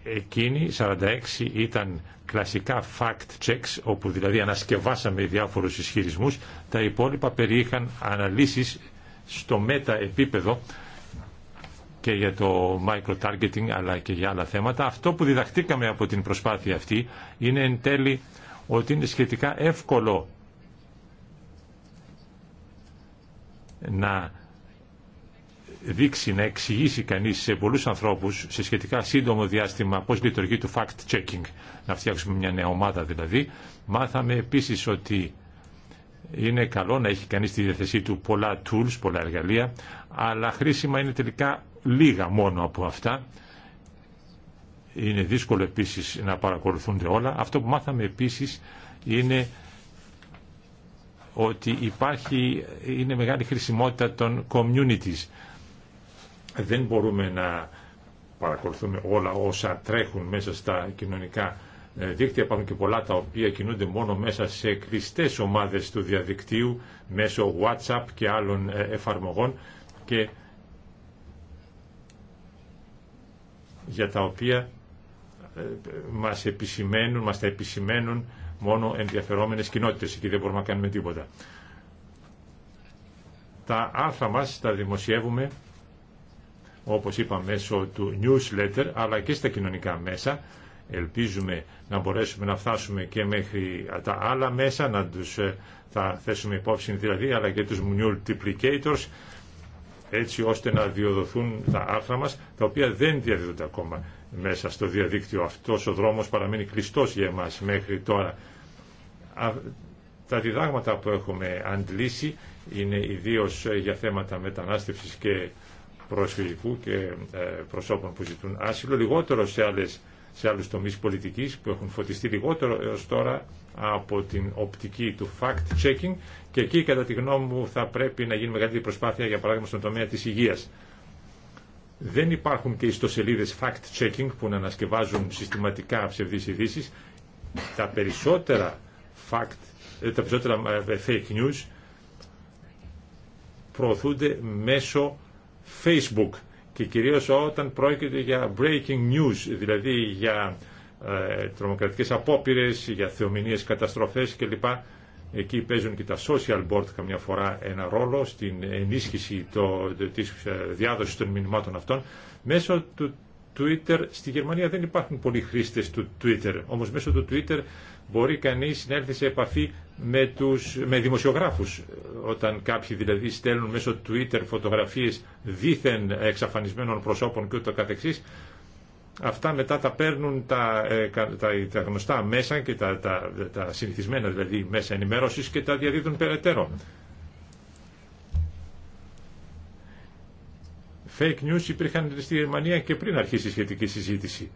S1: εκείνη, 46 ήταν κλασικά fact checks, όπου δηλαδή ανασκευάσαμε διάφορους ισχυρισμούς, τα υπόλοιπα περιείχαν αναλύσεις στο μέτα επίπεδο και για το micro-targeting αλλά και για άλλα θέματα. Αυτό που διδαχτήκαμε από την προσπάθεια αυτή είναι εν τέλει ότι είναι σχετικά εύκολο να δείξει, να εξηγήσει κανείς σε πολλούς ανθρώπους σε σχετικά σύντομο διάστημα πώς λειτουργεί το fact-checking, να φτιάξουμε μια νέα ομάδα δηλαδή. Μάθαμε επίσης ότι είναι καλό να έχει κανείς στη διαθεσή του πολλά tools, πολλά εργαλεία, αλλά χρήσιμα είναι τελικά λίγα μόνο από αυτά είναι δύσκολο επίσης να παρακολουθούνται όλα. Αυτό που μάθαμε επίσης είναι ότι υπάρχει, είναι μεγάλη χρησιμότητα των communities. Δεν μπορούμε να παρακολουθούμε όλα όσα τρέχουν μέσα στα κοινωνικά ε, δίκτυα. Υπάρχουν και πολλά τα οποία κινούνται μόνο μέσα σε κλειστές ομάδες του διαδικτύου, μέσω WhatsApp και άλλων ε, εφαρμογών και για τα οποία ε, μας, επισημαίνουν, μας τα επισημαίνουν μόνο ενδιαφερόμενες κοινότητες. Εκεί δεν μπορούμε να κάνουμε τίποτα. Τα άρθρα μας τα δημοσιεύουμε, όπως είπα, μέσω του newsletter, αλλά και στα κοινωνικά μέσα. Ελπίζουμε να μπορέσουμε να φτάσουμε και μέχρι τα άλλα μέσα, να τους ε, θα θέσουμε υπόψη δηλαδή, αλλά και τους multiplicators, έτσι ώστε να διοδοθούν τα άρθρα μας, τα οποία δεν διαδίδονται ακόμα μέσα στο διαδίκτυο. Αυτός ο δρόμος παραμένει κλειστός για εμάς μέχρι τώρα. Τα διδάγματα που έχουμε αντλήσει είναι ιδίως ε, για θέματα μετανάστευσης και προσφυγικού και ε, προσώπων που ζητούν άσυλο, λιγότερο σε, άλλες, σε άλλους τομείς πολιτικής που έχουν φωτιστεί λιγότερο έως τώρα από την οπτική του fact-checking και εκεί κατά τη γνώμη μου θα πρέπει να γίνει μεγαλύτερη προσπάθεια για παράδειγμα στον τομέα της υγείας. Δεν υπάρχουν και ιστοσελίδες fact-checking που να ανασκευάζουν συστηματικά ψευδείς ειδήσει. Τα περισσότερα fact, ε, τα περισσότερα ε, ε, fake news προωθούνται μέσω Facebook και κυρίως όταν πρόκειται για breaking news, δηλαδή για ε, τρομοκρατικές απόπειρες, για θεομηνίες καταστροφές κλπ. Εκεί παίζουν και τα social board καμιά φορά ένα ρόλο στην ενίσχυση το, της ε, διάδοσης των μηνυμάτων αυτών. Μέσω του Twitter, στη Γερμανία δεν υπάρχουν πολλοί χρήστες του Twitter, όμως μέσω του Twitter μπορεί κανείς να έρθει σε επαφή με, τους, με δημοσιογράφους. Όταν κάποιοι δηλαδή στέλνουν μέσω Twitter φωτογραφίες δίθεν εξαφανισμένων προσώπων και ούτω καθεξής, αυτά μετά τα παίρνουν τα, ε, τα, γνωστά μέσα και τα, τα, τα συνηθισμένα δηλαδή μέσα ενημέρωσης και τα διαδίδουν περαιτέρω. Fake news υπήρχαν στη Γερμανία και πριν αρχίσει η σχετική συζήτηση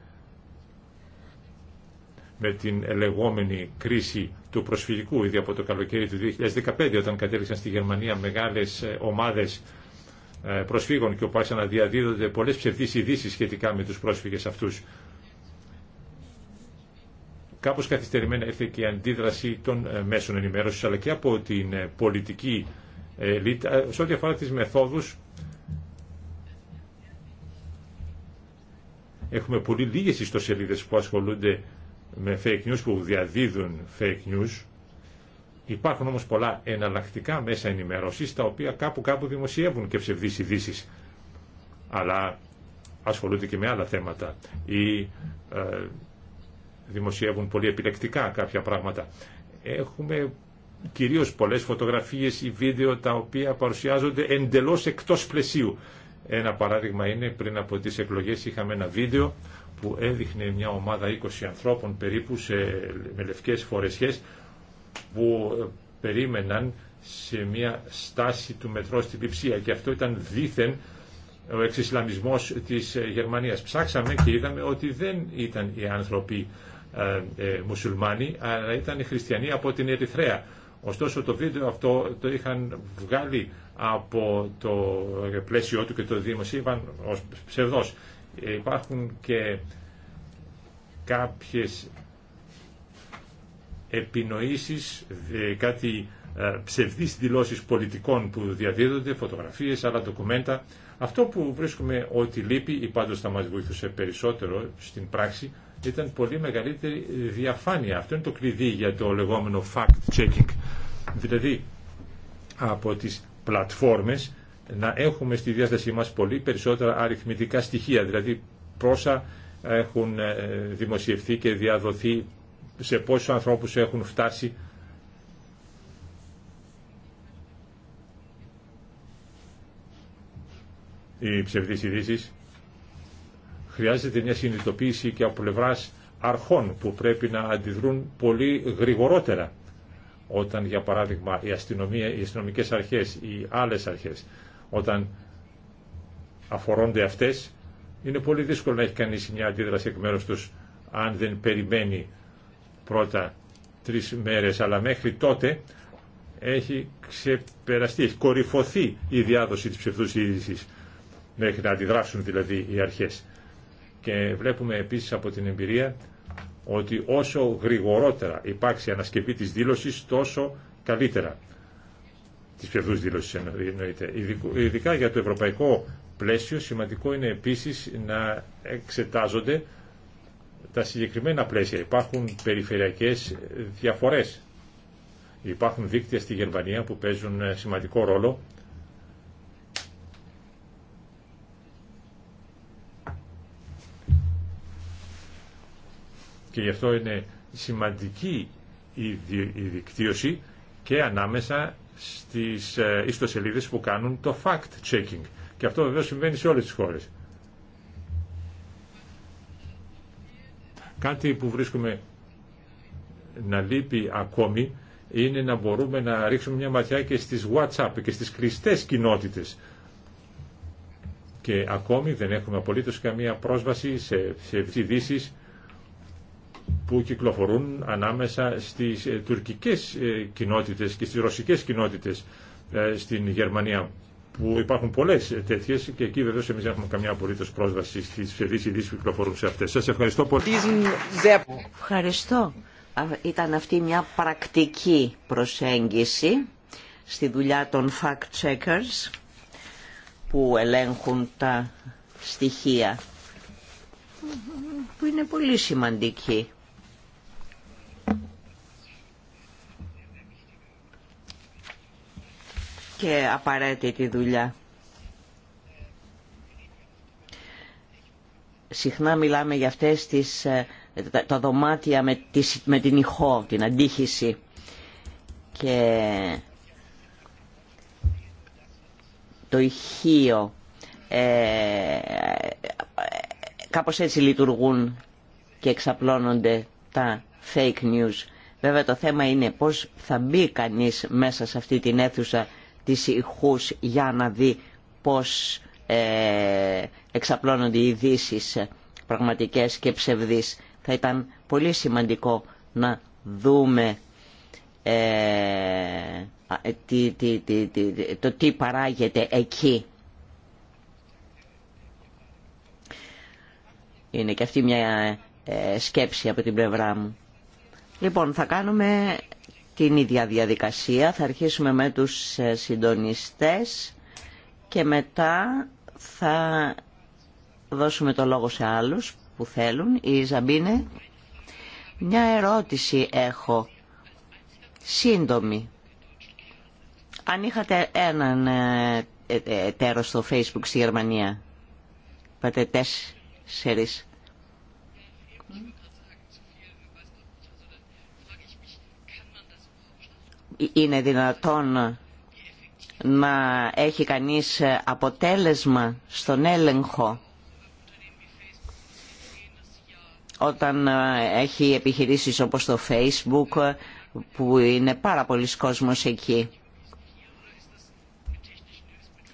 S1: με την λεγόμενη κρίση του προσφυγικού ήδη από το καλοκαίρι του 2015 όταν κατέληξαν στη Γερμανία μεγάλες ε, ομάδες ε, προσφύγων και όπου άρχισαν να διαδίδονται πολλές ψευδείς ειδήσει σχετικά με τους πρόσφυγες αυτούς. Κάπω καθυστερημένα ήρθε και η αντίδραση των ε, μέσων ενημέρωσης αλλά και από την ε, πολιτική ελίτ σε ό,τι αφορά τι μεθόδους έχουμε πολύ λίγες ιστοσελίδες που ασχολούνται με fake news που διαδίδουν fake news Υπάρχουν όμως πολλά εναλλακτικά μέσα ενημέρωσης τα οποία κάπου κάπου δημοσιεύουν και ψευδείς ειδήσει. Αλλά ασχολούνται και με άλλα θέματα ή ε, δημοσιεύουν πολύ επιλεκτικά κάποια πράγματα. Έχουμε κυρίως πολλές φωτογραφίες ή βίντεο τα οποία παρουσιάζονται εντελώς εκτός πλαισίου. Ένα παράδειγμα είναι πριν από τις εκλογές είχαμε ένα βίντεο που έδειχνε μια ομάδα 20 ανθρώπων περίπου σε, με λευκές φορεσιές που ε, περίμεναν σε μια στάση του μετρό στην Πιψία και αυτό ήταν δήθεν ο εξισλαμισμός της ε, Γερμανίας. Ψάξαμε και είδαμε ότι δεν ήταν οι άνθρωποι ε, μουσουλμάνοι, αλλά ήταν οι χριστιανοί από την Ερυθρέα. Ωστόσο το βίντεο αυτό το είχαν βγάλει από το πλαίσιο του και το δημοσίευαν ως ψευδός. Υπάρχουν και κάποιες επινοήσεις, ε, κάτι ε, ψευδείς δηλώσεις πολιτικών που διαδίδονται, φωτογραφίες, άλλα ντοκουμέντα. Αυτό που βρίσκουμε ότι λείπει ή πάντως θα μας βοηθούσε περισσότερο στην πράξη ήταν πολύ μεγαλύτερη διαφάνεια. Αυτό είναι το κλειδί για το λεγόμενο fact-checking. Δηλαδή από τις πλατφόρμες να έχουμε στη διάθεσή μας πολύ περισσότερα αριθμητικά στοιχεία, δηλαδή πόσα έχουν ε, δημοσιευθεί και διαδοθεί σε πόσους ανθρώπους έχουν φτάσει οι ψευδείς ειδήσει. Χρειάζεται μια συνειδητοποίηση και από πλευρά αρχών που πρέπει να αντιδρούν πολύ γρηγορότερα όταν για παράδειγμα η αστυνομία, οι αστυνομικές αρχές ή άλλες αρχές όταν αφορώνται αυτές είναι πολύ δύσκολο να έχει κανείς μια αντίδραση εκ μέρους τους αν δεν περιμένει πρώτα τρεις μέρες, αλλά μέχρι τότε έχει ξεπεραστεί, έχει κορυφωθεί η διάδοση της ψευδούς είδησης μέχρι να αντιδράσουν δηλαδή οι αρχές. Και βλέπουμε επίσης από την εμπειρία ότι όσο γρηγορότερα υπάρξει ανασκευή της δήλωσης, τόσο καλύτερα. Της ψευδούς δήλωσης εννοείται. Ειδικά για το ευρωπαϊκό πλαίσιο σημαντικό είναι επίσης να εξετάζονται τα συγκεκριμένα πλαίσια. Υπάρχουν περιφερειακές διαφορές. Υπάρχουν δίκτυα στη Γερμανία που παίζουν ε, σημαντικό ρόλο και γι' αυτό είναι σημαντική η δικτύωση και ανάμεσα στις ε, ιστοσελίδες που κάνουν το fact-checking. Και αυτό βεβαίως συμβαίνει σε όλες τις χώρες. Κάτι που βρίσκουμε να λείπει ακόμη είναι να μπορούμε να ρίξουμε μια ματιά και στις WhatsApp και στις κλειστές κοινότητες. Και ακόμη δεν έχουμε απολύτως καμία πρόσβαση σε, σε που κυκλοφορούν ανάμεσα στις ε, τουρκικές ε, κοινότητες και στις ρωσικές κοινότητες ε, στην Γερμανία που υπάρχουν πολλέ τέτοιε και εκεί βεβαίω εμεί δεν έχουμε καμιά απολύτω πρόσβαση στι ψευδεί ειδήσει που κυκλοφορούν σε αυτέ. Σα ευχαριστώ πολύ. Ευχαριστώ.
S2: Ήταν αυτή μια πρακτική προσέγγιση στη δουλειά των fact-checkers που ελέγχουν τα στοιχεία που είναι πολύ σημαντική. και απαραίτητη δουλειά. Συχνά μιλάμε για αυτές τις, ε, τα δωμάτια με, την ηχό, την αντίχηση. Και το ηχείο, ε, κάπως έτσι λειτουργούν και εξαπλώνονται τα fake news. Βέβαια το θέμα είναι πώς θα μπει κανείς μέσα σε αυτή την αίθουσα τις ηχούς για να δει πώς ε, εξαπλώνονται οι ειδήσει πραγματικές και ψευδείς. Θα ήταν πολύ σημαντικό να δούμε ε, το τι παράγεται εκεί. Είναι και αυτή μια ε, σκέψη από την πλευρά μου. Λοιπόν, θα κάνουμε την ίδια διαδικασία. Θα αρχίσουμε με τους ε, συντονιστές και μετά θα δώσουμε το λόγο σε άλλους που θέλουν. Η Ζαμπίνε, μια ερώτηση έχω, σύντομη. Αν είχατε έναν ε, ε, εταίρο στο facebook στη Γερμανία, είπατε τέσσερις είναι δυνατόν να έχει κανείς αποτέλεσμα στον έλεγχο όταν έχει επιχειρήσεις όπως το Facebook που είναι πάρα πολλοί κόσμος εκεί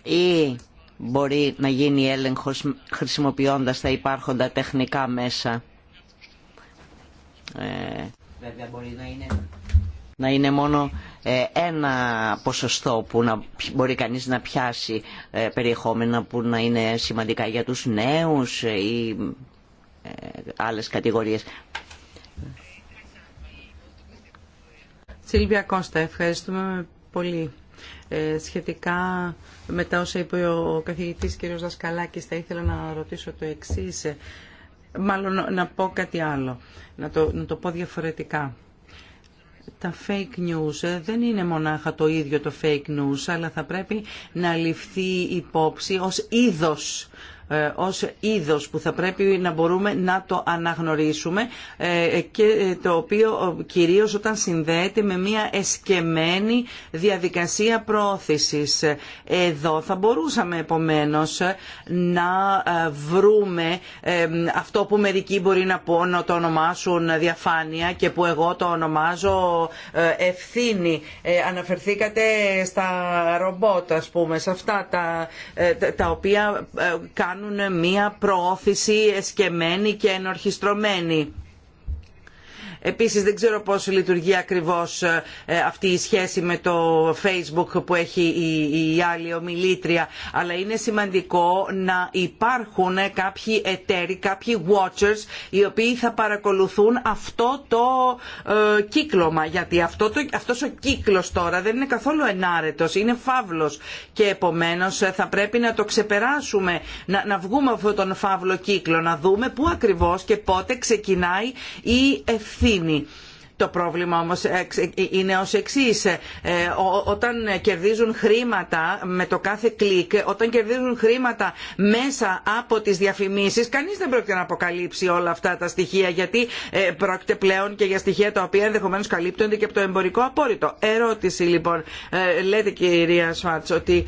S2: ή μπορεί να γίνει έλεγχος χρησιμοποιώντας τα υπάρχοντα τεχνικά μέσα. Ε, να να είναι μόνο ε, ένα ποσοστό που να μπορεί κανείς να πιάσει ε, περιεχόμενα που να είναι σημαντικά για τους νέους ε, ή άλλες κατηγορίες.
S3: Σίλβια Κώστα, ευχαριστούμε πολύ. σχετικά με τα όσα είπε ο καθηγητής κ. Δασκαλάκης, θα ήθελα να ρωτήσω το εξής, μάλλον να πω κάτι άλλο, το, να το πω διαφορετικά τα fake news ε, δεν είναι μονάχα το ίδιο το fake news, αλλά θα πρέπει να ληφθεί υπόψη ως είδος ε, ως είδος που θα πρέπει να μπορούμε να το αναγνωρίσουμε ε, και ε, το οποίο κυρίως όταν συνδέεται με μια εσκεμμένη διαδικασία πρόθεσης. Εδώ θα μπορούσαμε επομένως να βρούμε αυτό που μερικοί μπορεί να πω να το ονομάσουν διαφάνεια και που εγώ το ονομάζω ευθύνη. Αναφερθήκατε στα ρομπότ ας πούμε, σε αυτά τα, τα οποία κάνουν κάνουν μία προώθηση εσκεμμένη και ενορχιστρωμένη. Επίσης δεν ξέρω πώς λειτουργεί ακριβώς ε, ε, αυτή η σχέση με το Facebook που έχει η άλλη ομιλήτρια, αλλά είναι σημαντικό να υπάρχουν κάποιοι εταίροι, κάποιοι watchers, οι οποίοι θα παρακολουθούν αυτό το ε, κύκλωμα, γιατί αυτό το, αυτός ο κύκλος τώρα δεν είναι καθόλου ενάρετος, είναι φαύλος και επομένως θα πρέπει να το ξεπεράσουμε, να, βγούμε από τον φαύλο κύκλο, να δούμε πού ακριβώς και πότε ξεκινάει η ευθύνη το πρόβλημα όμως ε, ε, είναι ως εξής. Ε, όταν κερδίζουν χρήματα με το κάθε κλικ, όταν κερδίζουν χρήματα μέσα από τις διαφημίσεις, κανείς δεν πρόκειται να αποκαλύψει όλα αυτά τα στοιχεία, γιατί πρόκειται πλέον και για στοιχεία τα οποία ενδεχομένως καλύπτονται και από το εμπορικό απόρριτο. Ερώτηση λοιπόν, λέτε κυρία Σφάτς, ότι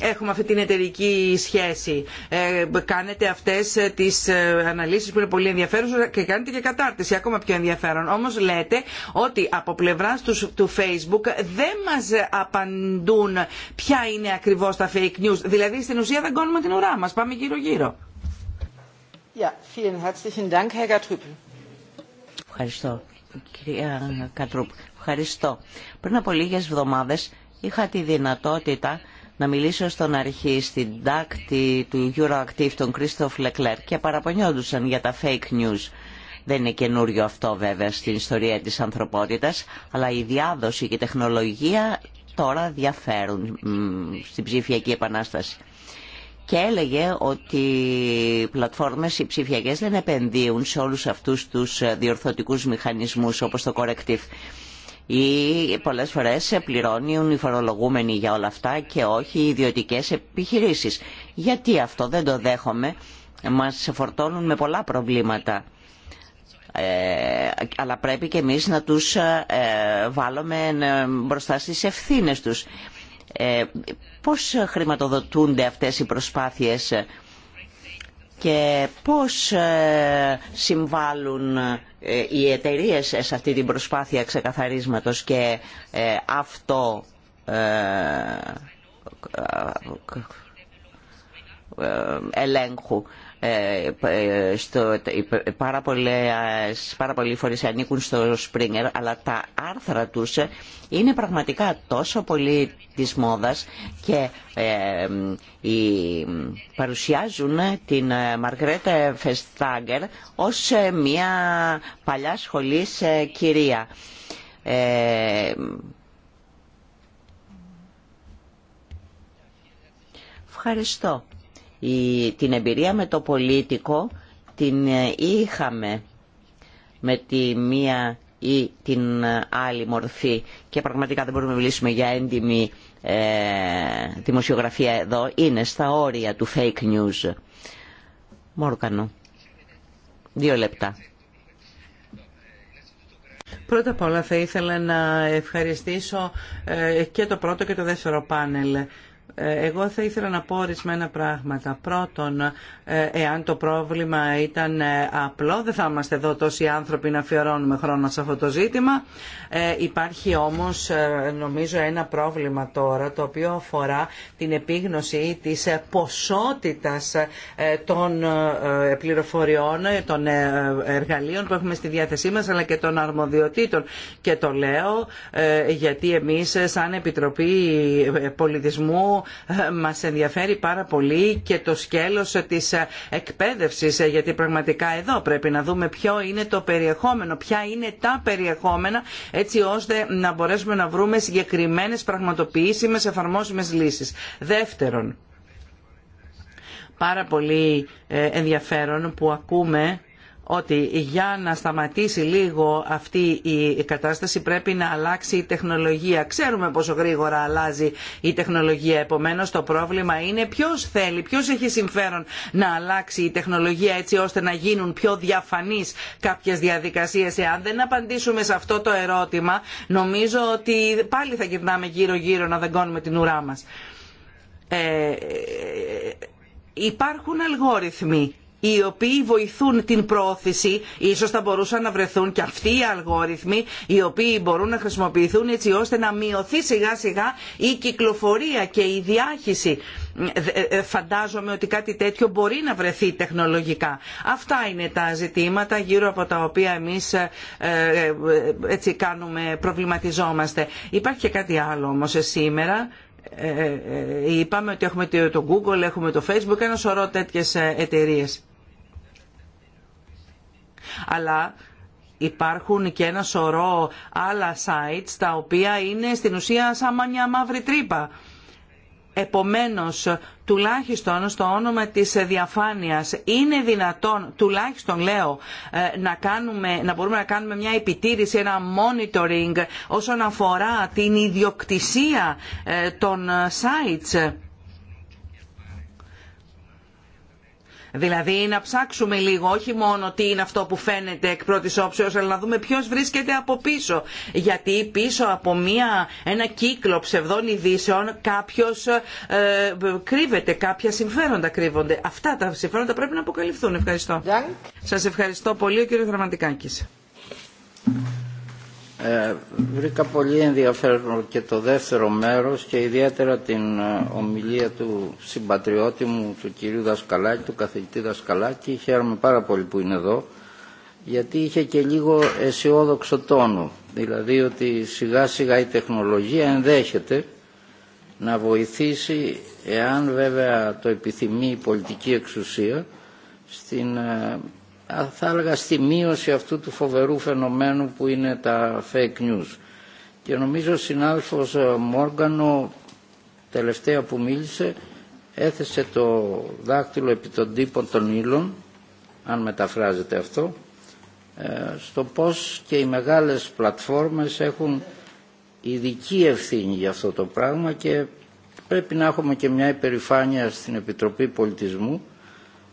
S3: έχουμε αυτή την εταιρική σχέση. Ε, κάνετε αυτές ε, τις ε, αναλύσεις που είναι πολύ ενδιαφέρουσες και κάνετε και κατάρτιση ακόμα πιο ενδιαφέρον. Όμως λέτε ότι από πλευράς του, του Facebook δεν μας απαντούν ποια είναι ακριβώς τα fake news. Δηλαδή στην ουσία δεν κόνουμε την ουρά μα. Πάμε γύρω γύρω.
S4: vielen herzlichen Dank, Herr
S2: Ευχαριστώ, κυρία Κατρούπ. Ευχαριστώ. Πριν από λίγες εβδομάδες είχα τη δυνατότητα να μιλήσω στον αρχή στην τάκτη του Euroactive τον Κρίστοφ Λεκλέρ και παραπονιόντουσαν για τα fake news. Δεν είναι καινούριο αυτό βέβαια στην ιστορία της ανθρωπότητας, αλλά η διάδοση και η τεχνολογία τώρα διαφέρουν στην ψηφιακή επανάσταση. Και έλεγε ότι οι πλατφόρμες οι ψηφιακές δεν επενδύουν σε όλους αυτούς τους διορθωτικούς μηχανισμούς όπως το Corrective ή πολλές φορές πληρώνουν οι φορολογούμενοι για όλα αυτά και όχι οι ιδιωτικές επιχειρήσεις. Γιατί αυτό δεν το δέχομαι, μας φορτώνουν με πολλά προβλήματα. Ε, αλλά πρέπει και εμείς να τους ε, βάλουμε ε, μπροστά στις ευθύνες τους. Ε, πώς χρηματοδοτούνται αυτές οι προσπάθειες και πώς ε, συμβάλλουν ε, οι εταιρείε σε αυτή την προσπάθεια ξεκαθαρίσματος και ε, αυτό ελέγχου. Ε, ε, ε, πάρα, πολλές, πάρα πολλοί φορείς ανήκουν στο Springer αλλά τα άρθρα τους είναι πραγματικά τόσο πολύ της μόδας και παρουσιάζουν την Μαργρέτα Φεστάγκερ ως μια παλιά σχολής κυρία. Ε, ευχαριστώ την εμπειρία με το πολίτικο την ε, είχαμε με τη μία ή την ε, άλλη μορφή και πραγματικά δεν μπορούμε να μιλήσουμε για έντιμη ε, δημοσιογραφία εδώ είναι στα όρια του fake news Μόρκανο δύο λεπτά
S3: Πρώτα απ' όλα θα ήθελα να ευχαριστήσω και το πρώτο και το δεύτερο πάνελ εγώ θα ήθελα να πω ορισμένα πράγματα. Πρώτον, ε, εάν το πρόβλημα ήταν ε, απλό, δεν θα είμαστε εδώ τόσοι άνθρωποι να αφιερώνουμε χρόνο σε αυτό το ζήτημα. Ε, υπάρχει όμως, νομίζω, ένα πρόβλημα τώρα, το οποίο αφορά την επίγνωση της ποσότητας των πληροφοριών, των εργαλείων που έχουμε στη διάθεσή μας, αλλά και των αρμοδιοτήτων. Και το λέω γιατί εμείς, σαν Επιτροπή Πολιτισμού, μας ενδιαφέρει πάρα πολύ και το σκέλος της εκπαίδευσης γιατί πραγματικά εδώ πρέπει να δούμε ποιο είναι το περιεχόμενο, ποια είναι τα περιεχόμενα έτσι ώστε να μπορέσουμε να βρούμε συγκεκριμένες πραγματοποιήσιμες εφαρμόσιμες λύσεις. Δεύτερον, πάρα πολύ ε, ενδιαφέρον που ακούμε ότι για να σταματήσει λίγο αυτή η κατάσταση πρέπει να αλλάξει η τεχνολογία. Ξέρουμε πόσο γρήγορα αλλάζει η τεχνολογία. Επομένως το πρόβλημα είναι ποιος θέλει, ποιος έχει συμφέρον να αλλάξει η τεχνολογία έτσι ώστε να γίνουν πιο διαφανείς κάποιες διαδικασίες. Εάν δεν απαντήσουμε σε αυτό το ερώτημα νομίζω ότι πάλι θα γυρνάμε γύρω-γύρω να δαγκώνουμε την ουρά μα. Ε, ε, ε, υπάρχουν αλγόριθμοι οι οποίοι βοηθούν την προώθηση ίσως θα μπορούσαν να βρεθούν και αυτοί οι αλγόριθμοι οι οποίοι μπορούν να χρησιμοποιηθούν έτσι ώστε να μειωθεί σιγά σιγά η κυκλοφορία και η διάχυση. Ε, ε, ε, φαντάζομαι ότι κάτι τέτοιο μπορεί να βρεθεί τεχνολογικά. Αυτά είναι τα ζητήματα γύρω από τα οποία εμείς έτσι κάνουμε, προβληματιζόμαστε. Υπάρχει και κάτι άλλο όμως σήμερα είπαμε ότι έχουμε το Google, έχουμε το Facebook, ένα σωρό τέτοιες εταιρείες αλλά υπάρχουν και ένα σωρό άλλα sites τα οποία είναι στην ουσία σαν μια μαύρη τρύπα. Επομένως, τουλάχιστον στο όνομα της διαφάνειας είναι δυνατόν, τουλάχιστον λέω, ε, να, κάνουμε, να μπορούμε να κάνουμε μια επιτήρηση, ένα monitoring όσον αφορά την ιδιοκτησία ε, των sites Δηλαδή να ψάξουμε λίγο όχι μόνο τι είναι αυτό που φαίνεται εκ πρώτης όψεως αλλά να δούμε ποιος βρίσκεται από πίσω. Γιατί πίσω από μια, ένα κύκλο ψευδών ειδήσεων κάποιος ε, κρύβεται, κάποια συμφέροντα κρύβονται. Αυτά τα συμφέροντα πρέπει να αποκαλυφθούν. Ευχαριστώ. Σας ευχαριστώ πολύ ο κύριος
S4: ε, βρήκα πολύ ενδιαφέρον και το δεύτερο μέρος και ιδιαίτερα την ε, ομιλία του συμπατριώτη μου, του κυρίου Δασκαλάκη, του καθηγητή Δασκαλάκη. Χαίρομαι πάρα πολύ που είναι εδώ, γιατί είχε και λίγο αισιόδοξο τόνο. Δηλαδή ότι σιγά σιγά η τεχνολογία ενδέχεται να βοηθήσει, εάν βέβαια το επιθυμεί η πολιτική εξουσία, στην ε, θα έλεγα στη μείωση αυτού του φοβερού φαινομένου που είναι τα fake news. Και νομίζω ο συνάδελφος ε, Μόργανο τελευταία που μίλησε έθεσε το δάκτυλο επί των τύπων των ύλων αν μεταφράζεται αυτό ε, στο πώς και οι μεγάλες πλατφόρμες έχουν ειδική ευθύνη για αυτό το πράγμα και πρέπει να έχουμε και μια υπερηφάνεια στην Επιτροπή Πολιτισμού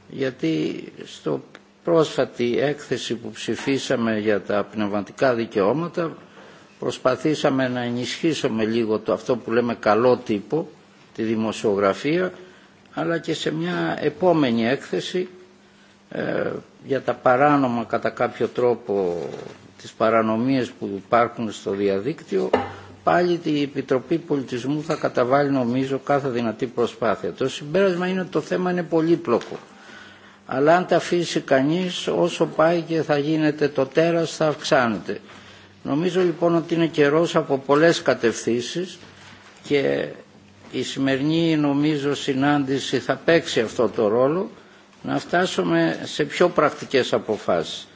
S4: γιατί στο πρόσφατη έκθεση που ψηφίσαμε για τα πνευματικά δικαιώματα προσπαθήσαμε να ενισχύσουμε λίγο το αυτό που λέμε καλό τύπο, τη δημοσιογραφία, αλλά και σε μια επόμενη έκθεση ε, για τα παράνομα κατά κάποιο τρόπο τις παρανομίες που υπάρχουν στο διαδίκτυο πάλι η Επιτροπή Πολιτισμού θα καταβάλει νομίζω κάθε δυνατή προσπάθεια. Το συμπέρασμα είναι ότι το θέμα είναι πολύπλοκο αλλά αν τα αφήσει κανείς όσο πάει και θα γίνεται το τέρας θα αυξάνεται. Νομίζω λοιπόν ότι είναι καιρός από πολλές κατευθύνσεις και η σημερινή νομίζω συνάντηση θα παίξει αυτό το ρόλο να φτάσουμε σε πιο πρακτικές αποφάσεις.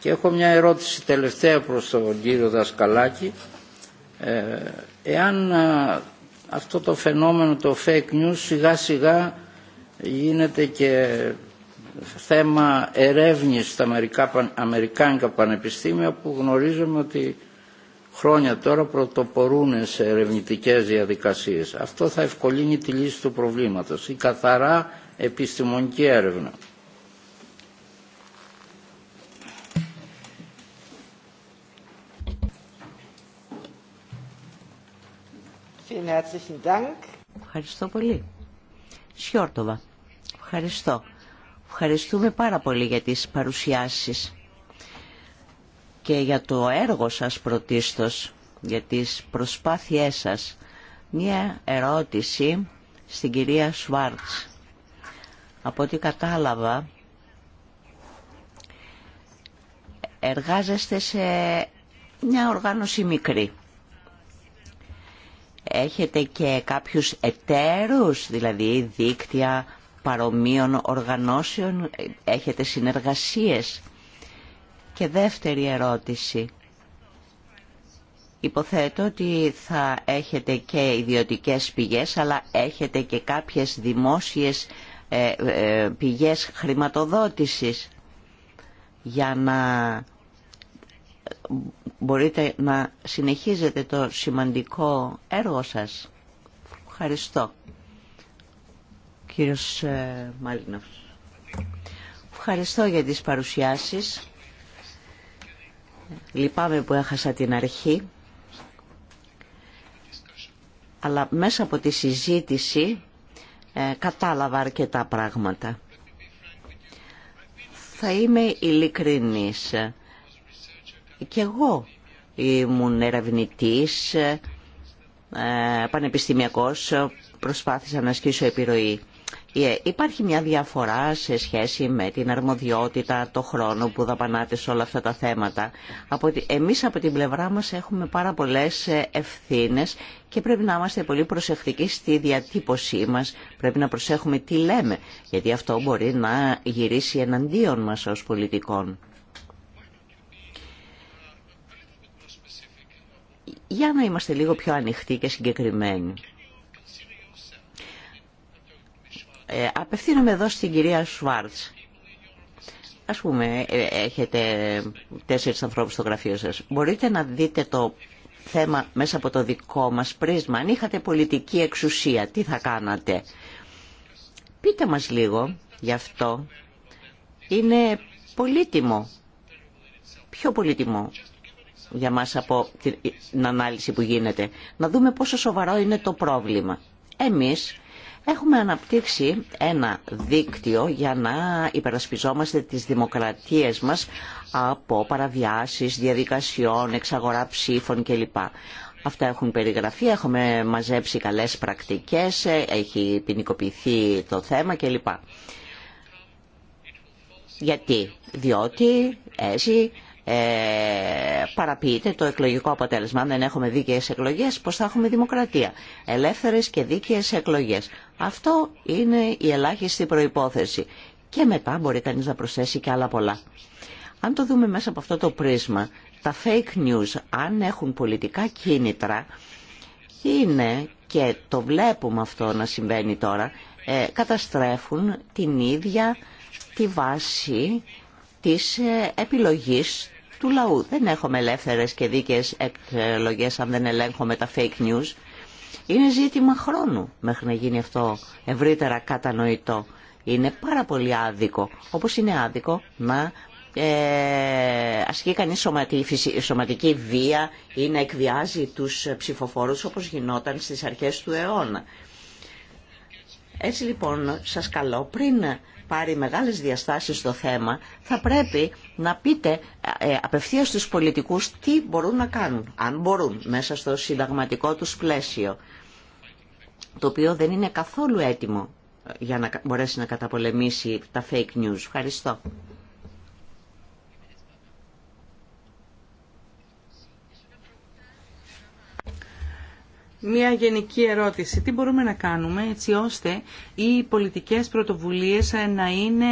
S4: Και έχω μια ερώτηση τελευταία προς τον κύριο Δασκαλάκη. Ε, εάν αυτό το φαινόμενο το fake news σιγά σιγά γίνεται και θέμα ερεύνης στα Αμερικάνικα Πανεπιστήμια που γνωρίζουμε ότι χρόνια τώρα πρωτοπορούν σε ερευνητικές διαδικασίες. Αυτό θα ευκολύνει τη λύση του προβλήματος, η καθαρά επιστημονική έρευνα.
S2: Ευχαριστώ πολύ. Σιόρτοβα. Ευχαριστώ. Ευχαριστούμε πάρα πολύ για τις παρουσιάσεις και για το έργο σας πρωτίστως, για τις προσπάθειές σας. Μία ερώτηση στην κυρία Σουάρτς. Από ό,τι κατάλαβα, εργάζεστε σε μια οργάνωση μικρή. Έχετε και κάποιους εταίρους, δηλαδή δίκτυα, παρομοίων οργανώσεων, έχετε συνεργασίες. Και δεύτερη ερώτηση. Υποθέτω ότι θα έχετε και ιδιωτικές πηγές, αλλά έχετε και κάποιες δημόσιες ε, ε, πηγές χρηματοδότησης για να μπορείτε να συνεχίζετε το σημαντικό έργο σας. Ευχαριστώ κύριος ε, Μάλινος. Ευχαριστώ για τις παρουσιάσεις. Λυπάμαι που έχασα την αρχή. Αλλά μέσα από τη συζήτηση ε, κατάλαβα αρκετά πράγματα. Θα είμαι ειλικρινής. Κι εγώ ήμουν ερευνητής, ε, πανεπιστημιακός, προσπάθησα να ασκήσω επιρροή. Ε, υπάρχει μια διαφορά σε σχέση με την αρμοδιότητα, το χρόνο που δαπανάτε σε όλα αυτά τα θέματα. Εμείς από την πλευρά μας έχουμε πάρα πολλές ε, ευθύνες και πρέπει να είμαστε πολύ προσεκτικοί στη διατύπωσή μας. Πρέπει να προσέχουμε τι λέμε, γιατί αυτό μπορεί να γυρίσει εναντίον μας ως πολιτικών. Για να είμαστε λίγο πιο ανοιχτοί και συγκεκριμένοι. Ε, απευθύνομαι εδώ στην κυρία Σουάρτς. Ας πούμε, ε, έχετε τέσσερις ανθρώπους στο γραφείο σας. Μπορείτε να δείτε το θέμα μέσα από το δικό μας πρίσμα. Αν είχατε πολιτική εξουσία, τι θα κάνατε. Πείτε μας λίγο γι' αυτό. Είναι πολύτιμο. Πιο πολύτιμο για μας από την ανάλυση που γίνεται. Να δούμε πόσο σοβαρό είναι το πρόβλημα. Εμείς Έχουμε αναπτύξει ένα δίκτυο για να υπερασπιζόμαστε τις δημοκρατίες μας από παραβιάσεις, διαδικασιών, εξαγορά ψήφων κλπ. Αυτά έχουν περιγραφεί, έχουμε μαζέψει καλές πρακτικές, έχει ποινικοποιηθεί το θέμα κλπ. Γιατί, διότι έτσι ε, παραποιείται το εκλογικό αποτέλεσμα. Αν δεν έχουμε δίκαιες εκλογές, πώς θα έχουμε δημοκρατία. Ελεύθερες και δίκαιες εκλογές. Αυτό είναι η ελάχιστη προϋπόθεση. Και μετά μπορεί κανείς να προσθέσει και άλλα πολλά. Αν το δούμε μέσα από αυτό το πρίσμα, τα fake news, αν έχουν πολιτικά κίνητρα, είναι και το βλέπουμε αυτό να συμβαίνει τώρα, ε, καταστρέφουν την ίδια τη βάση της ε, επιλογής του λαού. Δεν έχουμε ελεύθερε και δίκαιε εκλογές αν δεν ελέγχουμε τα fake news. Είναι ζήτημα χρόνου μέχρι να γίνει αυτό ευρύτερα κατανοητό. Είναι πάρα πολύ άδικο, όπως είναι άδικο να ε, ασκεί κανείς σωματική βία ή να εκβιάζει τους ψηφοφόρου όπως γινόταν στις αρχές του αιώνα. Έτσι λοιπόν σας καλώ πριν πάρει μεγάλες διαστάσεις στο θέμα, θα πρέπει να πείτε ε, απευθείας στους πολιτικούς τι μπορούν να κάνουν, αν μπορούν, μέσα στο συνταγματικό τους πλαίσιο, το οποίο δεν είναι καθόλου έτοιμο για να μπορέσει να καταπολεμήσει τα fake news. Ευχαριστώ.
S3: μια γενική ερώτηση. Τι μπορούμε να κάνουμε έτσι ώστε οι πολιτικές πρωτοβουλίες να είναι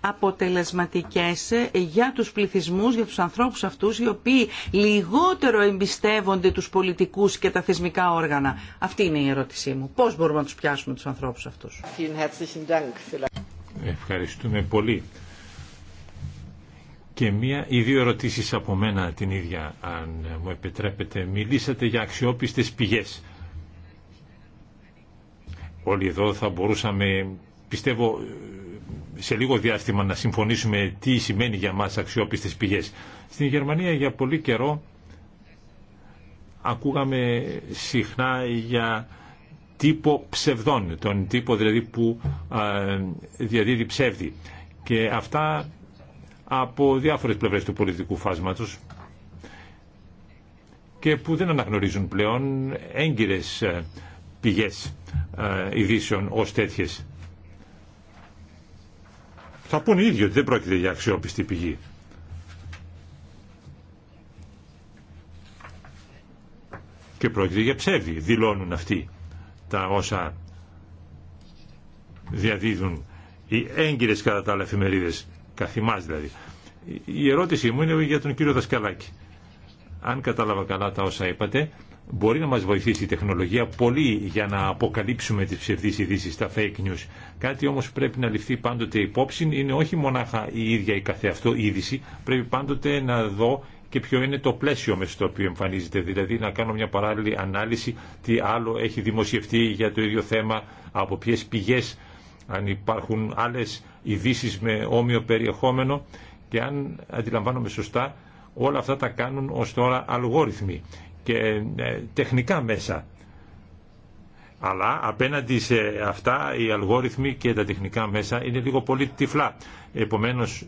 S3: αποτελεσματικές για τους πληθυσμούς, για τους ανθρώπους αυτούς οι οποίοι λιγότερο εμπιστεύονται τους πολιτικούς και τα θεσμικά όργανα. Αυτή είναι η ερώτησή μου. Πώς μπορούμε
S4: να τους πιάσουμε τους ανθρώπους αυτούς.
S1: Ευχαριστούμε πολύ και μία ή δύο ερωτήσεις από μένα την ίδια, αν μου επιτρέπετε. Μιλήσατε για αξιόπιστες πηγές. Όλοι εδώ θα μπορούσαμε, πιστεύω, σε λίγο διάστημα να συμφωνήσουμε τι σημαίνει για μας αξιόπιστες πηγές. Στην Γερμανία για πολύ καιρό ακούγαμε συχνά για τύπο ψευδών, τον τύπο δηλαδή που διαδίδει ψεύδι. Και αυτά από διάφορες πλευρές του πολιτικού φάσματος και που δεν αναγνωρίζουν πλέον έγκυρες ε, πηγές ε, ειδήσεων ως τέτοιες. Θα πούνε οι ίδιοι ότι δεν πρόκειται για αξιόπιστη πηγή. Και πρόκειται για ψεύδι, δηλώνουν αυτοί τα όσα διαδίδουν οι έγκυρες κατά τα άλλα εφημερίδες καθημάς δηλαδή. Η ερώτησή μου είναι για τον κύριο Δασκαλάκη. Αν κατάλαβα καλά τα όσα είπατε, μπορεί να μας βοηθήσει η τεχνολογία πολύ για να αποκαλύψουμε τις ψευδείς ειδήσει, τα fake news. Κάτι όμως πρέπει να ληφθεί πάντοτε υπόψη είναι όχι μονάχα η ίδια η καθεαυτό είδηση, πρέπει πάντοτε να δω και ποιο είναι το πλαίσιο με στο οποίο εμφανίζεται. Δηλαδή να κάνω μια παράλληλη ανάλυση τι άλλο έχει δημοσιευτεί για το ίδιο θέμα, από ποιε πηγές, αν υπάρχουν άλλες ειδήσει με όμοιο περιεχόμενο και αν αντιλαμβάνομαι σωστά όλα αυτά τα κάνουν ως τώρα αλγόριθμοι και ε, τεχνικά μέσα. Αλλά απέναντι σε αυτά οι αλγόριθμοι και τα τεχνικά μέσα είναι λίγο πολύ τυφλά. Επομένως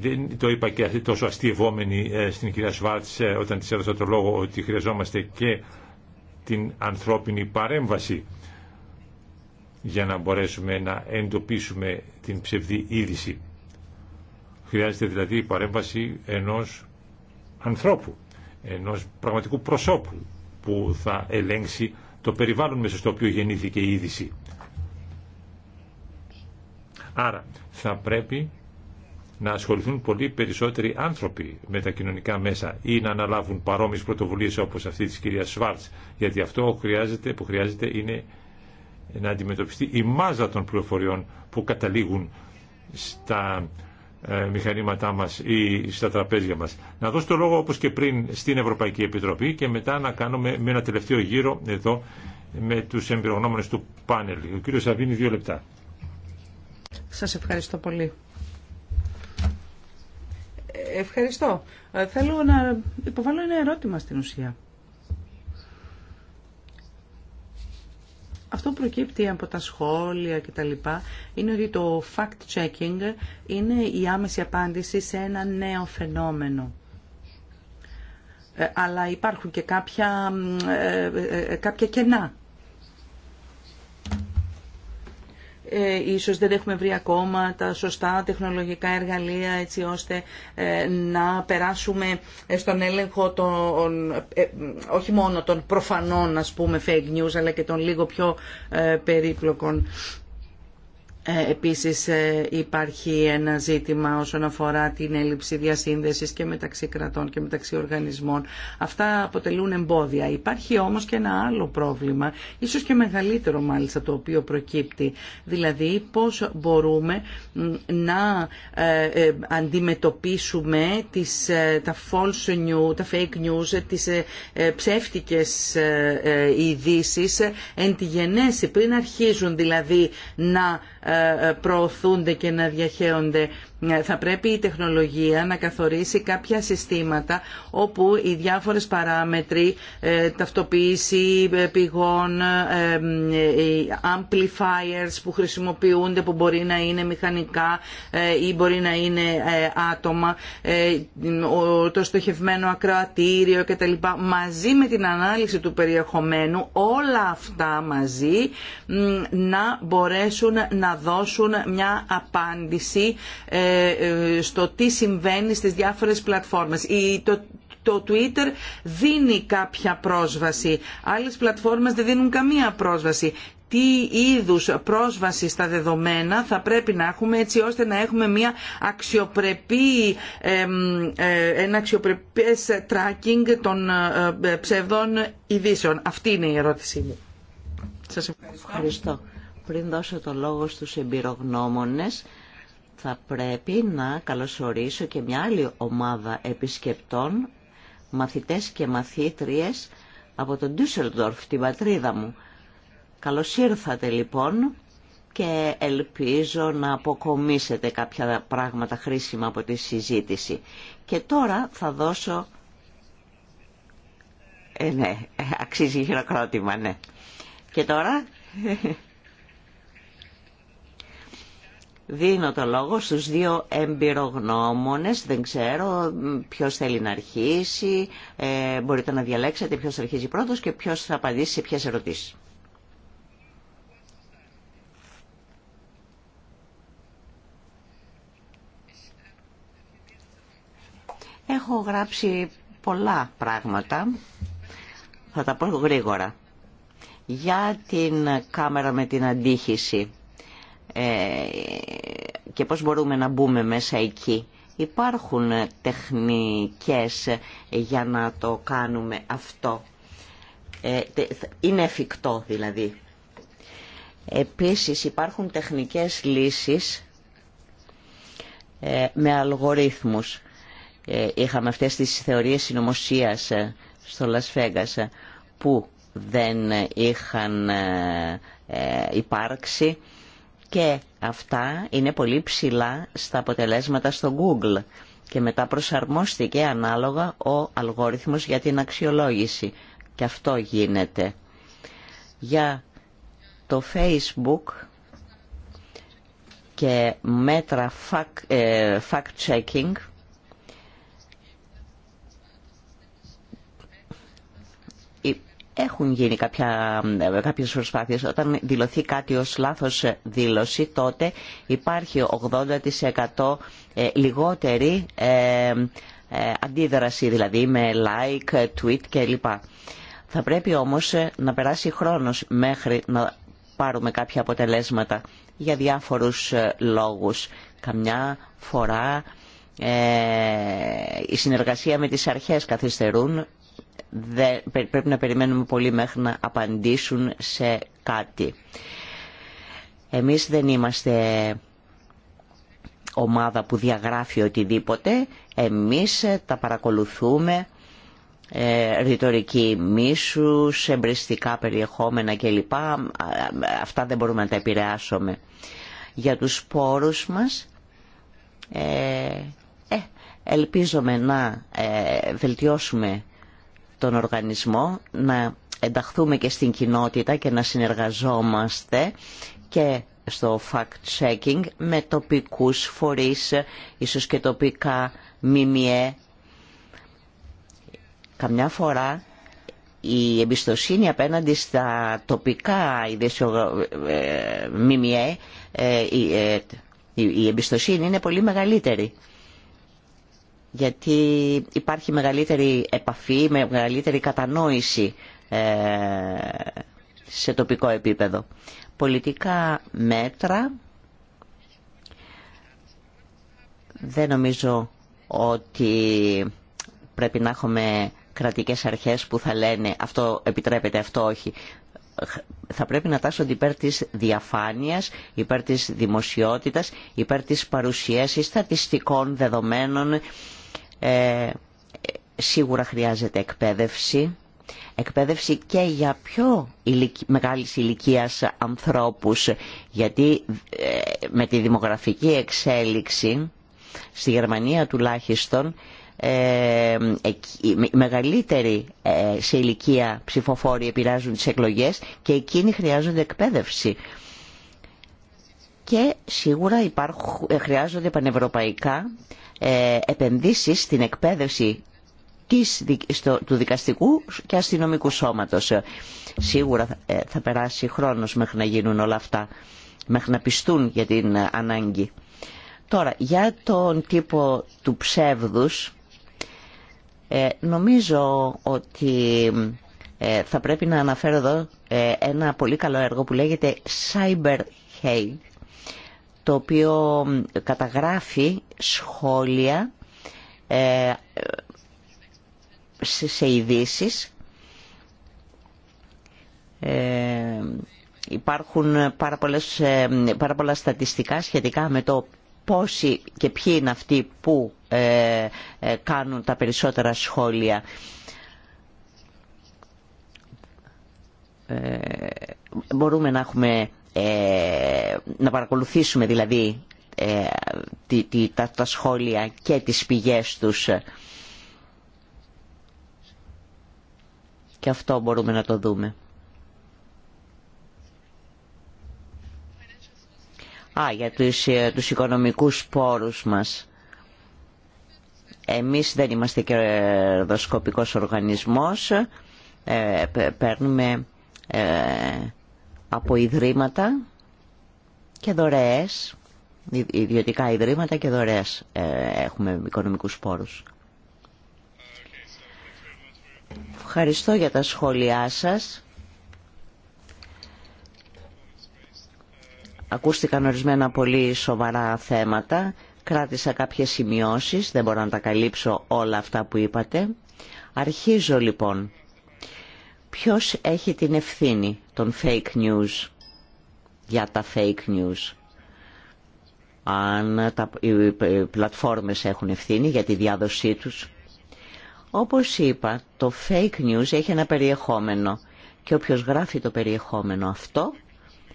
S1: δεν το είπα και τόσο αστειευόμενη ε, στην κυρία Σβάρτς ε, όταν της έδωσα το λόγο ότι χρειαζόμαστε και την ανθρώπινη παρέμβαση για να μπορέσουμε να εντοπίσουμε την ψευδή είδηση. Χρειάζεται δηλαδή η παρέμβαση ενός ανθρώπου, ενός πραγματικού προσώπου που θα ελέγξει το περιβάλλον μέσα στο οποίο γεννήθηκε η είδηση. Άρα θα πρέπει να ασχοληθούν πολύ περισσότεροι άνθρωποι με τα κοινωνικά μέσα ή να αναλάβουν παρόμοιες πρωτοβουλίες όπως αυτή της κυρίας Σβάρτς, γιατί αυτό που χρειάζεται είναι να αντιμετωπιστεί η μάζα των πληροφοριών που καταλήγουν στα ε, μηχανήματά μας ή στα τραπέζια μας. Να δώσω το λόγο όπως και πριν στην Ευρωπαϊκή Επιτροπή και μετά να κάνουμε με ένα τελευταίο γύρο εδώ με τους εμπειρογνώμονες του πάνελ. Ο κύριος Σαβίνη, δύο λεπτά.
S3: Σας ευχαριστώ πολύ. Ε, ευχαριστώ. Ε, θέλω να υποβάλω ένα ερώτημα στην ουσία. Αυτό που προκύπτει από τα σχόλια και λοιπά είναι ότι το fact-checking είναι η άμεση απάντηση σε ένα νέο φαινόμενο. Ε, αλλά υπάρχουν και κάποια, ε, ε, κάποια κενά Ε, ίσως δεν έχουμε βρει ακόμα τα σωστά τεχνολογικά εργαλεία έτσι ώστε ε, να περάσουμε ε, στον έλεγχο των, όχι μόνο των προφανών ας πούμε fake news αλλά και των λίγο πιο περίπλοκων ε, επίσης ε, υπάρχει ένα ζήτημα όσον αφορά την έλλειψη διασύνδεσης και μεταξύ κρατών και μεταξύ οργανισμών. Αυτά αποτελούν εμπόδια. Υπάρχει όμως και ένα άλλο πρόβλημα, ίσως και μεγαλύτερο μάλιστα το οποίο προκύπτει. Δηλαδή πώς μπορούμε να ε, αντιμετωπίσουμε τις, τα false news, τα fake news, τις ψεύτικες ειδήσει εν τη γενέση πριν αρχίζουν δηλαδή να ε, ε, προωθούνται και να διαχέονται. Ε, θα πρέπει η τεχνολογία να καθορίσει κάποια συστήματα όπου οι διάφορες παράμετροι, ε, ταυτοποίηση ε, πηγών, amplifiers που χρησιμοποιούνται, που μπορεί να είναι μηχανικά ή μπορεί να είναι άτομα, το στοχευμένο ακροατήριο κτλ. Μαζί με την ανάλυση του περιεχομένου, όλα αυτά μαζί να μπορέσουν να δώσουν μια απάντηση στο τι συμβαίνει στις διάφορες πλατφόρμες. Το Twitter δίνει κάποια πρόσβαση, άλλες πλατφόρμες δεν δίνουν καμία πρόσβαση τι είδους πρόσβαση στα δεδομένα θα πρέπει να έχουμε έτσι ώστε να έχουμε μια αξιοπρεπή, ε, ένα αξιοπρεπές tracking των ε, ε, ψευδών ειδήσεων. Αυτή είναι η ερώτησή μου.
S2: Σας ευχαριστώ. Πριν δώσω το λόγο στους εμπειρογνώμονες, θα πρέπει να καλωσορίσω και μια άλλη ομάδα επισκεπτών, μαθητές και μαθήτριες από τον Ντούσελντορφ, την πατρίδα μου. Καλώς ήρθατε λοιπόν και ελπίζω να αποκομίσετε κάποια πράγματα χρήσιμα από τη συζήτηση. Και τώρα θα δώσω... Ε, ναι, αξίζει χειροκρότημα, ναι. Και τώρα Δίνω το λόγο στους δύο εμπειρογνώμονες. Δεν ξέρω ποιος θέλει να αρχίσει. Ε, μπορείτε να διαλέξετε ποιος αρχίζει πρώτος και ποιος θα απαντήσει σε ποιες ερωτήσεις. Έχω γράψει πολλά πράγματα. Θα τα πω γρήγορα. Για την κάμερα με την αντίχηση ε, και πώς μπορούμε να μπούμε μέσα εκεί. Υπάρχουν τεχνικές για να το κάνουμε αυτό. Ε, είναι εφικτό δηλαδή. Επίσης υπάρχουν τεχνικές λύσεις ε, με αλγορίθμους. Είχαμε αυτές τις θεωρίες συνωμοσίας στο Las που δεν είχαν υπάρξει και αυτά είναι πολύ ψηλά στα αποτελέσματα στο Google και μετά προσαρμόστηκε ανάλογα ο αλγόριθμος για την αξιολόγηση και αυτό γίνεται. Για το Facebook και μέτρα ε, fact-checking έχουν γίνει κάποια, ε, κάποιες προσπάθειες. Όταν δηλωθεί κάτι ως λάθος ε, δήλωση, τότε υπάρχει 80% ε, λιγότερη αντίδραση, δηλαδή με like, tweet κλπ. Θα πρέπει όμως να περάσει χρόνος μέχρι να πάρουμε κάποια αποτελέσματα για διάφορους λόγους. Καμιά φορά η συνεργασία με τις αρχές καθυστερούν πρέπει να περιμένουμε πολύ μέχρι να απαντήσουν σε κάτι. Εμείς δεν είμαστε ομάδα που διαγράφει οτιδήποτε. Εμείς ε, τα παρακολουθούμε ε, ρητορική μίσους, εμπριστικά περιεχόμενα κλπ. Αυτά δεν μπορούμε να τα επηρεάσουμε. Για τους πόρους μας ε, ε, ελπίζομαι να ε, βελτιώσουμε τον οργανισμό, να ενταχθούμε και στην κοινότητα και να συνεργαζόμαστε και στο fact-checking με τοπικούς φορείς, ίσως και τοπικά μιμιέ. Καμιά φορά η εμπιστοσύνη απέναντι στα τοπικά ε, μιμιέ, ε, ε, η εμπιστοσύνη είναι πολύ μεγαλύτερη γιατί υπάρχει μεγαλύτερη επαφή, μεγαλύτερη κατανόηση ε, σε τοπικό επίπεδο. Πολιτικά μέτρα δεν νομίζω ότι πρέπει να έχουμε κρατικές αρχές που θα λένε αυτό επιτρέπεται, αυτό όχι. Θα πρέπει να τάσσονται υπέρ της διαφάνειας, υπέρ της δημοσιότητας, υπέρ της παρουσίασης στατιστικών δεδομένων, ε, σίγουρα χρειάζεται εκπαίδευση. Εκπαίδευση και για πιο μεγάλη ηλικίας ανθρώπους, γιατί ε, με τη δημογραφική εξέλιξη, στη Γερμανία τουλάχιστον, ε, οι μεγαλύτεροι σε ηλικία ψηφοφόροι επηρεάζουν τις εκλογές και εκείνοι χρειάζονται εκπαίδευση και σίγουρα ε, χρειάζονται πανευρωπαϊκά ε, επενδύσεις στην εκπαίδευση του δικαστικού και αστυνομικού σώματος. Σίγουρα ε, θα περάσει χρόνος μέχρι να γίνουν όλα αυτά, μέχρι να πιστούν για την ανάγκη. Τώρα, για τον τύπο του ψεύδους, νομίζω ότι θα πρέπει να αναφέρω εδώ ένα πολύ καλό έργο που λέγεται Cyber Hate το οποίο καταγράφει σχόλια ε, σε ειδήσει. Ε, υπάρχουν πάρα, πολλές, ε, πάρα πολλά στατιστικά σχετικά με το πόσοι και ποιοι είναι αυτοί που κάνουν τα περισσότερα σχόλια. μπορούμε να έχουμε ε, να παρακολουθήσουμε δηλαδή ε, τα σχόλια και τις πηγές τους και αυτό μπορούμε να το δούμε. Α, για τους, ε, τους οικονομικούς πόρους μας. Εμείς δεν είμαστε κερδοσκοπικός οργανισμός, ε, παίρνουμε από ιδρύματα και δωρεές, ιδιωτικά ιδρύματα και δωρεές ε, έχουμε οικονομικούς πόρους. Ευχαριστώ για τα σχόλιά σας. Ακούστηκαν ορισμένα πολύ σοβαρά θέματα. Κράτησα κάποιες σημειώσεις, δεν μπορώ να τα καλύψω όλα αυτά που είπατε. Αρχίζω λοιπόν Ποιος έχει την ευθύνη των fake news για τα fake news. Αν τα, οι πλατφόρμες έχουν ευθύνη για τη διάδοσή τους. Όπως είπα, το fake news έχει ένα περιεχόμενο και όποιος γράφει το περιεχόμενο αυτό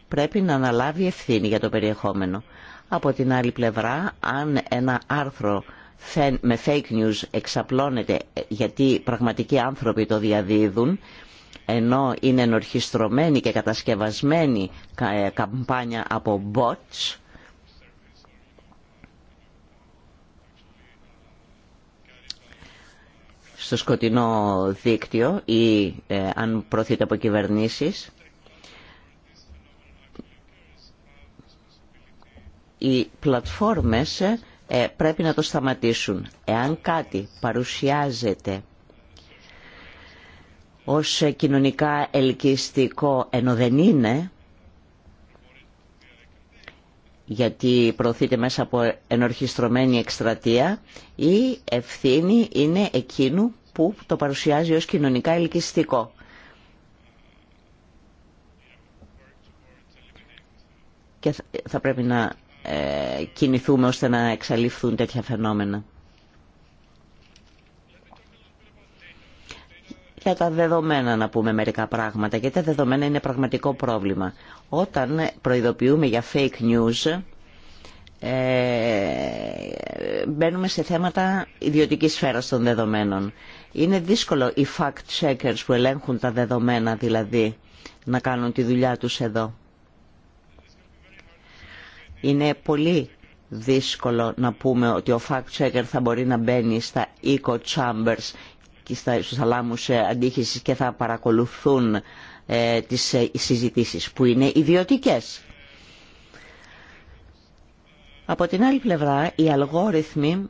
S2: πρέπει να αναλάβει ευθύνη για το περιεχόμενο. Από την άλλη πλευρά, αν ένα άρθρο με fake news εξαπλώνεται γιατί πραγματικοί άνθρωποι το διαδίδουν, ενώ είναι ενορχιστρωμένη και κατασκευασμένη ε, καμπάνια από bots στο σκοτεινό δίκτυο ή ε, αν προωθείται από κυβερνήσεις. Οι πλατφόρμες ε, πρέπει να το σταματήσουν. Εάν κάτι παρουσιάζεται ως κοινωνικά ελκυστικό ενώ δεν είναι γιατί προωθείται μέσα από ενορχιστρωμένη εκστρατεία η ευθύνη είναι εκείνου που το παρουσιάζει ως κοινωνικά ελκυστικό. Και θα πρέπει να ε, κινηθούμε ώστε να εξαλειφθούν τέτοια φαινόμενα. για τα δεδομένα να πούμε μερικά πράγματα, γιατί τα δεδομένα είναι πραγματικό πρόβλημα. Όταν προειδοποιούμε για fake news, ε, μπαίνουμε σε θέματα ιδιωτικής σφαίρας των δεδομένων. Είναι δύσκολο οι fact-checkers που ελέγχουν τα δεδομένα δηλαδή να κάνουν τη δουλειά τους εδώ. Είναι πολύ δύσκολο να πούμε ότι ο fact-checker θα μπορεί να μπαίνει στα eco-chambers στους θαλάμους ε, αντίχησης και θα παρακολουθούν ε, τις ε, συζητήσεις που είναι ιδιωτικές. Από την άλλη πλευρά, οι αλγόριθμοι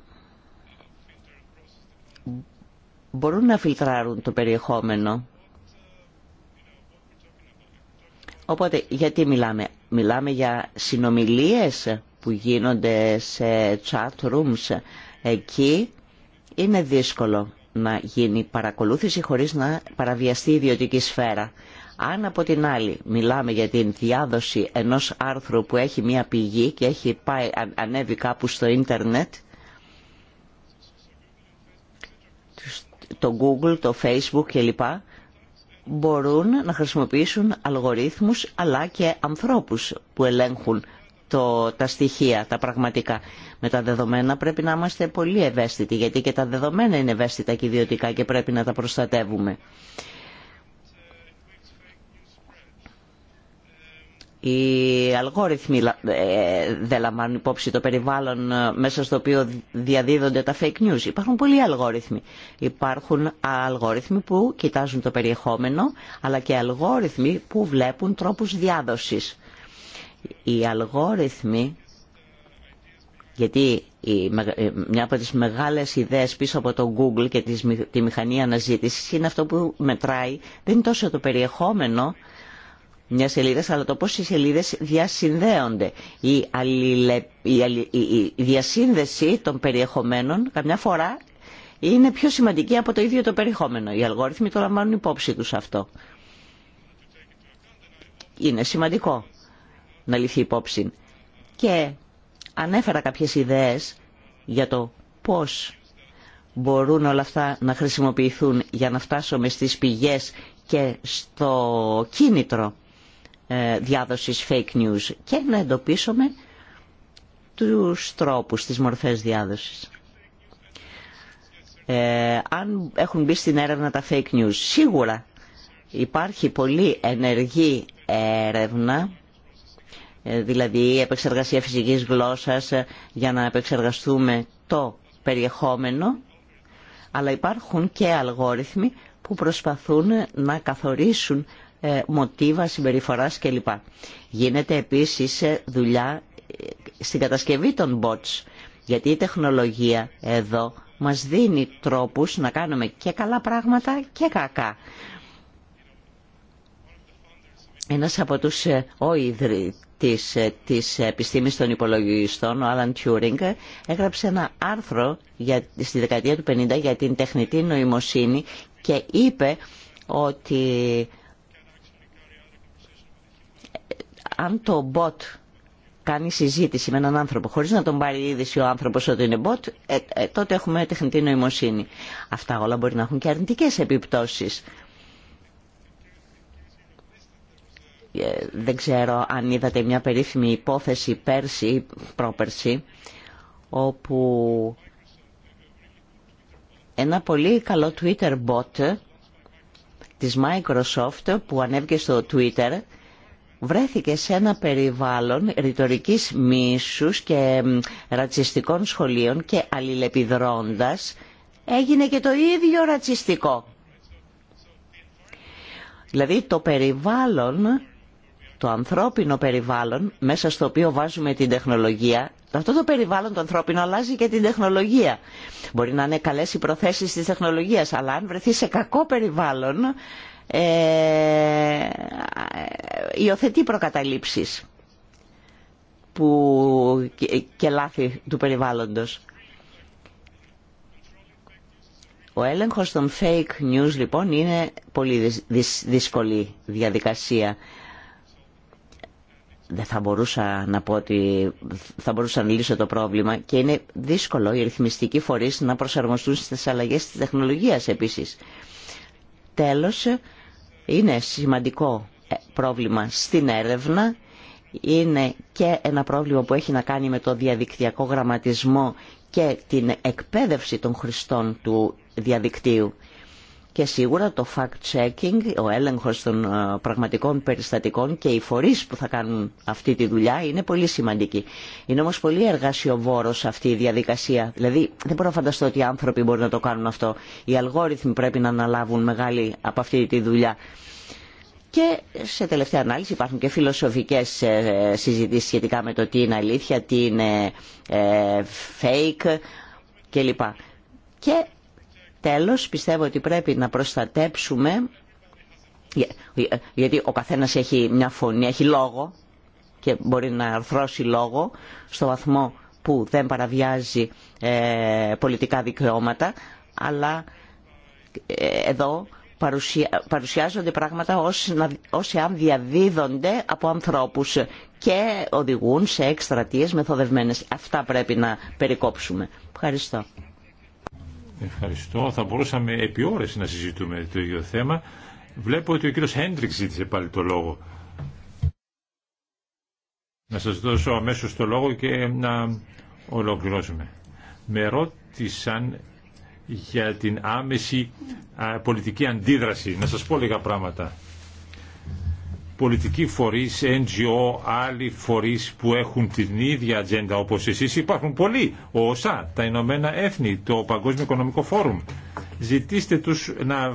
S2: μπορούν να φιλτράρουν το περιεχόμενο. Οπότε, γιατί μιλάμε. Μιλάμε για συνομιλίες που γίνονται σε chat rooms. Εκεί είναι δύσκολο να γίνει παρακολούθηση χωρίς να παραβιαστεί η ιδιωτική σφαίρα. Αν από την άλλη μιλάμε για την διάδοση ενός άρθρου που έχει μια πηγή και έχει πάει, ανέβει κάπου στο ίντερνετ, το Google, το Facebook κλπ μπορούν να χρησιμοποιήσουν αλγορίθμους αλλά και ανθρώπους που ελέγχουν το, τα στοιχεία, τα πραγματικά. Με τα δεδομένα πρέπει να είμαστε πολύ ευαίσθητοι, γιατί και τα δεδομένα είναι ευαίσθητα και ιδιωτικά και πρέπει να τα προστατεύουμε. Οι αλγόριθμοι ε, δεν λαμβάνουν υπόψη το περιβάλλον ε, μέσα στο οποίο διαδίδονται τα fake news. Υπάρχουν πολλοί αλγόριθμοι. Υπάρχουν αλγόριθμοι που κοιτάζουν το περιεχόμενο, αλλά και αλγόριθμοι που βλέπουν τρόπους διάδοσης οι αλγόριθμοι γιατί ε, μια από τις μεγάλες ιδέες πίσω από το Google και τη μηχανή αναζήτησης είναι αυτό που μετράει δεν είναι τόσο το περιεχόμενο μια σελίδα, αλλά το πώς οι σελίδες διασυνδέονται. Η, διασύνδεση των περιεχομένων καμιά φορά είναι πιο σημαντική από το ίδιο το περιεχόμενο. Οι αλγόριθμοι το λαμβάνουν υπόψη τους αυτό. Είναι σημαντικό να λυθεί υπόψη. Και ανέφερα κάποιες ιδέες για το πώς μπορούν όλα αυτά να χρησιμοποιηθούν για να φτάσουμε στις πηγές και στο κίνητρο ε, διάδοσης fake news και να εντοπίσουμε τους τρόπους, τις μορφές διάδοσης. Ε, αν έχουν μπει στην έρευνα τα fake news, σίγουρα υπάρχει πολύ ενεργή έρευνα ε, δηλαδή η επεξεργασία φυσικής γλώσσας ε, για να επεξεργαστούμε το περιεχόμενο, αλλά υπάρχουν και αλγόριθμοι που προσπαθούν ε, να καθορίσουν μοτίβα συμπεριφοράς κλπ. Γίνεται επίσης δουλειά στην κατασκευή των bots, γιατί η τεχνολογία εδώ μας δίνει τρόπους να κάνουμε και καλά πράγματα και κακά. Ένας από τους ο της, της επιστήμης των υπολογιστών, ο Άλαν Τιούρινγκ, έγραψε ένα άρθρο για, στη δεκαετία του 50 για την τεχνητή νοημοσύνη και είπε ότι ε, αν το bot κάνει συζήτηση με έναν άνθρωπο χωρίς να τον πάρει είδηση ο άνθρωπος ότι είναι bot, ε, ε, τότε έχουμε τεχνητή νοημοσύνη. Αυτά όλα μπορεί να έχουν και αρνητικές επιπτώσεις. Ε, δεν ξέρω αν είδατε μια περίφημη υπόθεση πέρσι ή πρόπερσι όπου ένα πολύ καλό Twitter bot της Microsoft που ανέβηκε στο Twitter βρέθηκε σε ένα περιβάλλον ρητορικής μίσους και ρατσιστικών σχολείων και αλληλεπιδρώντας έγινε και το ίδιο ρατσιστικό. Δηλαδή το περιβάλλον το ανθρώπινο περιβάλλον μέσα στο οποίο βάζουμε την τεχνολογία, αυτό το περιβάλλον το ανθρώπινο αλλάζει και την τεχνολογία. Μπορεί να είναι καλές οι προθέσεις της τεχνολογίας, αλλά αν βρεθεί σε κακό περιβάλλον, ε, ε υιοθετεί προκαταλήψεις που, και λάθη του περιβάλλοντος. Ο έλεγχος των fake news λοιπόν είναι πολύ δύσκολη διαδικασία δεν θα μπορούσα να πω ότι θα μπορούσα να λύσω το πρόβλημα και είναι δύσκολο οι ρυθμιστικοί φορείς να προσαρμοστούν στις αλλαγές της τεχνολογίας επίσης. Τέλος, είναι σημαντικό ε, πρόβλημα στην έρευνα, είναι και ένα πρόβλημα που έχει να κάνει με το διαδικτυακό γραμματισμό και την εκπαίδευση των χρηστών του διαδικτύου και σίγουρα το fact-checking, ο έλεγχος των ε, πραγματικών περιστατικών και οι φορείς που θα κάνουν αυτή τη δουλειά είναι πολύ σημαντικοί. Είναι όμως πολύ εργασιοβόρος αυτή η διαδικασία. Δηλαδή δεν μπορώ να φανταστώ ότι οι άνθρωποι μπορούν να το κάνουν αυτό. Οι αλγόριθμοι πρέπει να αναλάβουν μεγάλη από αυτή τη δουλειά. Και σε τελευταία ανάλυση υπάρχουν και φιλοσοφικές ε, συζητήσεις σχετικά με το τι είναι αλήθεια, τι είναι ε, fake κλπ. Και Τέλος, πιστεύω ότι πρέπει να προστατέψουμε, γιατί ο καθένας έχει μια φωνή, έχει λόγο και μπορεί να αρθρώσει λόγο στο βαθμό που δεν παραβιάζει ε, πολιτικά δικαιώματα, αλλά ε, εδώ παρουσιάζονται πράγματα όσοι αν διαδίδονται από ανθρώπους και οδηγούν σε εκστρατείες μεθοδευμένες. Αυτά πρέπει να περικόψουμε. Ευχαριστώ.
S1: Ευχαριστώ. Θα μπορούσαμε επί ώρες να συζητούμε το ίδιο θέμα. Βλέπω ότι ο κύριος Χέντριξ ζήτησε πάλι το λόγο. Να σας δώσω αμέσως το λόγο και να ολοκληρώσουμε. Με ρώτησαν για την άμεση πολιτική αντίδραση. Να σας πω λίγα πράγματα πολιτικοί φορείς, NGO, άλλοι φορείς που έχουν την ίδια ατζέντα όπως εσείς. Υπάρχουν πολλοί, ο ΩΣΑ, τα Ηνωμένα Έθνη, το Παγκόσμιο Οικονομικό Φόρουμ. Ζητήστε τους να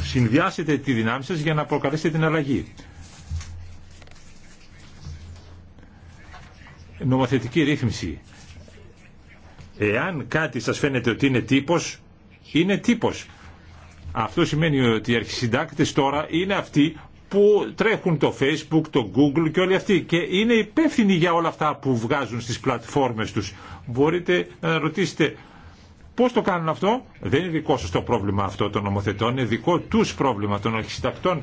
S1: συνδυάσετε τη δυνάμεις σας για να προκαλέσετε την αλλαγή. Νομοθετική ρύθμιση. Εάν κάτι σας φαίνεται ότι είναι τύπος, είναι τύπος. Αυτό σημαίνει ότι οι αρχισυντάκτες τώρα είναι αυτοί που τρέχουν το Facebook, το Google και όλοι αυτοί και είναι υπεύθυνοι για όλα αυτά που βγάζουν στις πλατφόρμες τους. Μπορείτε να ρωτήσετε πώς το κάνουν αυτό. Δεν είναι δικό σας το πρόβλημα αυτό των νομοθετών, είναι δικό τους πρόβλημα των αρχιστακτών.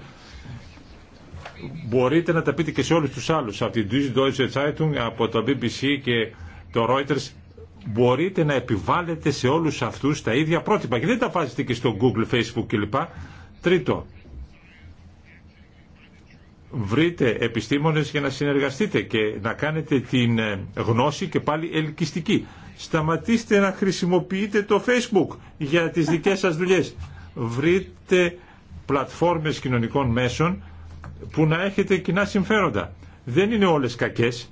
S1: Μπορείτε να τα πείτε και σε όλους τους άλλους, από την Deutsche Zeitung, από το BBC και το Reuters. Μπορείτε να επιβάλλετε σε όλους αυτούς τα ίδια πρότυπα και δεν τα βάζετε και στο Google, Facebook κλπ. Τρίτο, βρείτε επιστήμονες για να συνεργαστείτε και να κάνετε την ε, γνώση και πάλι ελκυστική. Σταματήστε να χρησιμοποιείτε το Facebook για τις δικές σας δουλειές. Βρείτε πλατφόρμες κοινωνικών μέσων που να έχετε κοινά συμφέροντα. Δεν είναι όλες κακές.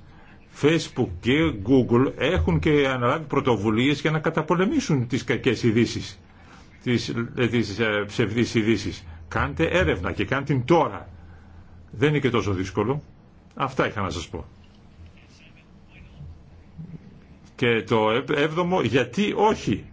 S1: Facebook και Google έχουν και αναλάβει πρωτοβουλίες για να καταπολεμήσουν τις κακές ειδήσει, τις, ε, τις ε, ψευδείς ειδήσει. Κάντε έρευνα και κάντε την τώρα δεν είναι και τόσο δύσκολο. Αυτά είχα να σας πω. Και το έβδομο, γιατί όχι.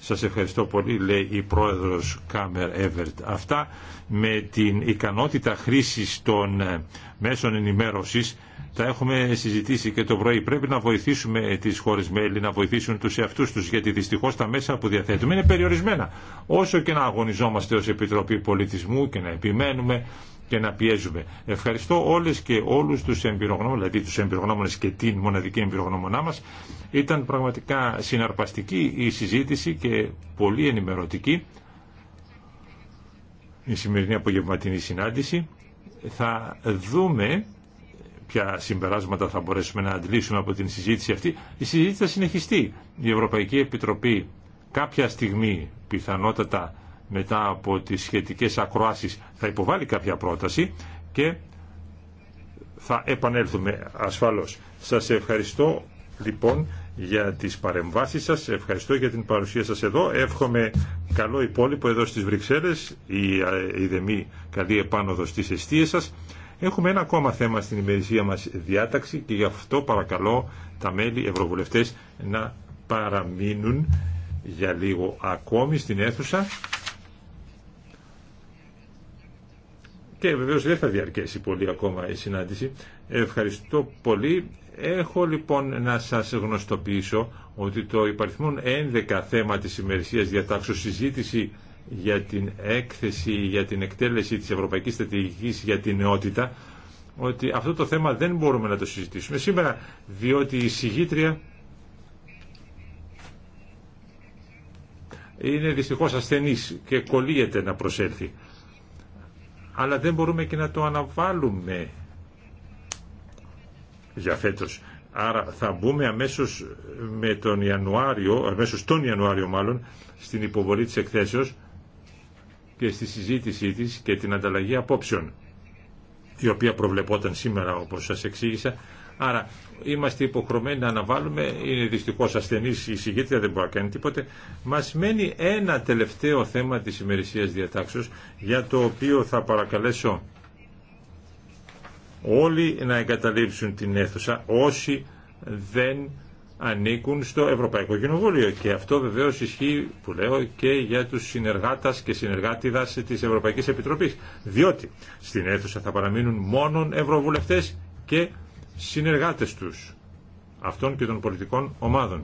S1: Σας ευχαριστώ πολύ, λέει η πρόεδρος Κάμερ Έβερτ Αυτά με την ικανότητα χρήσης των ε, μέσων ενημέρωσης τα έχουμε συζητήσει και το πρωί. Πρέπει να βοηθήσουμε τις χώρες μέλη, να βοηθήσουν τους εαυτούς τους, γιατί δυστυχώς τα μέσα που διαθέτουμε είναι περιορισμένα. Όσο και να αγωνιζόμαστε ως Επιτροπή Πολιτισμού και να επιμένουμε και να πιέζουμε. Ευχαριστώ όλες και όλους τους εμπειρογνώμονες, δηλαδή τους εμπειρογνώμονες και την μοναδική εμπειρογνώμονά μας. Ήταν πραγματικά συναρπαστική η συζήτηση και πολύ ενημερωτική η σημερινή απογευματινή συνάντηση. Θα δούμε ποια συμπεράσματα θα μπορέσουμε να αντλήσουμε από την συζήτηση αυτή. Η συζήτηση θα συνεχιστεί. Η Ευρωπαϊκή Επιτροπή κάποια στιγμή πιθανότατα μετά από τις σχετικές ακροάσεις θα υποβάλει κάποια πρόταση και θα επανέλθουμε ασφαλώς. Σας ευχαριστώ λοιπόν για τις παρεμβάσεις σας, ευχαριστώ για την παρουσία σας εδώ. Εύχομαι καλό υπόλοιπο εδώ στις Βρυξέλλες, η, ε, η δεμή καλή επάνωδο στις αιστείες σας. Έχουμε ένα ακόμα θέμα στην ημερησία μας διάταξη και γι' αυτό παρακαλώ τα μέλη ευρωβουλευτές να παραμείνουν για λίγο ακόμη στην αίθουσα. Και βεβαίως δεν θα διαρκέσει πολύ ακόμα η συνάντηση. Ευχαριστώ πολύ. Έχω λοιπόν να σας γνωστοποιήσω ότι το υπαριθμόν 11 θέμα της ημερησίας διατάξω συζήτηση για την έκθεση, για την εκτέλεση της Ευρωπαϊκής Στρατηγικής για την νεότητα, ότι αυτό το θέμα δεν μπορούμε να το συζητήσουμε σήμερα, διότι η συγγήτρια είναι δυστυχώς ασθενής και κολλείεται να προσέλθει αλλά δεν μπορούμε και να το αναβάλουμε για φέτος. Άρα θα μπούμε αμέσως με τον Ιανουάριο, αμέσως τον Ιανουάριο μάλλον, στην υποβολή της εκθέσεως και στη συζήτησή της και την ανταλλαγή απόψεων, η οποία προβλεπόταν σήμερα όπως σας εξήγησα. Άρα είμαστε υποχρεωμένοι να αναβάλουμε, είναι δυστυχώ ασθενή η συγκίτρια δεν μπορεί να κάνει τίποτε. Μα μένει ένα τελευταίο θέμα τη ημερησία διατάξεως, για το οποίο θα παρακαλέσω όλοι να εγκαταλείψουν την αίθουσα, όσοι δεν ανήκουν στο Ευρωπαϊκό Κοινοβούλιο. Και αυτό βεβαίως ισχύει, που λέω, και για τους συνεργάτε και συνεργάτηδας της Ευρωπαϊκής Επιτροπής. Διότι στην αίθουσα θα παραμείνουν μόνον ευρωβουλευτές και συνεργάτες τους αυτών και των πολιτικών ομάδων.